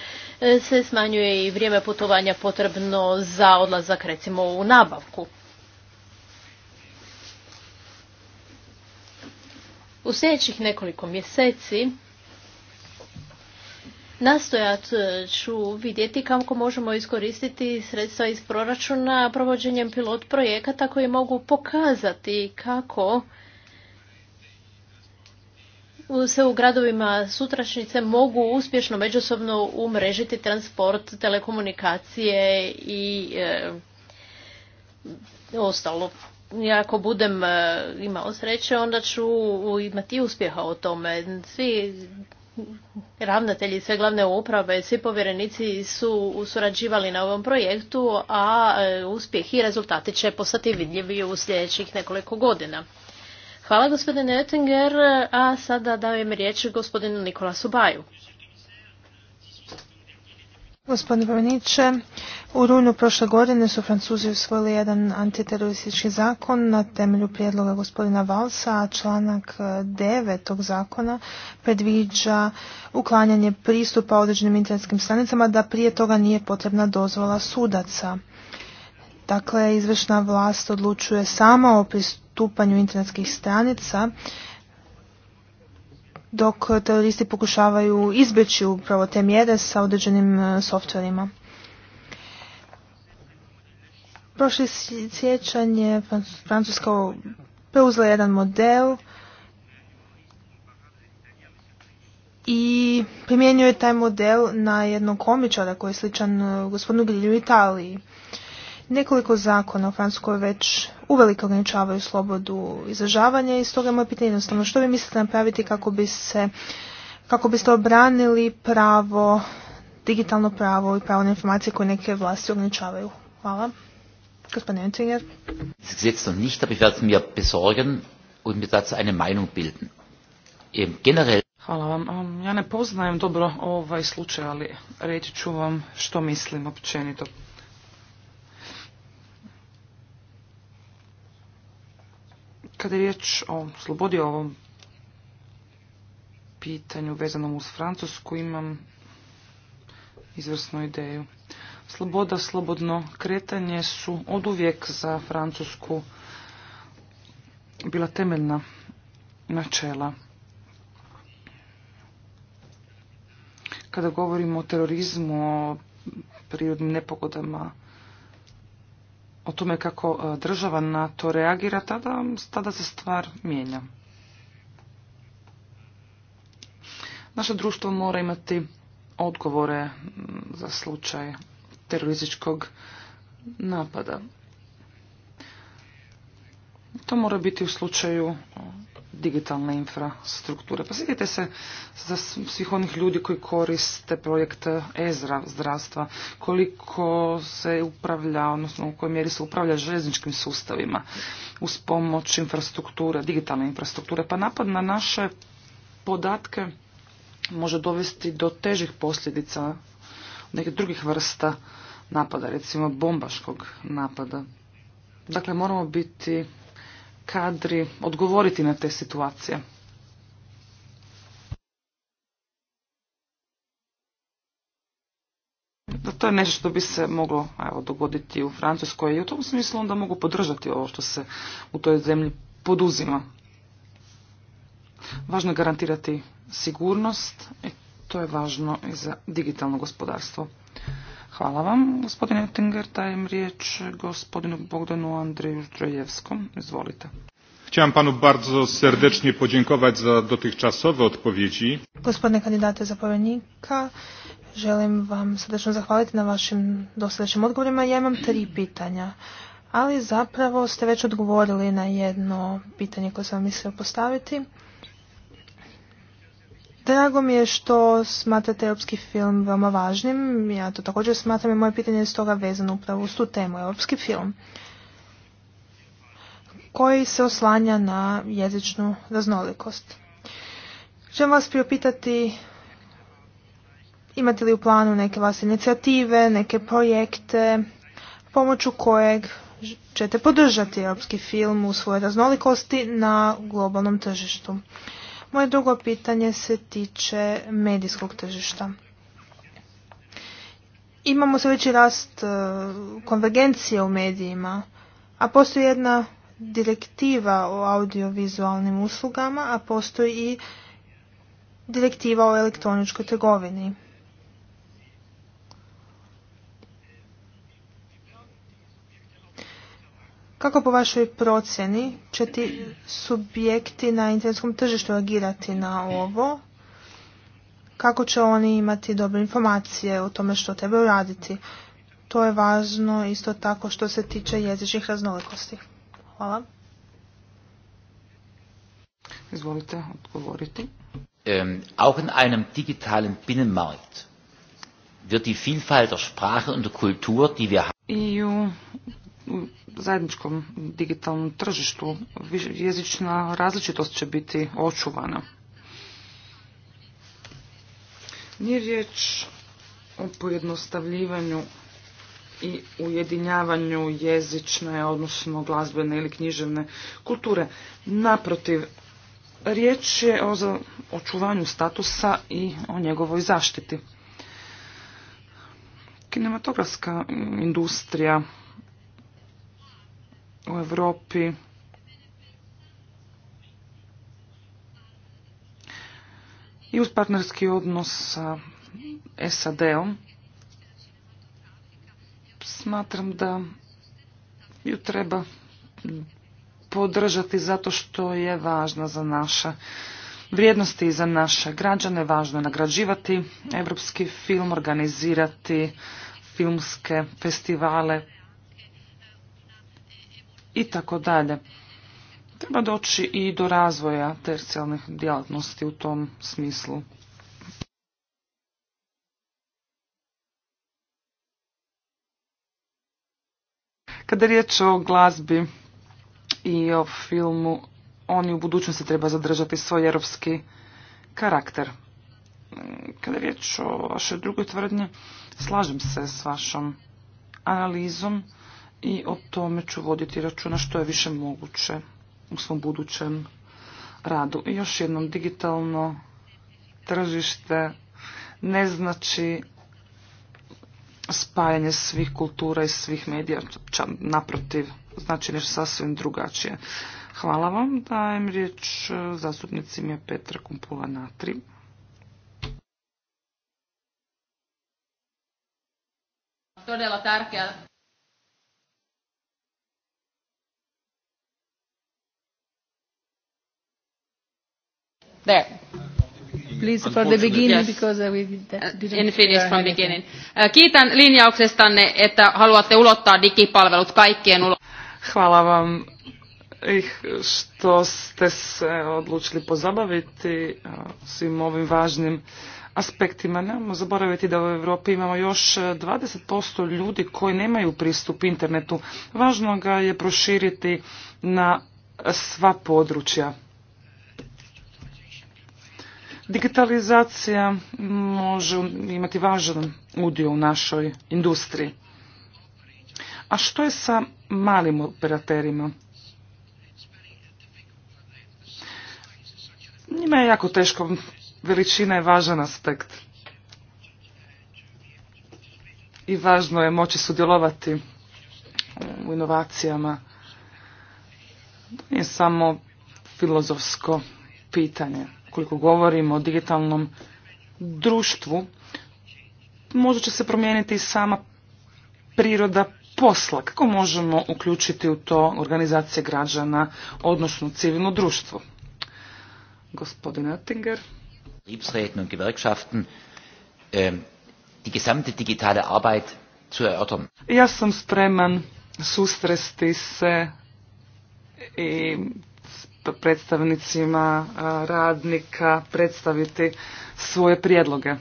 se smanjuje i vrijeme putovanja potrebno za odlazak recimo u nabavku. U sljedećih nekoliko mjeseci Nastojat e, ću vidjeti kako možemo iskoristiti sredstva iz proračuna provođenjem pilot projekata koji mogu pokazati kako se u gradovima sutrašnjice mogu uspješno međusobno umrežiti transport, telekomunikacije i e, ostalo. Ja ako budem e, imao sreće, onda ću imati uspjeha o tome. Svi ravnatelji sve glavne uprave, svi povjerenici su surađivali na ovom projektu, a e, uspjeh i rezultati će postati vidljivi u sljedećih nekoliko godina. Hvala gospodine Oettinger, a sada dajem riječ gospodinu Nikolasu Baju. Gospodine Vrniće, u rujnu prošle godine su Francuzi usvojili jedan antiteroristički zakon na temelju prijedloga gospodina Valsa, a članak 9 e, tog zakona predviđa uklanjanje pristupa određenim internetskim stranicama da prije toga nije potrebna dozvola sudaca. Dakle, izvršna vlast odlučuje sama o pristupanju internetskih stranica dok teroristi pokušavaju izbjeći upravo te mjere sa određenim e, softverima. Prošli sjećan je Francuska preuzela jedan model i primjenjuje je taj model na jednog komičara koji je sličan e, gospodinu Grilju u Italiji. Nekoliko zakona u Francuskoj već uvelike ograničavaju slobodu izražavanja i stoga je moje pitanje jednostavno što vi mislite napraviti kako bi se kako biste obranili pravo, digitalno pravo i pravo na informacije koje neke vlasti ograničavaju. Hvala. Gospodin Entinger. Das Gesetz noch nicht, aber ich werde es mir besorgen und mir dazu eine Meinung bilden. Im generell Hvala vam. Ja ne poznajem dobro ovaj slučaj, ali reći ću vam što mislim općenito. Kada je riječ o slobodi o ovom pitanju vezanom uz Francusku, imam izvrsnu ideju. Sloboda, slobodno kretanje su od uvijek za Francusku bila temeljna načela. Kada govorimo o terorizmu, o prirodnim nepogodama, o tome kako e, država na to reagira, tada, tada se stvar mijenja. Naše društvo mora imati odgovore za slučaj terorističkog napada. To mora biti u slučaju digitalne infrastrukture. Pa sjetite se za svih onih ljudi koji koriste projekt EZRA zdravstva, koliko se upravlja, odnosno u kojoj mjeri se upravlja željezničkim sustavima uz pomoć infrastrukture, digitalne infrastrukture. Pa napad na naše podatke može dovesti do težih posljedica nekih drugih vrsta napada, recimo bombaškog napada. Dakle, moramo biti kadri odgovoriti na te situacije? Da to je nešto što bi se moglo evo, dogoditi u Francuskoj i u tom smislu onda mogu podržati ovo što se u toj zemlji poduzima. Važno je garantirati sigurnost i to je važno i za digitalno gospodarstvo. Hvala vam, gospodine Ettinger. Dajem riječ gospodinu Bogdanu Andreju Zdrojevskom. Izvolite. Chciałem panu bardzo serdecznie podziękować za dotychczasowe odpowiedzi. Gospodine kandidate zapovjednika, želim vam serdecznie zahvaliti na vašim dosadašnjim odgovorima. Ja imam tri pitanja, ali zapravo ste već odgovorili na jedno pitanje koje sam vam mislio postaviti. Drago mi je što smatrate europski film veoma važnim. Ja to također smatram i moje pitanje je stoga vezano upravo uz tu temu, europski film koji se oslanja na jezičnu raznolikost. Želim vas priopitati imate li u planu neke vas inicijative, neke projekte, pomoću kojeg ćete podržati europski film u svojoj raznolikosti na globalnom tržištu. Moje drugo pitanje se tiče medijskog tržišta. Imamo sve veći rast e, konvergencije u medijima, a postoji jedna direktiva o audiovizualnim uslugama, a postoji i direktiva o elektroničkoj trgovini. Kako po vašoj procjeni će ti subjekti na internetskom tržištu agirati na ovo? Kako će oni imati dobre informacije o tome što treba raditi? To je važno isto tako što se tiče jezičnih raznolikosti. Hvala. Izvolite odgovoriti. Ähm, auch in einem digitalen Binnenmarkt wird die Vielfalt der Sprache und der Kultur, die wir haben, zajedničkom digitalnom tržištu jezična različitost će biti očuvana. Nije riječ o pojednostavljivanju i ujedinjavanju jezične, odnosno glazbene ili književne kulture. Naprotiv, riječ je o očuvanju statusa i o njegovoj zaštiti. Kinematografska industrija u Europi. I uz partnerski odnos sa SAD-om smatram da ju treba podržati zato što je važna za naše vrijednosti i za naše građane. Važno je nagrađivati evropski film, organizirati filmske festivale, i tako dalje. Treba doći i do razvoja tercijalnih djelatnosti u tom smislu. Kada je riječ o glazbi i o filmu, oni u budućnosti treba zadržati svoj europski karakter. Kada je riječ o vašoj drugoj tvrdnji, slažem se s vašom analizom i o tome ću voditi računa što je više moguće u svom budućem radu. I još jednom, digitalno tržište ne znači spajanje svih kultura i svih medija, naprotiv, znači nešto sasvim drugačije. Hvala vam, dajem riječ e, zastupnici mi je Petra Kumpula Natri. Todella tärkeä There. Please for the beginning, because we didn't uh, finish from beginning. Uh, kiitän linjauksestanne, että haluatte ulottaa digipalvelut kaikkien ulo... Hvala vam ih što ste se odlučili pozabaviti uh, svim ovim važnim aspektima. Nemamo zaboraviti da u Europi imamo još 20% ljudi koji nemaju pristup internetu. Važno ga je proširiti na sva područja. Digitalizacija može imati važan udio u našoj industriji. A što je sa malim operaterima? Njima je jako teško, veličina je važan aspekt. I važno je moći sudjelovati u inovacijama. Nije samo filozofsko pitanje ukoliko govorimo o digitalnom društvu, možda će se promijeniti i sama priroda posla. Kako možemo uključiti u to organizacije građana, odnosno civilno društvo? Gospodin Oettinger. Betriebsräten i Gewerkschaften ähm, die gesamte digitale Arbeit zu erörtern. Ja sam spreman susresti se i predstavnicima radnika predstaviti svoje prijedloge.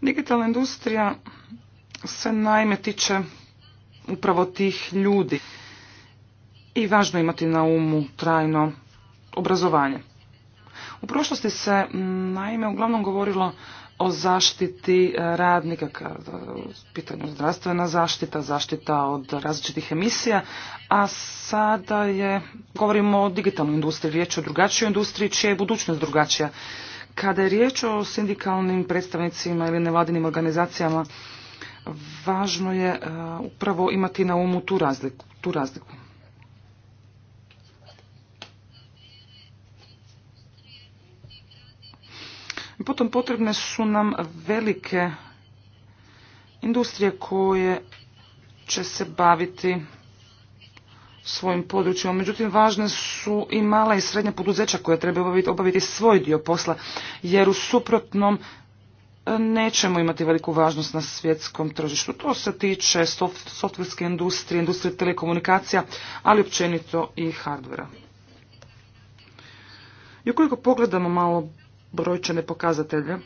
Digitalna industrija se naime tiče upravo tih ljudi i važno je imati na umu trajno obrazovanje. U prošlosti se naime uglavnom govorilo o zaštiti e, radnika, pitanju zdravstvena zaštita, zaštita od različitih emisija, a sada je, govorimo o digitalnoj industriji, riječ o drugačijoj industriji, čija je budućnost drugačija. Kada je riječ o sindikalnim predstavnicima ili nevladinim organizacijama, važno je e, upravo imati na umu tu razliku. Tu razliku. potom potrebne su nam velike industrije koje će se baviti svojim područjima. Međutim, važne su i mala i srednja poduzeća koja trebaju obaviti, svoj dio posla, jer u suprotnom e, nećemo imati veliku važnost na svjetskom tržištu. To se tiče softverske industrije, industrije telekomunikacija, ali općenito i hardvera. I ukoliko pogledamo malo brojčane pokazatelje.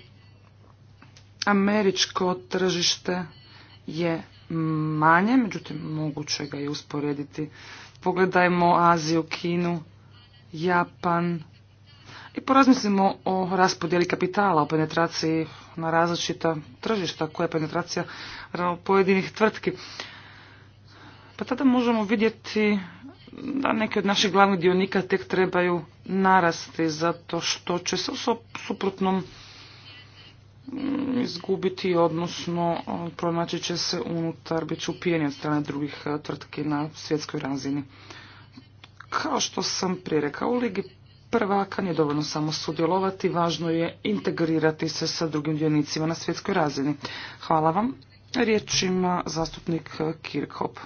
Američko tržište je manje, međutim moguće ga je usporediti. Pogledajmo Aziju, Kinu, Japan i porazmislimo o raspodjeli kapitala, o penetraciji na različita tržišta, koja je penetracija pojedinih tvrtki. Pa tada možemo vidjeti da neki od naših glavnih dionika tek trebaju narasti zato što će se u suprotnom mm, izgubiti, odnosno pronaći će se unutar, bit će upijeni od strane drugih e, tvrtki na svjetskoj razini. Kao što sam prije rekao, u Ligi prvaka nije dovoljno samo sudjelovati, važno je integrirati se sa drugim dionicima na svjetskoj razini. Hvala vam. Riječ ima zastupnik e, kirkop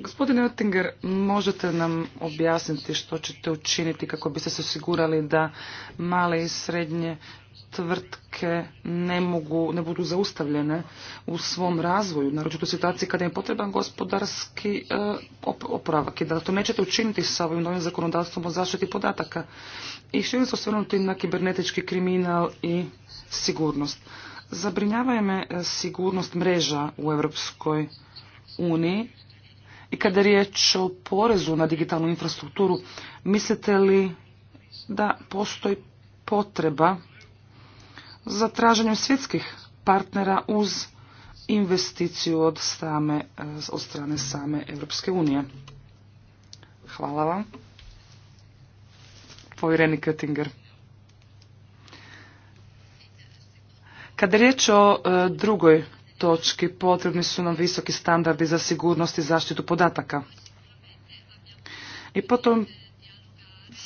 Gospodine Oettinger, možete nam objasniti što ćete učiniti kako biste se osigurali da male i srednje tvrtke ne, mogu, ne budu zaustavljene u svom razvoju, naročito u situaciji kada je potreban gospodarski e, oporavak i da to nećete učiniti sa ovim novim zakonodavstvom o zaštiti podataka. I što se osvrnuti na kibernetički kriminal i sigurnost. Zabrinjava me sigurnost mreža u Europskoj uniji i kada je riječ o porezu na digitalnu infrastrukturu, mislite li da postoji potreba za traženjem svjetskih partnera uz investiciju od, strane same Europske unije? Hvala vam. Povjereni Kada je riječ o e, drugoj točki potrebni su nam visoki standardi za sigurnost i zaštitu podataka. I potom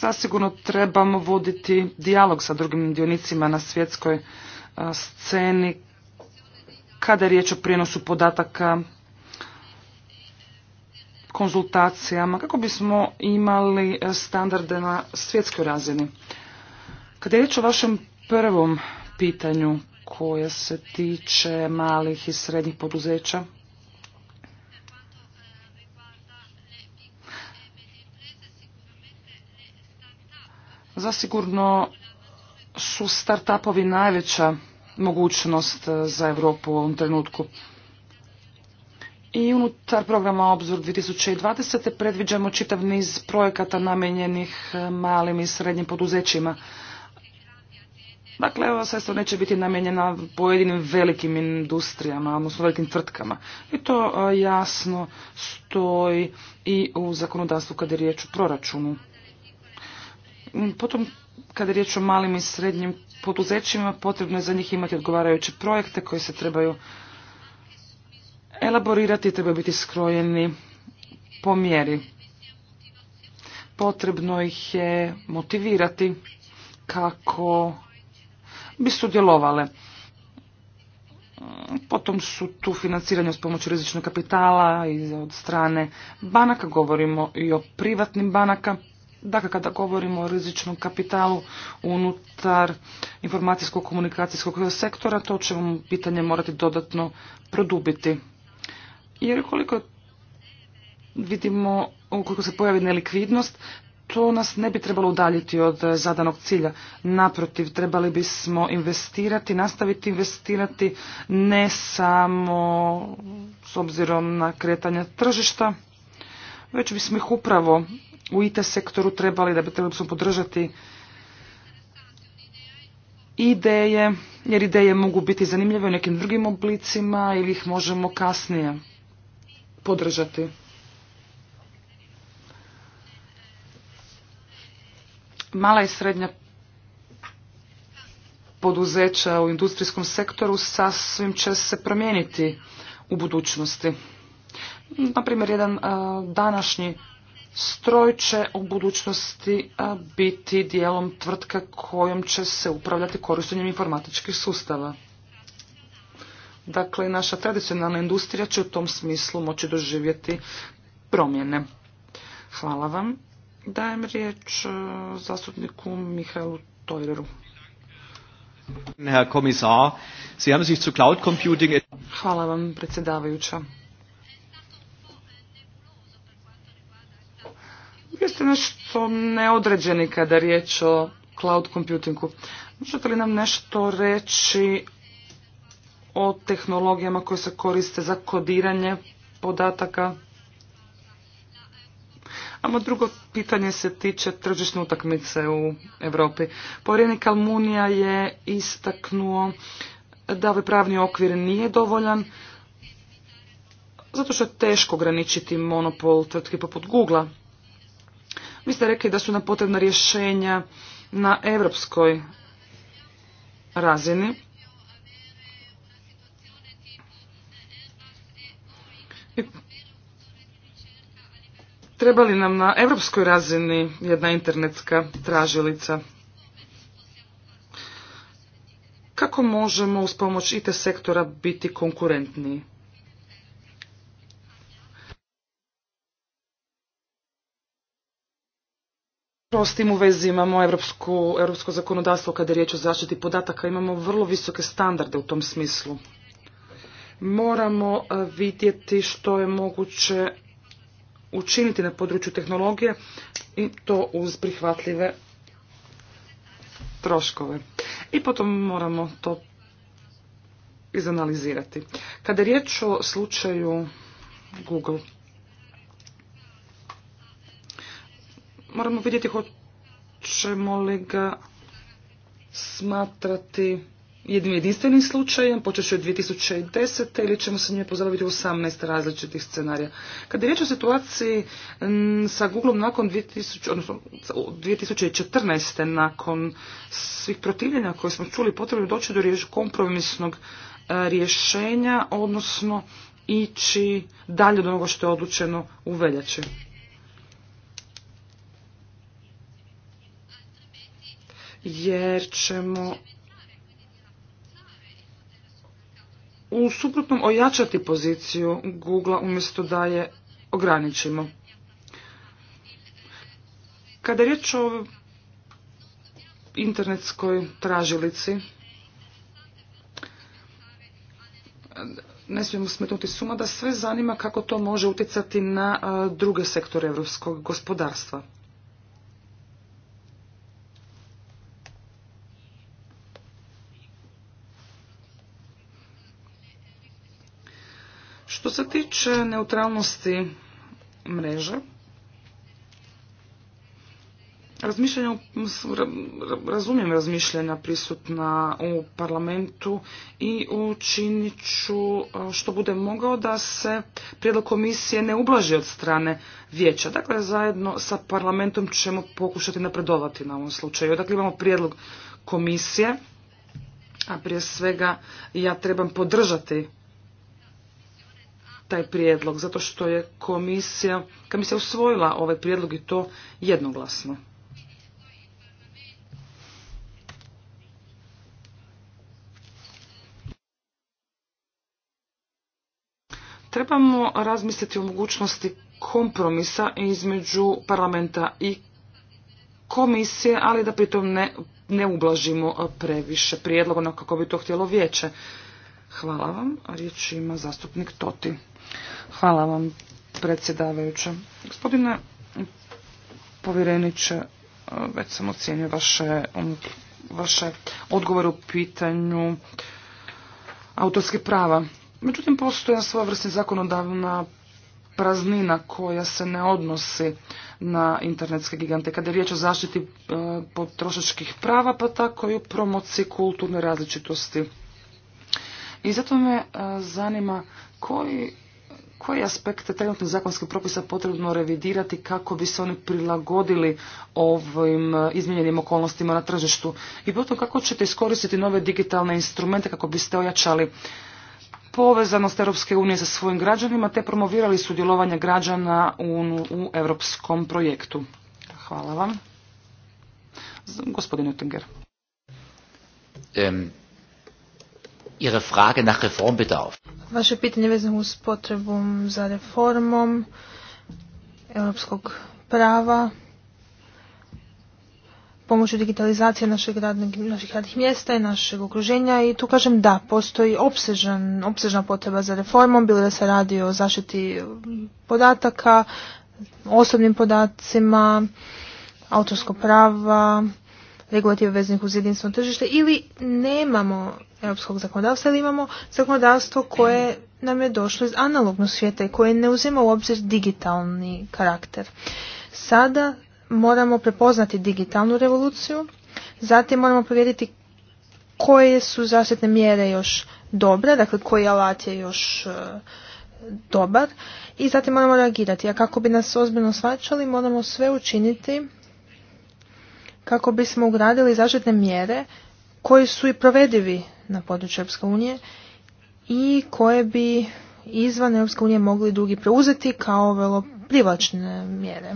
zasigurno trebamo voditi dijalog sa drugim dionicima na svjetskoj sceni kada je riječ o prijenosu podataka, konzultacijama, kako bismo imali e, standarde na svjetskoj razini. Kada je riječ o vašem prvom pitanju, koja se tiče malih i srednjih poduzeća. Zasigurno su start-upovi najveća mogućnost za Europu u ovom trenutku. I unutar programa Obzor 2020. predviđamo čitav niz projekata namenjenih malim i srednjim poduzećima. Dakle, ova sredstva neće biti namijenjena pojedinim velikim industrijama, odnosno velikim tvrtkama. I to e, jasno stoji i u zakonodavstvu kada je riječ o proračunu. Mm, potom, kada je riječ o malim i srednjim poduzećima, potrebno je za njih imati odgovarajuće projekte koji se trebaju elaborirati, trebaju biti skrojeni po mjeri. Potrebno ih je motivirati kako bi sudjelovale. Potom su tu financiranje s pomoću rizičnog kapitala i od strane banaka, govorimo i o privatnim banaka. Dakle, kada govorimo o rizičnom kapitalu unutar informacijskog komunikacijskog sektora, to ćemo pitanje morati dodatno produbiti. Jer koliko vidimo, ukoliko se pojavi nelikvidnost, to nas ne bi trebalo udaljiti od e, zadanog cilja. Naprotiv, trebali bismo investirati, nastaviti investirati ne samo s obzirom na kretanje tržišta, već bismo ih upravo u IT sektoru trebali, da bi trebali bismo podržati ideje, jer ideje mogu biti zanimljive u nekim drugim oblicima ili ih možemo kasnije podržati. mala i srednja poduzeća u industrijskom sektoru sasvim će se promijeniti u budućnosti. Naprimjer, jedan današnji stroj će u budućnosti biti dijelom tvrtke kojom će se upravljati korištenjem informatičkih sustava. Dakle, naša tradicionalna industrija će u tom smislu moći doživjeti promjene. Hvala vam. Dajem riječ e, zastupniku Mihajlu Tojreru. Herr Kommissar, Sie haben sich zu Cloud Computing... Hvala vam, predsjedavajuća. Vi ste nešto neodređeni kada riječ o cloud computingu. Možete li nam nešto reći o tehnologijama koje se koriste za kodiranje podataka? A drugo pitanje se tiče tržišne utakmice u Europi. Povjerenik Almunija je istaknuo da ovaj pravni okvir nije dovoljan zato što je teško ograničiti monopol tvrtke poput Google-a. Vi ste rekli da su nam potrebna rješenja na europskoj razini Treba li nam na europskoj razini jedna internetska tražilica? Kako možemo uz pomoć IT sektora biti konkurentniji? S tim u vezi imamo evropsku, evropsko zakonodavstvo kada je riječ o zaštiti podataka. Imamo vrlo visoke standarde u tom smislu. Moramo e, vidjeti što je moguće učiniti na području tehnologije i to uz prihvatljive troškove. I potom moramo to izanalizirati. Kada je riječ o slučaju Google, moramo vidjeti hoćemo li ga smatrati jednim jedinstvenim slučajem, počeš od 2010. ili ćemo se njime pozabaviti u 18 različitih scenarija. Kad je riječ o situaciji sa Googlom nakon 2000, odnosno, 2014. nakon svih protivljenja koje smo čuli, potrebno je doći do kompromisnog e, rješenja, odnosno ići dalje od onoga što je odlučeno u veljači. Jer ćemo u suprotnom ojačati poziciju Google umjesto da je ograničimo. Kada je riječ o internetskoj tražilici, ne smijemo smetnuti suma da sve zanima kako to može utjecati na druge sektore europskog gospodarstva. Što se tiče neutralnosti mreže, Razmišljanja, razumijem razmišljanja prisutna u parlamentu i učinit ću što bude mogao da se prijedlog komisije ne ublaži od strane vijeća. Dakle, zajedno sa parlamentom ćemo pokušati napredovati na ovom slučaju. Dakle, imamo prijedlog komisije, a prije svega ja trebam podržati taj prijedlog, zato što je komisija, se usvojila ovaj prijedlog i to jednoglasno. Trebamo razmisliti o mogućnosti kompromisa između parlamenta i komisije, ali da pritom ne, ne ublažimo previše prijedloga, kako bi to htjelo vijeće. Hvala vam. riječ ima zastupnik Toti. Hvala vam, predsjedavajuća. Gospodine povjereniče, već sam ocijenio vaše, vaše odgovore u pitanju autorskih prava. Međutim, postoje vrsti zakonodavna praznina koja se ne odnosi na internetske gigante. Kada je riječ o zaštiti e, potrošačkih prava, pa tako i o promociji kulturne različitosti. I zato me e, zanima koji koje aspekte trenutnih zakonskih propisa potrebno revidirati kako bi se oni prilagodili ovim e, izmijenjenim okolnostima na tržištu i potom kako ćete iskoristiti nove digitalne instrumente kako biste ojačali povezanost Europske unije sa svojim građanima te promovirali sudjelovanje građana u, europskom projektu. Hvala vam. Gospodin Oettinger. Ihre Frage nach Reformbedarf. Vaše pitanje vezano uz potrebu za reformom europskog prava, pomoću digitalizacije našeg radnog, naših radnih mjesta i našeg okruženja i tu kažem da, postoji obsežan, obsežna potreba za reformom, bilo da se radi o zaštiti podataka, osobnim podacima, autorskog prava, regulative vezanih uz jedinstveno tržište ili nemamo europskog zakonodavstva ili imamo zakonodavstvo koje nam je došlo iz analognog svijeta i koje ne uzima u obzir digitalni karakter. Sada moramo prepoznati digitalnu revoluciju, zatim moramo provjeriti koje su zaštitne mjere još dobre, dakle koji alat je još e, dobar i zatim moramo reagirati. A kako bi nas ozbiljno svačali moramo sve učiniti kako bismo ugradili zaštitne mjere koji su i provedivi na području Europske unije i koje bi izvan Europske unije mogli drugi preuzeti kao vrlo privlačne mjere.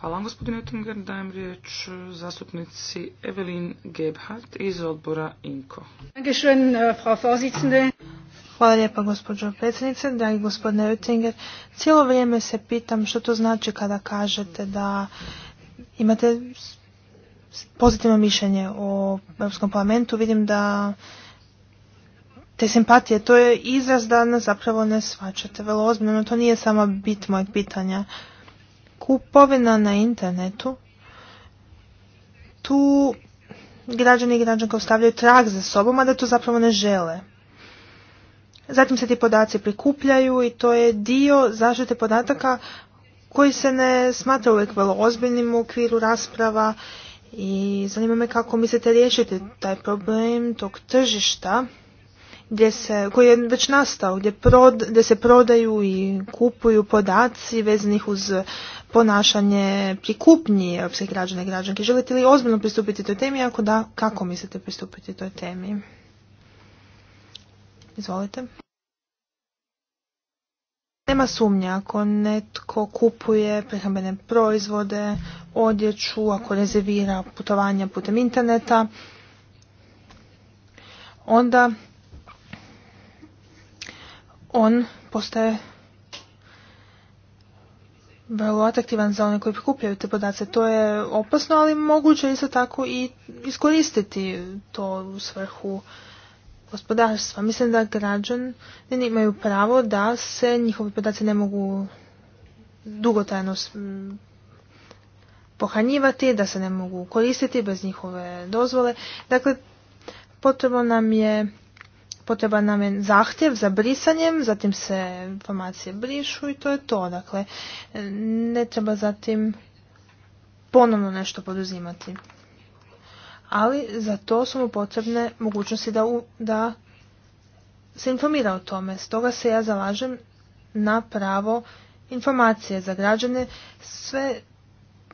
Hvala vam gospodine Ettinger. Dajem riječ zastupnici Evelin Gebhardt iz odbora INKO. Eh, Hvala lijepa gospođo predsjednice, dragi gospodine Ettinger, Cijelo vrijeme se pitam što to znači kada kažete da imate pozitivno mišljenje o Europskom parlamentu. Vidim da te simpatije, to je izraz da nas zapravo ne svačate. vrlo ozbiljno, no to nije samo bit mojeg pitanja. Kupovina na internetu, tu građani i građanka ostavljaju trag za sobom, a da to zapravo ne žele. Zatim se ti podaci prikupljaju i to je dio zaštite podataka koji se ne smatra uvijek vrlo ozbiljnim u okviru rasprava i zanima me kako mislite riješiti taj problem tog tržišta gdje se, koji je već nastao, gdje, se prodaju i kupuju podaci vezanih uz ponašanje prikupnije europskih građana i građanki. Želite li ozbiljno pristupiti toj temi? Ako da, kako mislite pristupiti toj temi? Izvolite. Nema sumnje ako netko kupuje prehrambene proizvode, odjeću, ako rezervira putovanja putem interneta, onda on postaje vrlo atraktivan za one koji prikupljaju te podace. To je opasno, ali moguće isto tako i iskoristiti to u svrhu gospodarstva. Mislim da građani imaju pravo da se njihovi podaci ne mogu dugotrajno pohranjivati, da se ne mogu koristiti bez njihove dozvole. Dakle, potrebno nam je potreba nam je zahtjev za brisanjem, zatim se informacije brišu i to je to. Dakle, ne treba zatim ponovno nešto poduzimati ali za to su mu potrebne mogućnosti da, da se informira o tome. Stoga se ja zalažem na pravo informacije za građane sve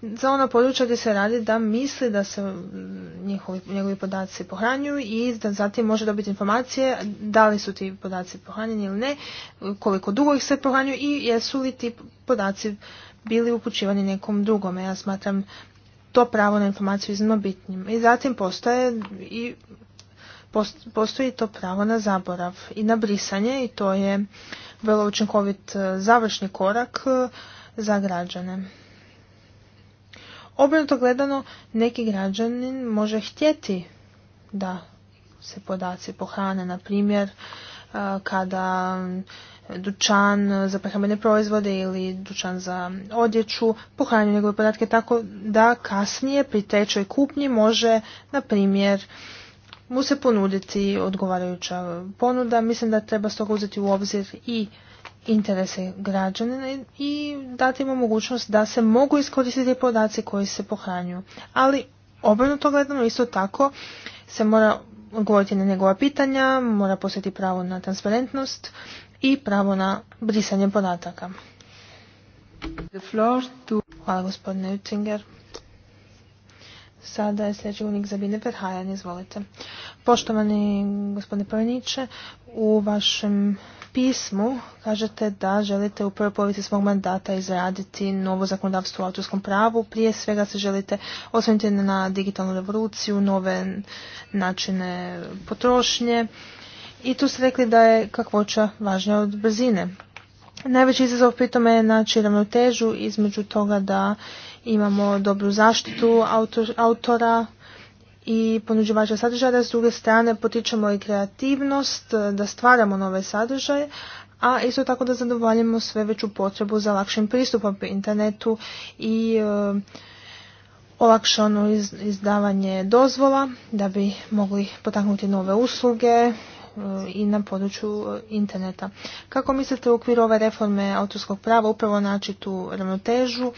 za ono područja gdje se radi da misli da se njihovi, njegovi podaci pohranjuju i da zatim može dobiti informacije da li su ti podaci pohranjeni ili ne, koliko dugo ih se pohranjuju i jesu li ti podaci bili upućivani nekom drugome. Ja smatram to pravo na informaciju iznimno bitnim. I zatim postoje i postoji to pravo na zaborav i na brisanje i to je vrlo učinkovit e, završni korak e, za građane. Obrnuto gledano, neki građanin može htjeti da se podaci pohrane, na primjer, e, kada dućan za prehrambene proizvode ili dućan za odjeću pohranju njegove podatke tako da kasnije pri trećoj kupnji može, na primjer, mu se ponuditi odgovarajuća ponuda. Mislim da treba stoga uzeti u obzir i interese građanina i dati mu mogućnost da se mogu iskoristiti podaci koji se pohranju. Ali to gledano isto tako se mora odgovoriti na njegova pitanja, mora posjeti pravo na transparentnost i pravo na brisanje podataka. Hvala gospodine Utinger. Sada je sljedeći unik za Bine Perhajan, izvolite. Poštovani gospodine Prveniće, u vašem pismu kažete da želite u prvoj polovici svog mandata izraditi novo zakonodavstvo u autorskom pravu. Prije svega se želite osvrnuti na digitalnu revoluciju, nove načine potrošnje, i tu ste rekli da je kakvoća važnija od brzine. Najveći izazov pritome je naći ravnotežu između toga da imamo dobru zaštitu autora i ponuđivača sadržaja, da s druge strane potičemo i kreativnost, eh, da stvaramo nove sadržaje, a isto tako da zadovoljimo sve veću potrebu za lakšim pristupom po internetu i e, olakšano izdavanje dozvola da bi mogli potaknuti nove usluge, i na području e, interneta. Kako mislite u okviru ove reforme autorskog prava upravo naći tu ravnotežu,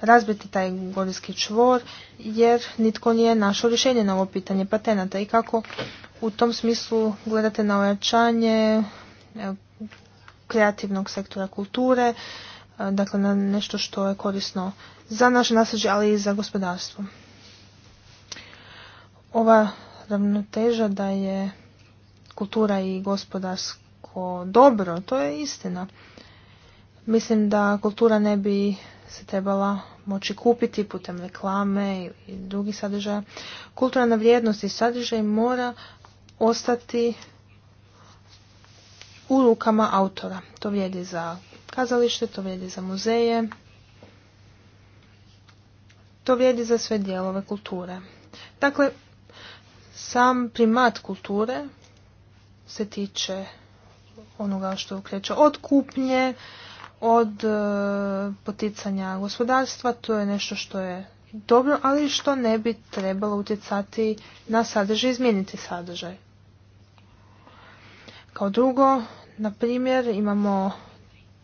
razbiti taj gorijski čvor, jer nitko nije našao rješenje na ovo pitanje patenata i kako u tom smislu gledate na ojačanje e, kreativnog sektora kulture, e, dakle na nešto što je korisno za naše nasljeđe, ali i za gospodarstvo. Ova ravnoteža da je kultura i gospodarsko dobro, to je istina. Mislim da kultura ne bi se trebala moći kupiti putem reklame i drugih sadržaja. Kulturna vrijednost i sadržaj mora ostati u rukama autora. To vrijedi za kazalište, to vrijedi za muzeje, to vrijedi za sve dijelove kulture. Dakle, sam primat kulture se tiče onoga što kreće od kupnje, od e, poticanja gospodarstva, to je nešto što je dobro, ali što ne bi trebalo utjecati na sadržaj, izmijeniti sadržaj. Kao drugo, na primjer, imamo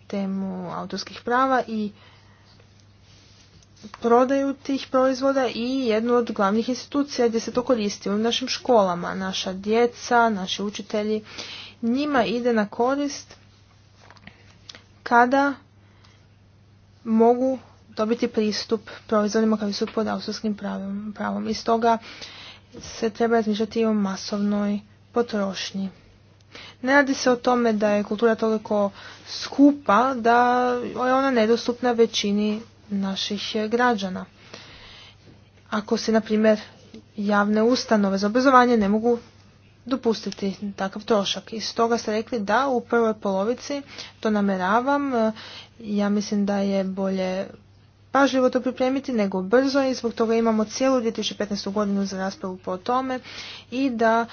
temu autorskih prava i prodaju tih proizvoda i jednu od glavnih institucija gdje se to koristi u našim školama. Naša djeca, naši učitelji, njima ide na korist kada mogu dobiti pristup proizvodima koji su pod autorskim pravom. I stoga se treba razmišljati o masovnoj potrošnji. Ne radi se o tome da je kultura toliko skupa da je ona nedostupna većini naših e, građana. Ako se, na primjer, javne ustanove za obrazovanje ne mogu dopustiti takav trošak. I stoga ste rekli da u prvoj polovici to nameravam. E, ja mislim da je bolje pažljivo to pripremiti nego brzo i zbog toga imamo cijelu 2015. godinu za raspravu po tome i da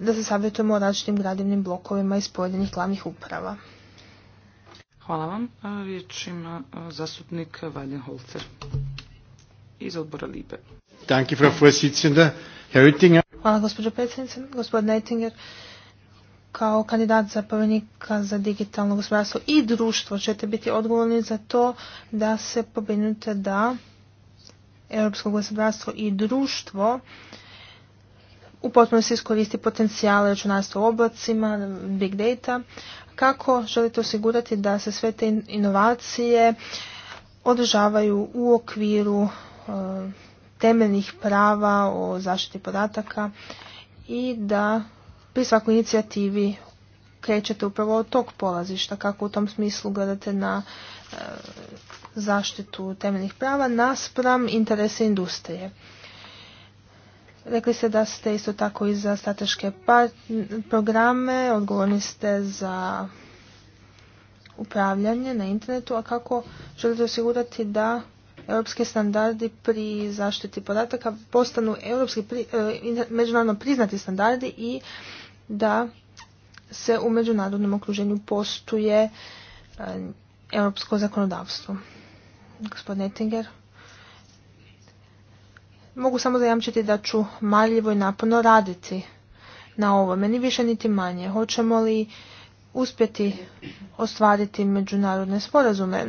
da se savjetujemo o različitim gradivnim blokovima iz pojedinih glavnih uprava. Hvala vam. Riječ ima zastupnik Holzer iz odbora Libe. Hvala gospođo predsjednice. Gospodin Eitinger kao kandidat za povjenika za digitalno gospodarstvo i društvo ćete biti odgovorni za to da se pobrinute da europsko gospodarstvo i društvo u potpunosti iskoristi potencijale računarstva u oblacima, big data. Kako želite osigurati da se sve te inovacije održavaju u okviru e, temeljnih prava o zaštiti podataka i da pri svakoj inicijativi krećete upravo od tog polazišta, kako u tom smislu gledate na e, zaštitu temeljnih prava naspram interese industrije. Rekli ste da ste isto tako i za strateške programe, odgovorni ste za upravljanje na internetu, a kako želite osigurati da europski standardi pri zaštiti podataka postanu europski e, međunarodno priznati standardi i da se u međunarodnom okruženju postuje e, europsko zakonodavstvo. Gospodin Ettinger. Mogu samo zajamčiti da ću marljivo i naporno raditi na ovome, ni više niti manje. Hoćemo li uspjeti ostvariti međunarodne sporazume?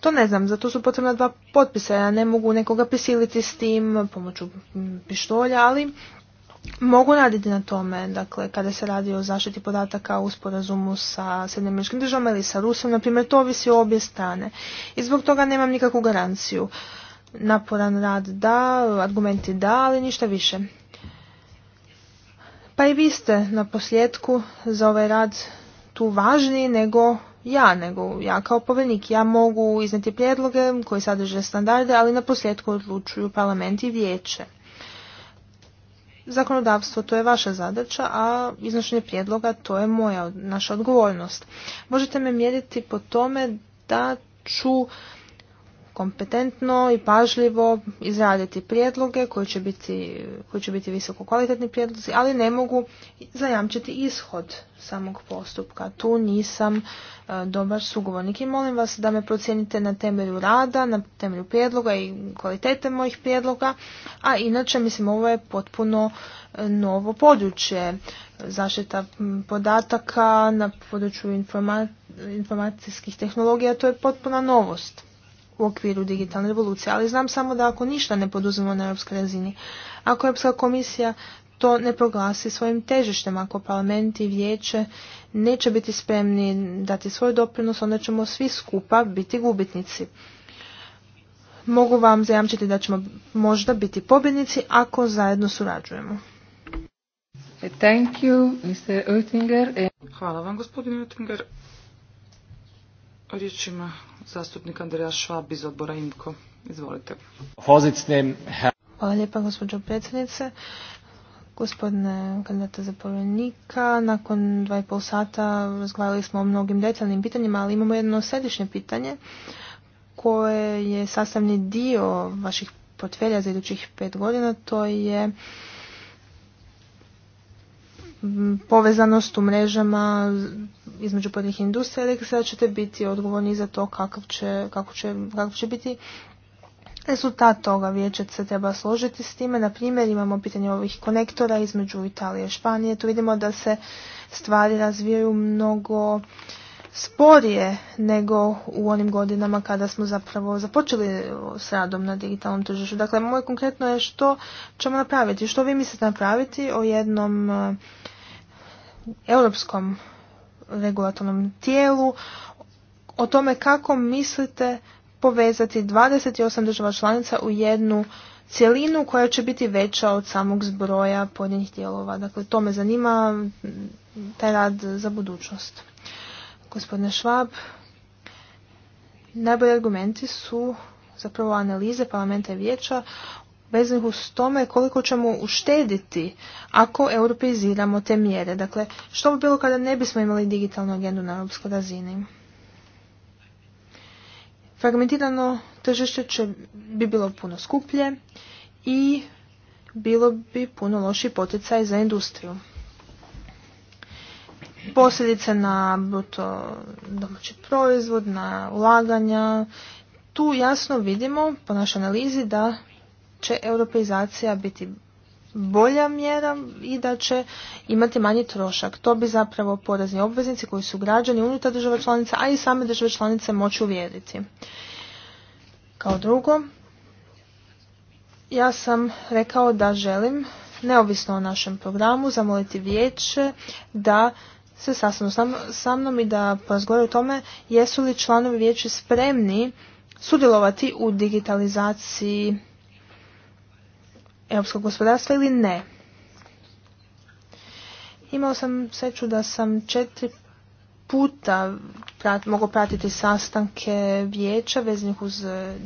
To ne znam, zato su potrebna dva potpisa. Ja ne mogu nekoga prisiliti s tim pomoću pištolja, ali mogu raditi na tome. Dakle, kada se radi o zaštiti podataka u sporazumu sa Sjedinjeničkim državama ili sa Rusom, na primjer, to ovisi o obje strane. I zbog toga nemam nikakvu garanciju naporan rad da, argumenti da, ali ništa više. Pa i vi ste na posljedku za ovaj rad tu važniji nego ja, nego ja kao povjerenik. Ja mogu izneti prijedloge koji sadrže standarde, ali na posljedku odlučuju parlament i vijeće. Zakonodavstvo to je vaša zadaća, a iznošenje prijedloga to je moja, naša odgovornost. Možete me mjeriti po tome da ću kompetentno i pažljivo izraditi prijedloge koji će biti, koji će biti visoko kvalitetni prijedlozi, ali ne mogu zajamčiti ishod samog postupka. Tu nisam e, dobar sugovornik i molim vas da me procijenite na temelju rada, na temelju prijedloga i kvalitete mojih prijedloga, a inače mislim ovo je potpuno e, novo područje zaštita podataka na području informacijskih tehnologija, to je potpuna novost u okviru digitalne revolucije, ali znam samo da ako ništa ne poduzmemo na europskoj razini, ako Europska komisija to ne proglasi svojim težištem, ako parlament i vijeće neće biti spremni dati svoj doprinos, onda ćemo svi skupa biti gubitnici. Mogu vam zajamčiti da ćemo možda biti pobjednici ako zajedno surađujemo. Thank you, Mr. Hvala vam, gospodin Oettinger. Riječ ima zastupnik Andreja Švab iz odbora IMKO. Izvolite. Hvala lijepa gospođo predsjednice. Gospodine kandidata zapovjednika, nakon dva i pol sata razgovarali smo o mnogim detaljnim pitanjima, ali imamo jedno središnje pitanje koje je sastavni dio vaših portfelja za idućih pet godina, to je povezanost u mrežama između pojedinih industrija, rekli sada ćete biti odgovorni za to kakav će, kako će, kakav će biti rezultat toga. Vijeće se treba složiti s time. Na primjer, imamo pitanje ovih konektora između Italije i Španije. Tu vidimo da se stvari razvijaju mnogo sporije nego u onim godinama kada smo zapravo započeli s radom na digitalnom tržištu. Dakle, moje konkretno je što ćemo napraviti. Što vi mislite napraviti o jednom eh, europskom regulatornom tijelu o tome kako mislite povezati 28 država članica u jednu cjelinu koja će biti veća od samog zbroja pojedinih dijelova. Dakle, to me zanima taj rad za budućnost. Gospodine Švab, najbolji argumenti su zapravo analize parlamenta i vijeća vezanih uz tome koliko ćemo uštediti ako europeiziramo te mjere. Dakle, što bi bilo kada ne bismo imali digitalnu agendu na europskoj razini? Fragmentirano tržište bi bilo puno skuplje i bilo bi puno loši poticaj za industriju. Posljedice na bruto domaći proizvod, na ulaganja. Tu jasno vidimo po našoj analizi da će europeizacija biti bolja mjera i da će imati manji trošak. To bi zapravo porezni obveznici koji su građani unutar država članica, a i same države članice moći uvjeriti. Kao drugo, ja sam rekao da želim, neovisno o našem programu, zamoliti vijeće da se sastanu sa mnom i da porazgovaraju o tome jesu li članovi vijeća spremni sudjelovati u digitalizaciji europskog gospodarstva ili ne. Imao sam sreću da sam četiri puta prat, mogu pratiti sastanke vijeća veznih uz e,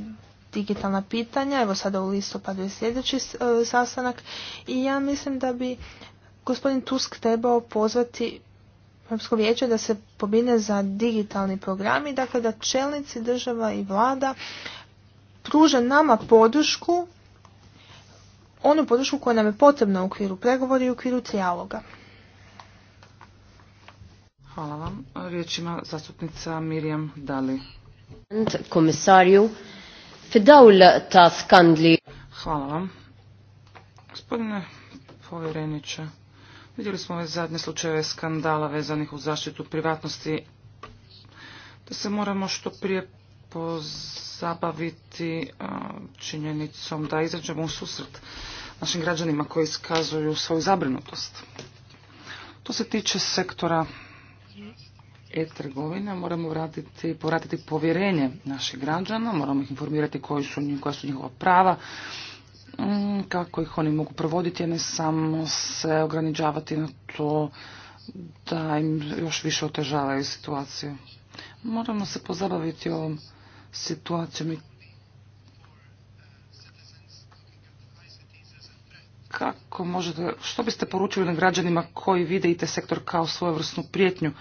digitalna pitanja. Evo sada u listopadu je sljedeći e, sastanak i ja mislim da bi gospodin Tusk trebao pozvati Europsko vijeće da se pobine za digitalni program i dakle da čelnici država i vlada pruže nama podršku onu podršku koja nam je potrebna u okviru pregovora i u okviru trijaloga. Hvala vam. Riječ ima zastupnica Mirjam Dali. Komisariju, ta Taskandli. Hvala vam. Gospodine povjereniče, vidjeli smo ove zadnje slučajeve skandala vezanih u zaštitu privatnosti, da se moramo što prije pozabaviti e, činjenicom da izađemo u susret našim građanima koji iskazuju svoju zabrinutost. To se tiče sektora e-trgovine, moramo vratiti, povratiti povjerenje naših građana, moramo ih informirati koji su, koja su njihova prava, mm, kako ih oni mogu provoditi, a ne samo se ograničavati na to da im još više otežavaju situaciju. Moramo se pozabaviti ovom situacijom kako možete, što biste poručili na građanima koji vide IT sektor kao svojevrsnu prijetnju?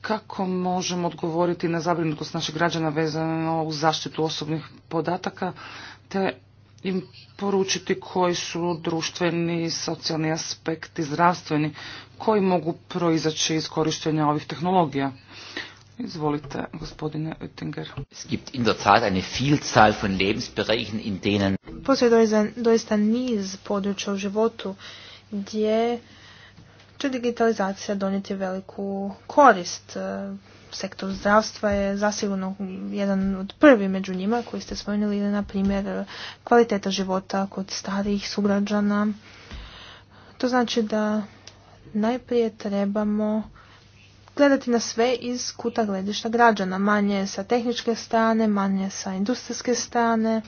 Kako možemo odgovoriti na zabrinutost naših građana vezano u zaštitu osobnih podataka te im poručiti koji su društveni, socijalni aspekti, zdravstveni, koji mogu proizaći iz korištenja ovih tehnologija. Izvolite, gospodine Oettinger. Es gibt in der Tat eine Vielzahl von Lebensbereichen, in denen... Postoji doista, niz područja u životu gdje će digitalizacija donijeti veliku korist. E, Sektor zdravstva je zasigurno jedan od prvi među njima koji ste spomenuli, na primjer kvaliteta života kod starijih sugrađana. To znači da najprije trebamo gledati na sve iz kuta gledišta građana, manje sa tehničke strane, manje sa industrijske strane.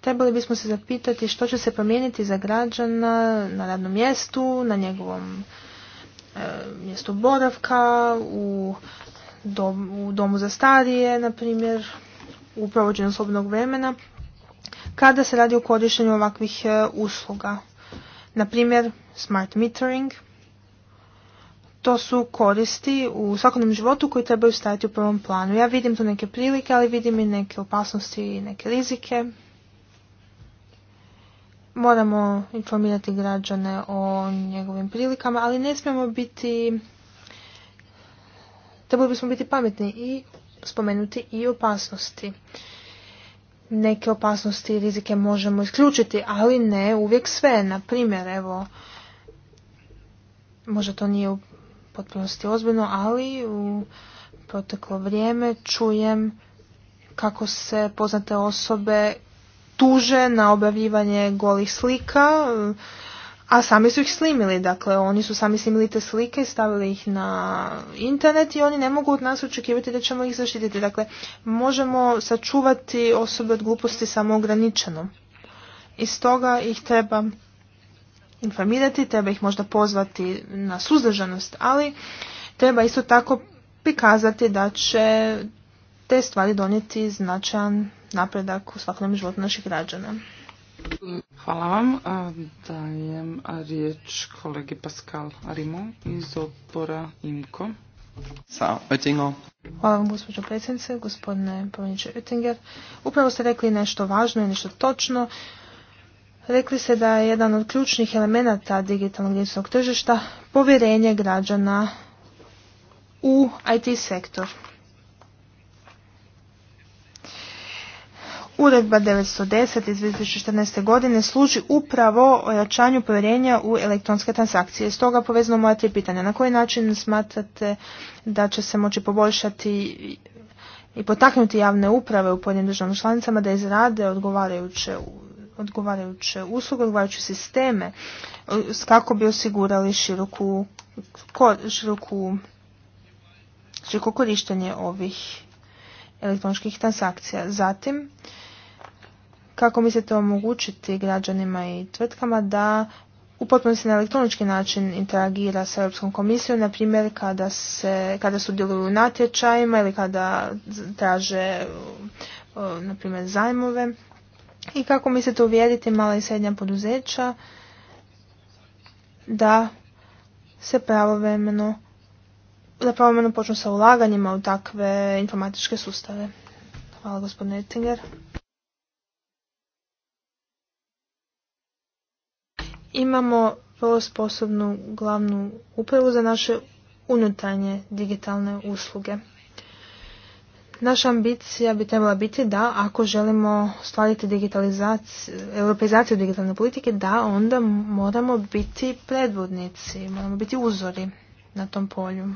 Trebali bismo se zapitati što će se promijeniti za građana na radnom mjestu, na njegovom e, mjestu boravka, u, domu za starije, na primjer, u provođenju slobodnog vremena, kada se radi o korištenju ovakvih e, usluga. Na primjer, smart metering – to su koristi u svakodnevnom životu koji trebaju stajati u prvom planu. Ja vidim tu neke prilike, ali vidim i neke opasnosti i neke rizike. Moramo informirati građane o njegovim prilikama, ali ne smijemo biti, trebali bismo biti pametni i spomenuti i opasnosti. Neke opasnosti i rizike možemo isključiti, ali ne uvijek sve. Na primjer, evo, možda to nije potpunosti ozbiljno, ali u proteklo vrijeme čujem kako se poznate osobe tuže na objavljivanje golih slika, a sami su ih slimili. Dakle, oni su sami slimili te slike, stavili ih na internet i oni ne mogu od nas očekivati da ćemo ih zaštititi. Dakle, možemo sačuvati osobe od gluposti samo ograničeno. I stoga ih treba informirati, treba ih možda pozvati na suzdržanost, ali treba isto tako prikazati da će te stvari donijeti značajan napredak u svakom životu naših građana. Hvala vam. Dajem riječ kolegi Pascal Arimo iz opora IMKO. Hvala vam gospođo predsjednice, gospodine Pavljeniče Oettinger. Upravo ste rekli nešto važno i nešto točno rekli ste da je jedan od ključnih elemenata digitalnog jedinstvenog tržišta povjerenje građana u IT sektor. Uredba 910 iz 2014. godine služi upravo ojačanju povjerenja u elektronske transakcije. Stoga povezano moja tri pitanja. Na koji način smatrate da će se moći poboljšati i potaknuti javne uprave u pojedinim državnim članicama da izrade odgovarajuće odgovarajuće usluge, odgovarajuće sisteme e, kako bi osigurali široku, široku, široko korištenje ovih elektroničkih transakcija. Zatim, kako mislite omogućiti građanima i tvrtkama da u potpunosti na elektronički način interagira sa Europskom komisijom, na primjer kada, se, kada sudjeluju u natječajima ili kada traže na primjer zajmove i kako mislite uvjeriti mala i srednja poduzeća da se pravovremeno da pravovremeno počnu sa ulaganjima u takve informatičke sustave. Hvala gospodine Ettinger. Imamo vrlo sposobnu glavnu upravu za naše unutarnje digitalne usluge. Naša ambicija bi trebala biti da ako želimo stvariti europeizaciju digitalne politike, da onda moramo biti predvodnici, moramo biti uzori na tom polju.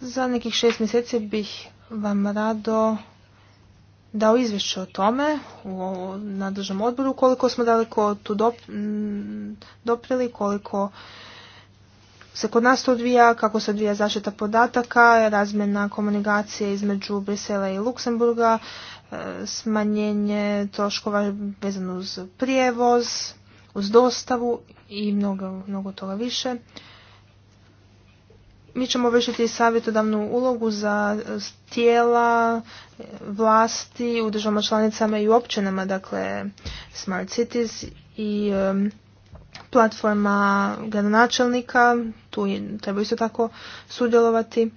Za nekih šest mjeseci bih vam rado dao izvješće o tome u nadležnom odboru koliko smo daleko tu dop, doprili, koliko se kod nas to odvija, kako se odvija zaštita podataka, razmjena komunikacije između Brisela i Luksemburga, e, smanjenje troškova vezano uz prijevoz, uz dostavu i mnogo, mnogo toga više. Mi ćemo vršiti savjetodavnu ulogu za tijela, vlasti u državama članicama i općinama, dakle Smart Cities i e, platforma gradonačelnika, tu treba isto tako sudjelovati.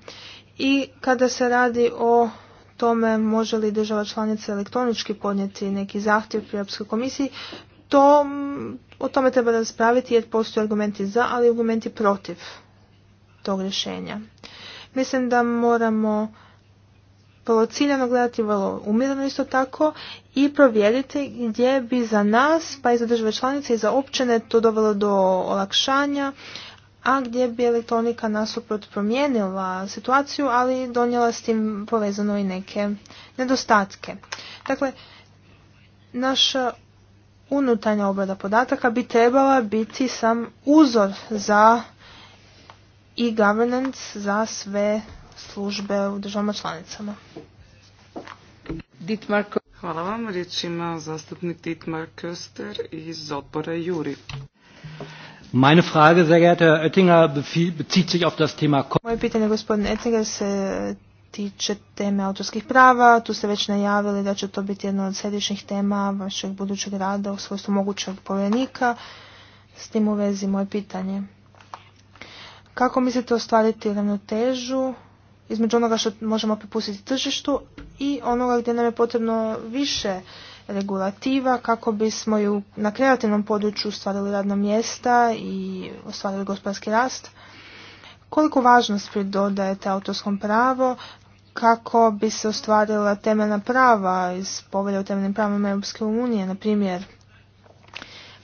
I kada se radi o tome može li država članica elektronički podnijeti neki zahtjev pri Europskoj komisiji, to, o tome treba raspraviti jer postoje argumenti za, ali argumenti protiv tog rješenja. Mislim da moramo vrlo ciljano gledati, vrlo umjereno isto tako i provjeriti gdje bi za nas, pa i za države članice i za općine to dovelo do olakšanja, a gdje bi elektronika nasuprot promijenila situaciju, ali donijela s tim povezano i neke nedostatke. Dakle, naša unutarnja obrada podataka bi trebala biti sam uzor za i governance za sve službe u državama članicama. Hvala vam. Riječ ima zastupnik Dietmar Köster iz odbora Juri. Meine Frage, sehr Oettinger, bezieht sich auf das Thema... Moje pitanje, gospodine Oettinger, se tiče teme autorskih prava. Tu ste već najavili da će to biti jedna od središnjih tema vašeg budućeg rada u svojstvu mogućeg povjerenika. S tim u vezi moje pitanje. Kako mislite ostvariti ravnotežu između onoga što možemo prepustiti tržištu i onoga gdje nam je potrebno više regulativa kako bismo ju na kreativnom području stvarili radna mjesta i ostvarili gospodarski rast. Koliko važnost pridodajete autorskom pravo kako bi se ostvarila temeljna prava iz povelja o temeljnim pravima Europske unije, na primjer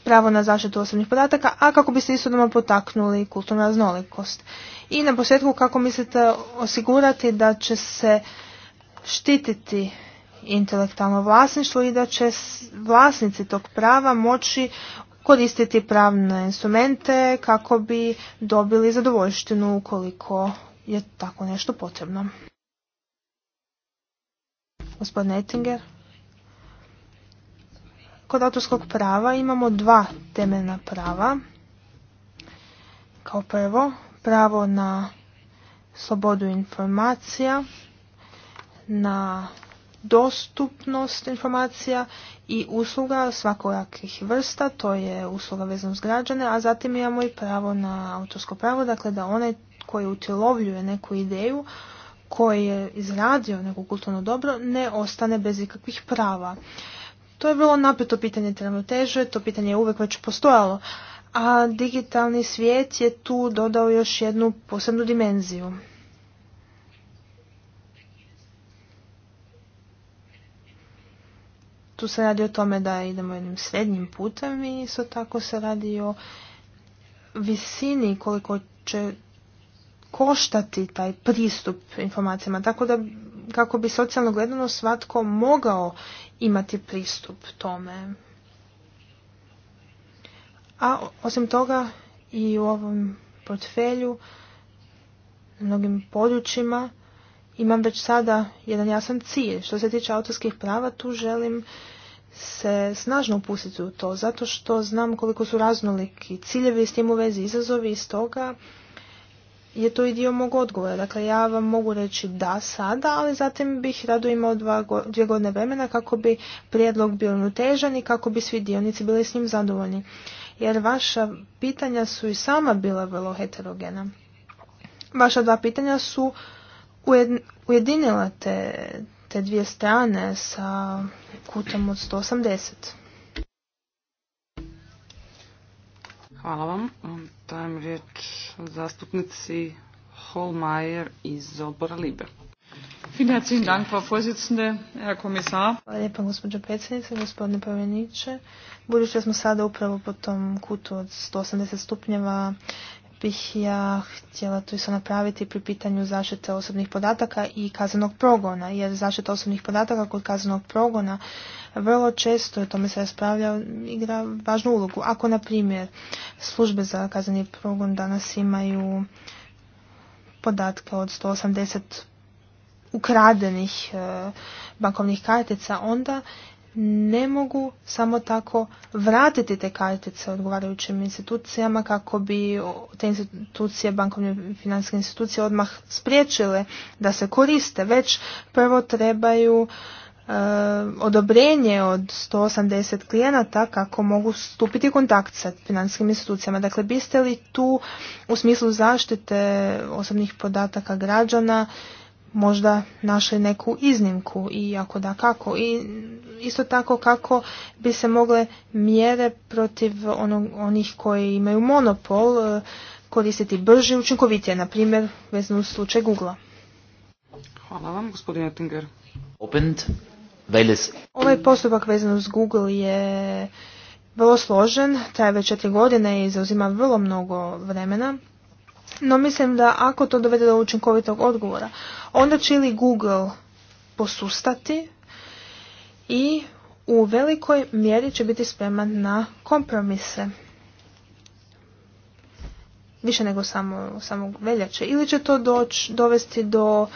pravo na zaštitu osobnih podataka, a kako bi se istodobno potaknuli kulturna raznolikost. I na posljedku kako mislite osigurati da će se štititi intelektualno vlasništvo i da će vlasnici tog prava moći koristiti pravne instrumente kako bi dobili zadovoljštinu ukoliko je tako nešto potrebno. Gospod Nettinger, Kod autorskog prava imamo dva temeljna prava. Kao prvo, pravo na slobodu informacija, na dostupnost informacija i usluga svakojakih vrsta, to je usluga vezana s građane, a zatim imamo i pravo na autorsko pravo, dakle da onaj koji utjelovljuje neku ideju, koji je izradio neko kulturno dobro, ne ostane bez ikakvih prava. To je bilo napeto pitanje teže, to pitanje je uvek već postojalo, a digitalni svijet je tu dodao još jednu posebnu dimenziju. Tu se radi o tome da idemo jednim srednjim putem i isto tako se radi o visini koliko će koštati taj pristup informacijama. Tako da kako bi socijalno gledano svatko mogao imati pristup tome. A osim toga i u ovom portfelju, na mnogim područjima, imam već sada jedan jasan cilj. Što se tiče autorskih prava, tu želim se snažno upustiti u to, zato što znam koliko su raznoliki ciljevi s tim u vezi izazovi i stoga je to i dio mog odgovora. Dakle, ja vam mogu reći da sada, ali zatim bih rado imao dvije godine vremena kako bi prijedlog bio unutežan i kako bi svi dionici bili s njim zadovoljni jer vaša pitanja su i sama bila vrlo heterogena. Vaša dva pitanja su ujedinila te, te dvije strane sa kutom od 180. Hvala vam. Dajem riječ zastupnici Holmajer iz odbora Libe. Hvala lijepa gospođo predsjednice, gospodine povjereniče. Budući da smo sada upravo po tom kutu od 180 stupnjeva bih ja htjela tu isto napraviti pri pitanju zaštite osobnih podataka i kaznenog progona, jer zaštita osobnih podataka kod kaznenog progona vrlo često, o tome se raspravlja, igra važnu ulogu. Ako, na primjer, službe za kazneni progon danas imaju podatke od 180 ukradenih e, bankovnih kartica, onda ne mogu samo tako vratiti te kartice odgovarajućim institucijama kako bi te institucije, bankovne financijske institucije odmah spriječile da se koriste, već prvo trebaju e, odobrenje od 180 klijenata kako mogu stupiti u kontakt sa financijskim institucijama. Dakle, biste li tu u smislu zaštite osobnih podataka građana možda našli neku iznimku i ako da kako. I isto tako kako bi se mogle mjere protiv onog, onih koji imaju monopol eh, koristiti brže i učinkovitije, na primjer vezno u slučaj Google-a. Hvala vam, Ovaj postupak vezan uz Google je vrlo složen, traje već četiri godine i zauzima vrlo mnogo vremena. No mislim da ako to dovede do učinkovitog odgovora, onda će li Google posustati i u velikoj mjeri će biti spreman na kompromise. Više nego samo, samog veljače. Ili će to doć, dovesti do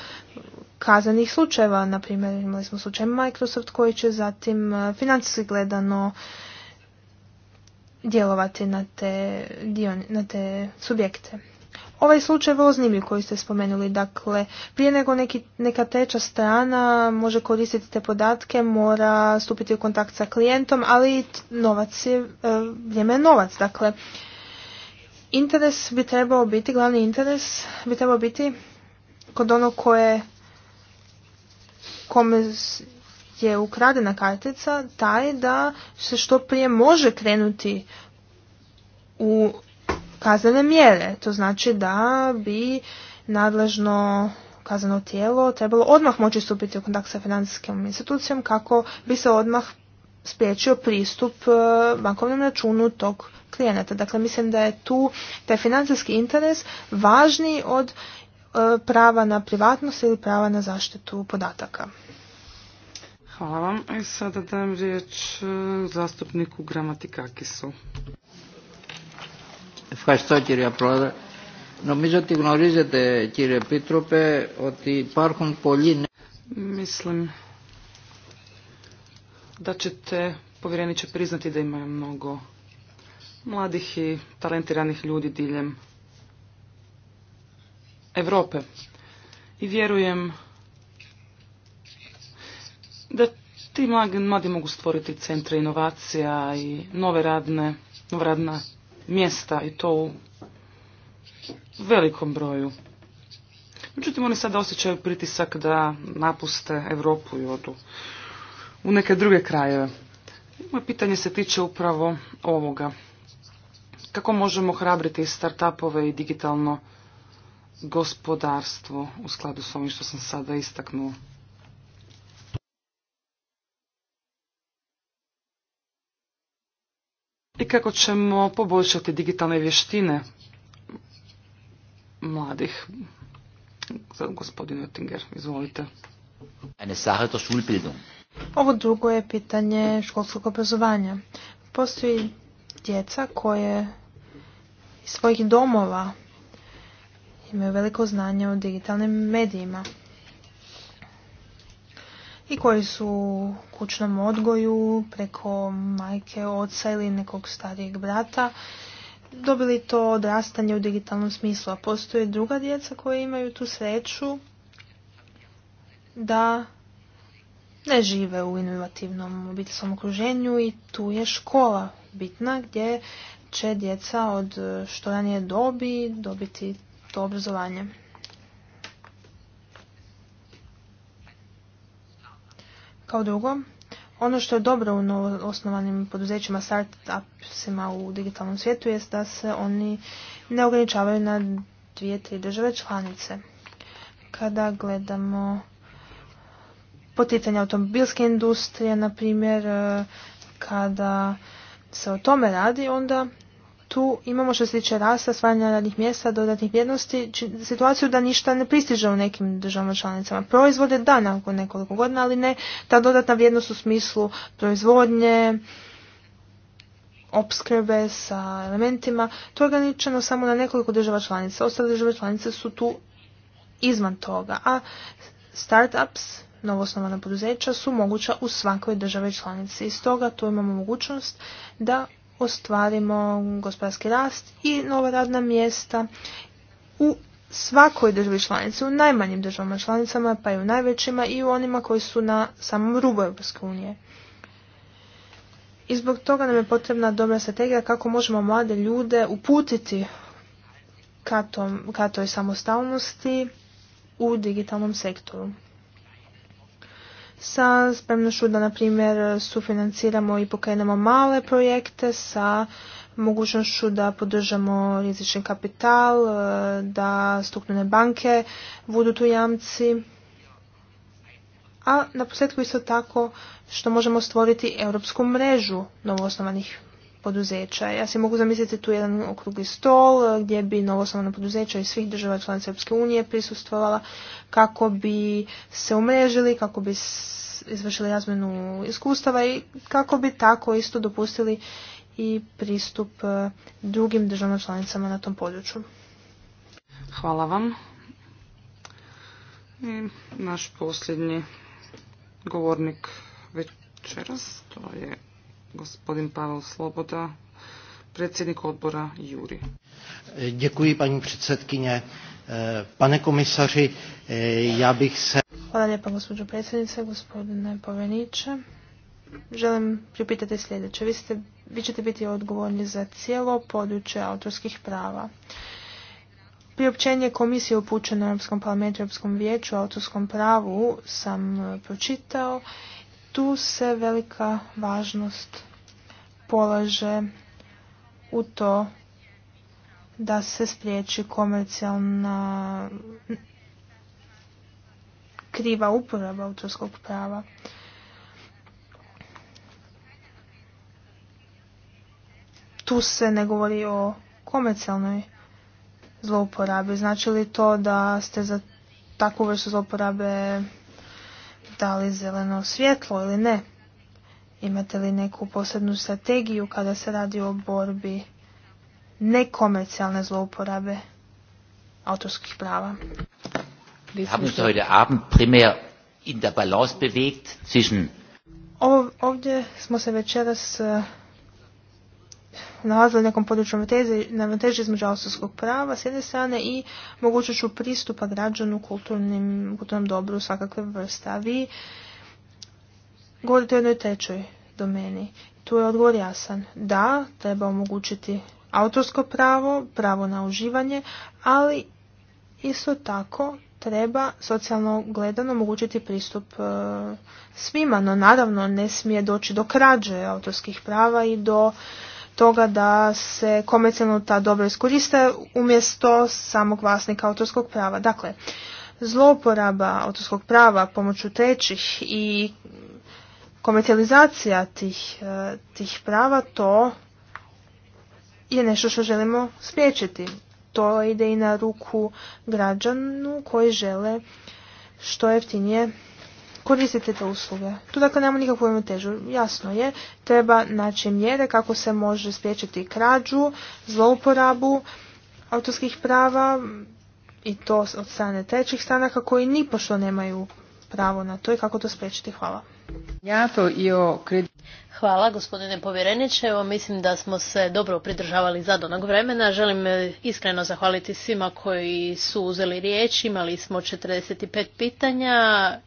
kazanih slučajeva. Naprimjer, imali smo slučaj Microsoft koji će zatim e, financijski gledano djelovati na te, na te subjekte. Ovaj slučaj voznimi koji ste spomenuli. Dakle, prije nego neki, neka treća strana može koristiti te podatke, mora stupiti u kontakt sa klijentom, ali novac je, e, vrijeme je novac. Dakle, interes bi trebao biti, glavni interes bi trebao biti kod onog koje kome je ukradena kartica taj da se što prije može krenuti u kaznene mjere. To znači da bi nadležno kazneno tijelo trebalo odmah moći stupiti u kontakt sa financijskom institucijom kako bi se odmah spriječio pristup e, bankovnom računu tog klijenata. Dakle, mislim da je tu taj financijski interes važniji od e, prava na privatnost ili prava na zaštitu podataka. Hvala vam. I e, sada dajem riječ zastupniku Gramatikakisu. Ευχαριστώ κύριε Πρόεδρε. Νομίζω ότι γνωρίζετε κύριε Επίτροπε ότι Mislim da ćete, povjereniče, priznati da imaju mnogo mladih i talentiranih ljudi diljem Europe. I vjerujem da ti mladi mogu stvoriti centre inovacija i nove radne, nove radna mjesta i to u velikom broju. Međutim, oni sada osjećaju pritisak da napuste Europu i odu u neke druge krajeve. Moje pitanje se tiče upravo ovoga. Kako možemo hrabriti startupove i digitalno gospodarstvo u skladu s ovim što sam sada istaknuo? i kako ćemo poboljšati digitalne vještine mladih. Gospodin Oettinger, izvolite. Ovo drugo je pitanje školskog obrazovanja. Postoji djeca koje iz svojih domova imaju veliko znanje o digitalnim medijima i koji su u kućnom odgoju preko majke, oca ili nekog starijeg brata dobili to odrastanje u digitalnom smislu. A postoje druga djeca koja imaju tu sreću da ne žive u inovativnom obiteljskom okruženju i tu je škola bitna gdje će djeca od što ranije dobi dobiti to obrazovanje. Kao drugo, ono što je dobro u osnovanim poduzećima, start-upsima u digitalnom svijetu je da se oni ne ograničavaju na dvije, tri države članice. Kada gledamo poticanje automobilske industrije, na primjer, eh, kada se o tome radi, onda tu imamo što se tiče rasta, stvaranja radnih mjesta, dodatnih vrijednosti, situaciju da ništa ne pristiže u nekim državama članicama. Proizvode da nakon nekoliko godina, ali ne ta dodatna vrijednost u smislu proizvodnje, opskrbe sa elementima, to je ograničeno samo na nekoliko država članica. Ostale države članice su tu izvan toga, a startups, novoosnovana poduzeća, su moguća u svakoj državi članici. I stoga tu imamo mogućnost da ostvarimo gospodarski rast i nova radna mjesta u svakoj državi članici, u najmanjim državama članicama, pa i u najvećima i u onima koji su na samom rubu Europske unije. I zbog toga nam je potrebna dobra strategija kako možemo mlade ljude uputiti ka, ka toj samostalnosti u digitalnom sektoru sa spremnošću da, na primjer, sufinanciramo i pokrenemo male projekte sa mogućnošću da podržamo rizični kapital, e, da strukturne banke budu tu jamci. A na posljedku isto tako što možemo stvoriti europsku mrežu novoosnovanih poduzeća. Ja se mogu zamisliti tu jedan okrugli stol eh, gdje bi novoslavna poduzeća iz svih država članica Europske unije prisustvovala kako bi se umrežili, kako bi izvršili razmenu iskustava i kako bi tako isto dopustili i pristup eh, drugim državama članicama na tom području. Hvala vam. I naš posljednji govornik večeras, to je gospodin Pavel Sloboda, predsjednik odbora Juri. Děkuji, paní předsedkyně. Pane komisaři, ja bih se... Hvala lijepa, gospođo predsjednice, gospodine poveniče. Želim pripitati sljedeće. Vi, ste, vi ćete biti odgovorni za cijelo područje autorskih prava. Priopćenje komisije upućeno Europskom parlamentu i Europskom vijeću o autorskom pravu sam eh, pročitao tu se velika važnost polaže u to da se spriječi komercijalna kriva uporaba autorskog prava. Tu se ne govori o komercijalnoj zlouporabi. Znači li to da ste za takvu vrstu zlouporabe li zeleno svjetlo ili ne? Imate li neku posebnu strategiju kada se radi o borbi nekomercijalne zlouporabe autorskih prava? Ovdje smo se večeras eh, nalazili nekom području ravnoteže između autorskog prava s jedne strane i ću pristupa građanu kulturnim, kulturnom dobru svakakve vrste. A vi govorite o jednoj trećoj domeni. Tu je odgovor jasan. Da, treba omogućiti autorsko pravo, pravo na uživanje, ali isto tako treba socijalno gledano omogućiti pristup e, svima, no naravno ne smije doći do krađe autorskih prava i do toga da se komercijalno ta dobra iskoriste umjesto samog vlasnika autorskog prava. Dakle, zlouporaba autorskog prava pomoću trećih i komercijalizacija tih, eh, tih prava, to je nešto što želimo spriječiti. To ide i na ruku građanu koji žele što jeftinije Koristite te usluge. Tu dakle nema nikakvu težu. Jasno je, treba naći mjere kako se može spriječiti krađu, zlouporabu autorskih prava i to od strane trećih stranaka koji nipošto nemaju pravo na to i kako to spriječiti. Hvala. Hvala gospodine povjereniče. Evo mislim da smo se dobro pridržavali zadanog vremena. Želim e, iskreno zahvaliti svima koji su uzeli riječ. Imali smo 45 pitanja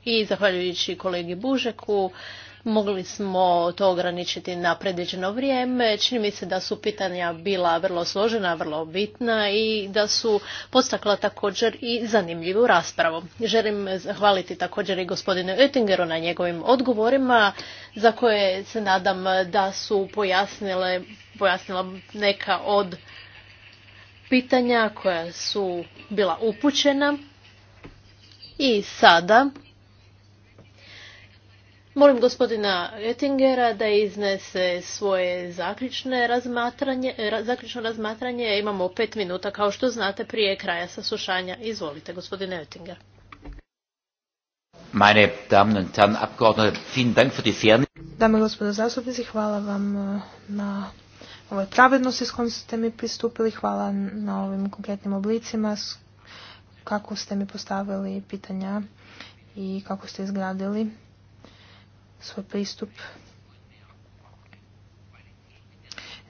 i zahvaljujući kolegi Bužeku Mogli smo to ograničiti na predviđeno vrijeme. Čini mi se da su pitanja bila vrlo složena, vrlo bitna i da su postakla također i zanimljivu raspravu. Želim zahvaliti također i gospodinu Oettingeru na njegovim odgovorima za koje se nadam da su pojasnile, pojasnila neka od pitanja koja su bila upućena. I sada Molim gospodina Ettingera da iznese svoje zaključne razmatranje, e, zaključno razmatranje. Imamo pet minuta, kao što znate, prije kraja saslušanja. Izvolite, gospodine Ettinger. Meine Damen und Herren vielen Dank für die Dame gospodo zastupnici, hvala vam e, na ovoj pravednosti s kojom ste mi pristupili, hvala na ovim konkretnim oblicima, kako ste mi postavili pitanja i kako ste izgradili svoj pristup.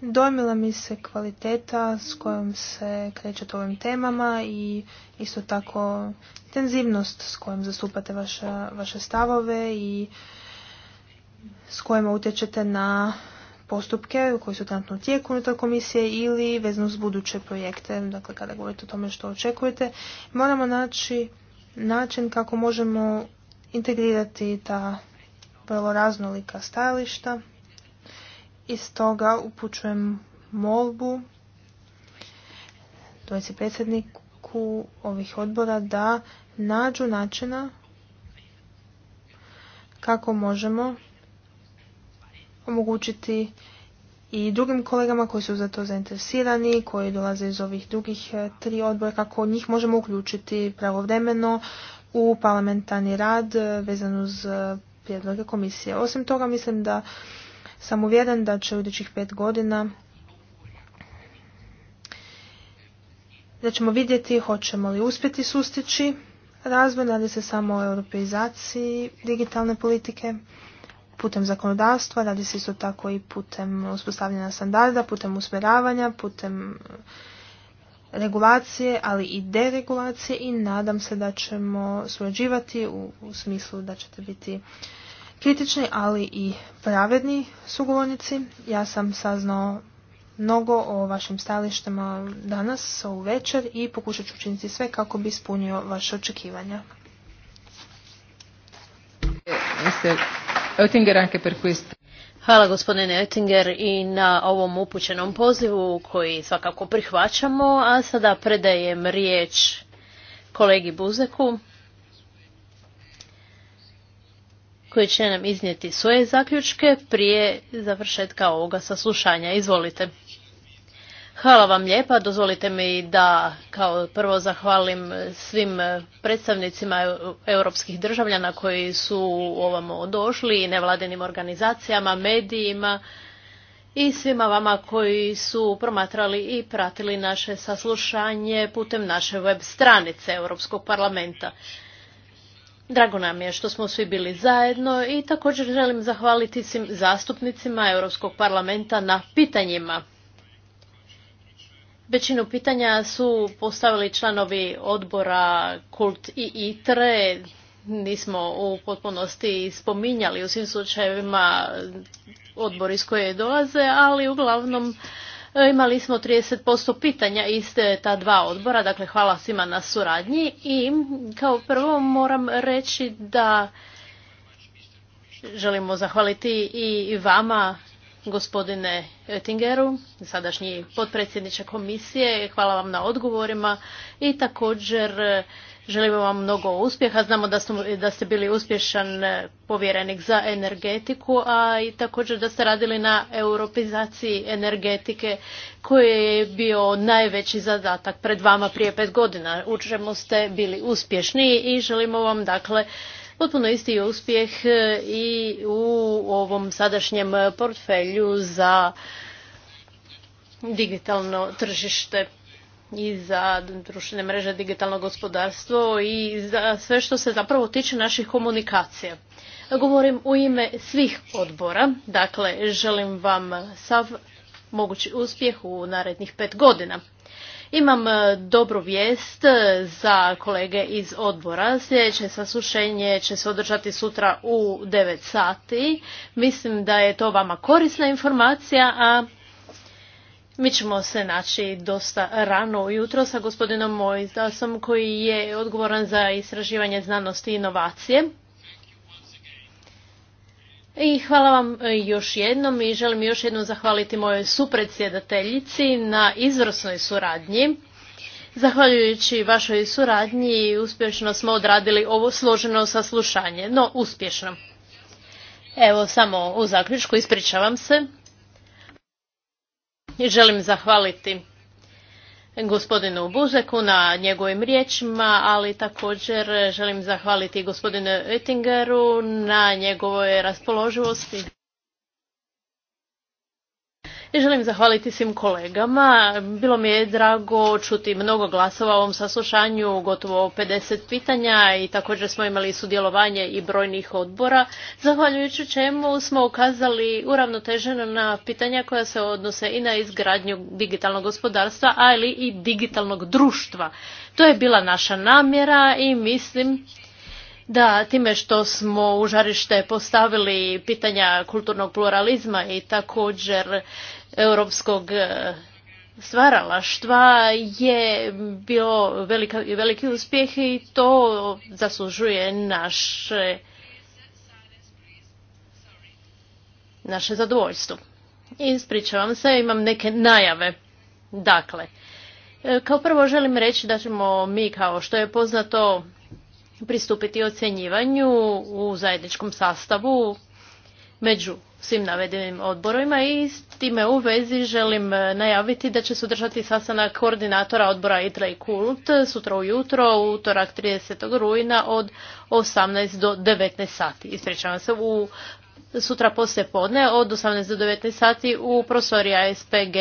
Dojmila mi se kvaliteta s kojom se krećete ovim temama i isto tako intenzivnost s kojom zastupate vaše stavove i s kojima utječete na postupke koji su trenutno u tijeku unutar komisije ili vezno s buduće projekte, dakle kada govorite o tome što očekujete, moramo naći način kako možemo integrirati ta vrlo raznolika stajališta i stoga upućujem molbu dojci predsjedniku ovih odbora da nađu načina kako možemo omogućiti i drugim kolegama koji su za to zainteresirani, koji dolaze iz ovih drugih e, tri odbora, kako njih možemo uključiti pravovremeno u parlamentarni rad e, vezan uz e, prijedloge komisije. Osim toga mislim da sam uvjeren da će u idućih pet godina da ćemo vidjeti hoćemo li uspjeti sustići razvoj, radi se samo o europeizaciji digitalne politike putem zakonodavstva, radi se isto tako i putem uspostavljanja standarda, putem usmjeravanja, putem regulacije, ali i deregulacije i nadam se da ćemo surađivati u, u smislu da ćete biti kritični, ali i pravedni sugovornici. Ja sam saznao mnogo o vašim stajalištima danas, ovu večer i pokušat ću učiniti sve kako bi ispunio vaše očekivanja. Hvala gospodine Oettinger i na ovom upućenom pozivu koji svakako prihvaćamo, a sada predajem riječ kolegi Buzeku. koji će nam iznijeti svoje zaključke prije završetka ovoga saslušanja. Izvolite. Hvala vam lijepa. Dozvolite mi da kao prvo zahvalim svim predstavnicima europskih državljana koji su ovamo došli i nevladinim organizacijama, medijima i svima vama koji su promatrali i pratili naše saslušanje putem naše web stranice Europskog parlamenta. Drago nam je što smo svi bili zajedno i također želim zahvaliti svim zastupnicima Europskog parlamenta na pitanjima. Većinu pitanja su postavili članovi odbora Kult i ITRE. Nismo u potpunosti spominjali u svim slučajevima odbor iz koje dolaze, ali uglavnom E, imali smo 30% pitanja iz ta dva odbora, dakle hvala svima na suradnji i kao prvo moram reći da želimo zahvaliti i vama gospodine Oettingeru, sadašnji potpredsjedniče komisije. Hvala vam na odgovorima i također Želimo vam mnogo uspjeha. Znamo da, ste bili uspješan e, povjerenik za energetiku, a i također da ste radili na europizaciji energetike koji je bio najveći zadatak pred vama prije pet godina. U ste bili uspješni i želimo vam dakle potpuno isti uspjeh e, i u ovom sadašnjem portfelju za digitalno tržište i za društvene mreže, digitalno gospodarstvo i za sve što se zapravo tiče naših komunikacija. Govorim u ime svih odbora, dakle želim vam sav mogući uspjeh u narednih pet godina. Imam e, dobru vijest e, za kolege iz odbora. Sljedeće saslušenje će se održati sutra u 9 sati. Mislim da je to vama korisna informacija, a mi ćemo se naći dosta rano ujutro sa gospodinom Mojzasom koji je odgovoran za istraživanje znanosti i inovacije. I hvala vam još jednom i želim još jednom zahvaliti mojoj supredsjedateljici na izvrsnoj suradnji. Zahvaljujući vašoj suradnji uspješno smo odradili ovo složeno saslušanje, no uspješno. Evo samo u zaključku ispričavam se. I želim zahvaliti gospodinu Buzeku na njegovim riječima, ali također želim zahvaliti gospodinu Oettingeru na njegovoj raspoloživosti. I želim zahvaliti svim kolegama. Bilo mi je drago čuti mnogo glasova u ovom saslušanju, gotovo 50 pitanja i također smo imali sudjelovanje i brojnih odbora, zahvaljujući čemu smo ukazali uravnoteženo na pitanja koja se odnose i na izgradnju digitalnog gospodarstva, ali i digitalnog društva. To je bila naša namjera i mislim da, time što smo u žarište postavili pitanja kulturnog pluralizma i također europskog e, stvaralaštva je bio velika, veliki uspjeh i to zaslužuje naše, naše zadovoljstvo. Ispričavam se, imam neke najave. Dakle, e, kao prvo želim reći da ćemo mi kao što je poznato pristupiti ocjenjivanju u zajedničkom sastavu među svim navedenim odborima i s time u vezi želim e, najaviti da će se održati sastanak koordinatora odbora ITRA i KULT sutra ujutro, utorak 30. rujna od 18 do 19 sati. Ispričavam se u sutra poslije podne od 18 do 19 sati u prosorija spg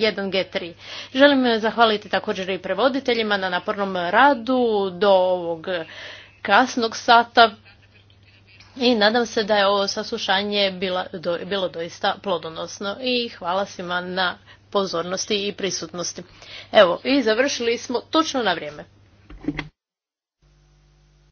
1G3. E, želim zahvaliti također i prevoditeljima na napornom radu do ovog kasnog sata i nadam se da je ovo saslušanje bilo doista plodonosno i hvala svima na pozornosti i prisutnosti. Evo, i završili smo točno na vrijeme.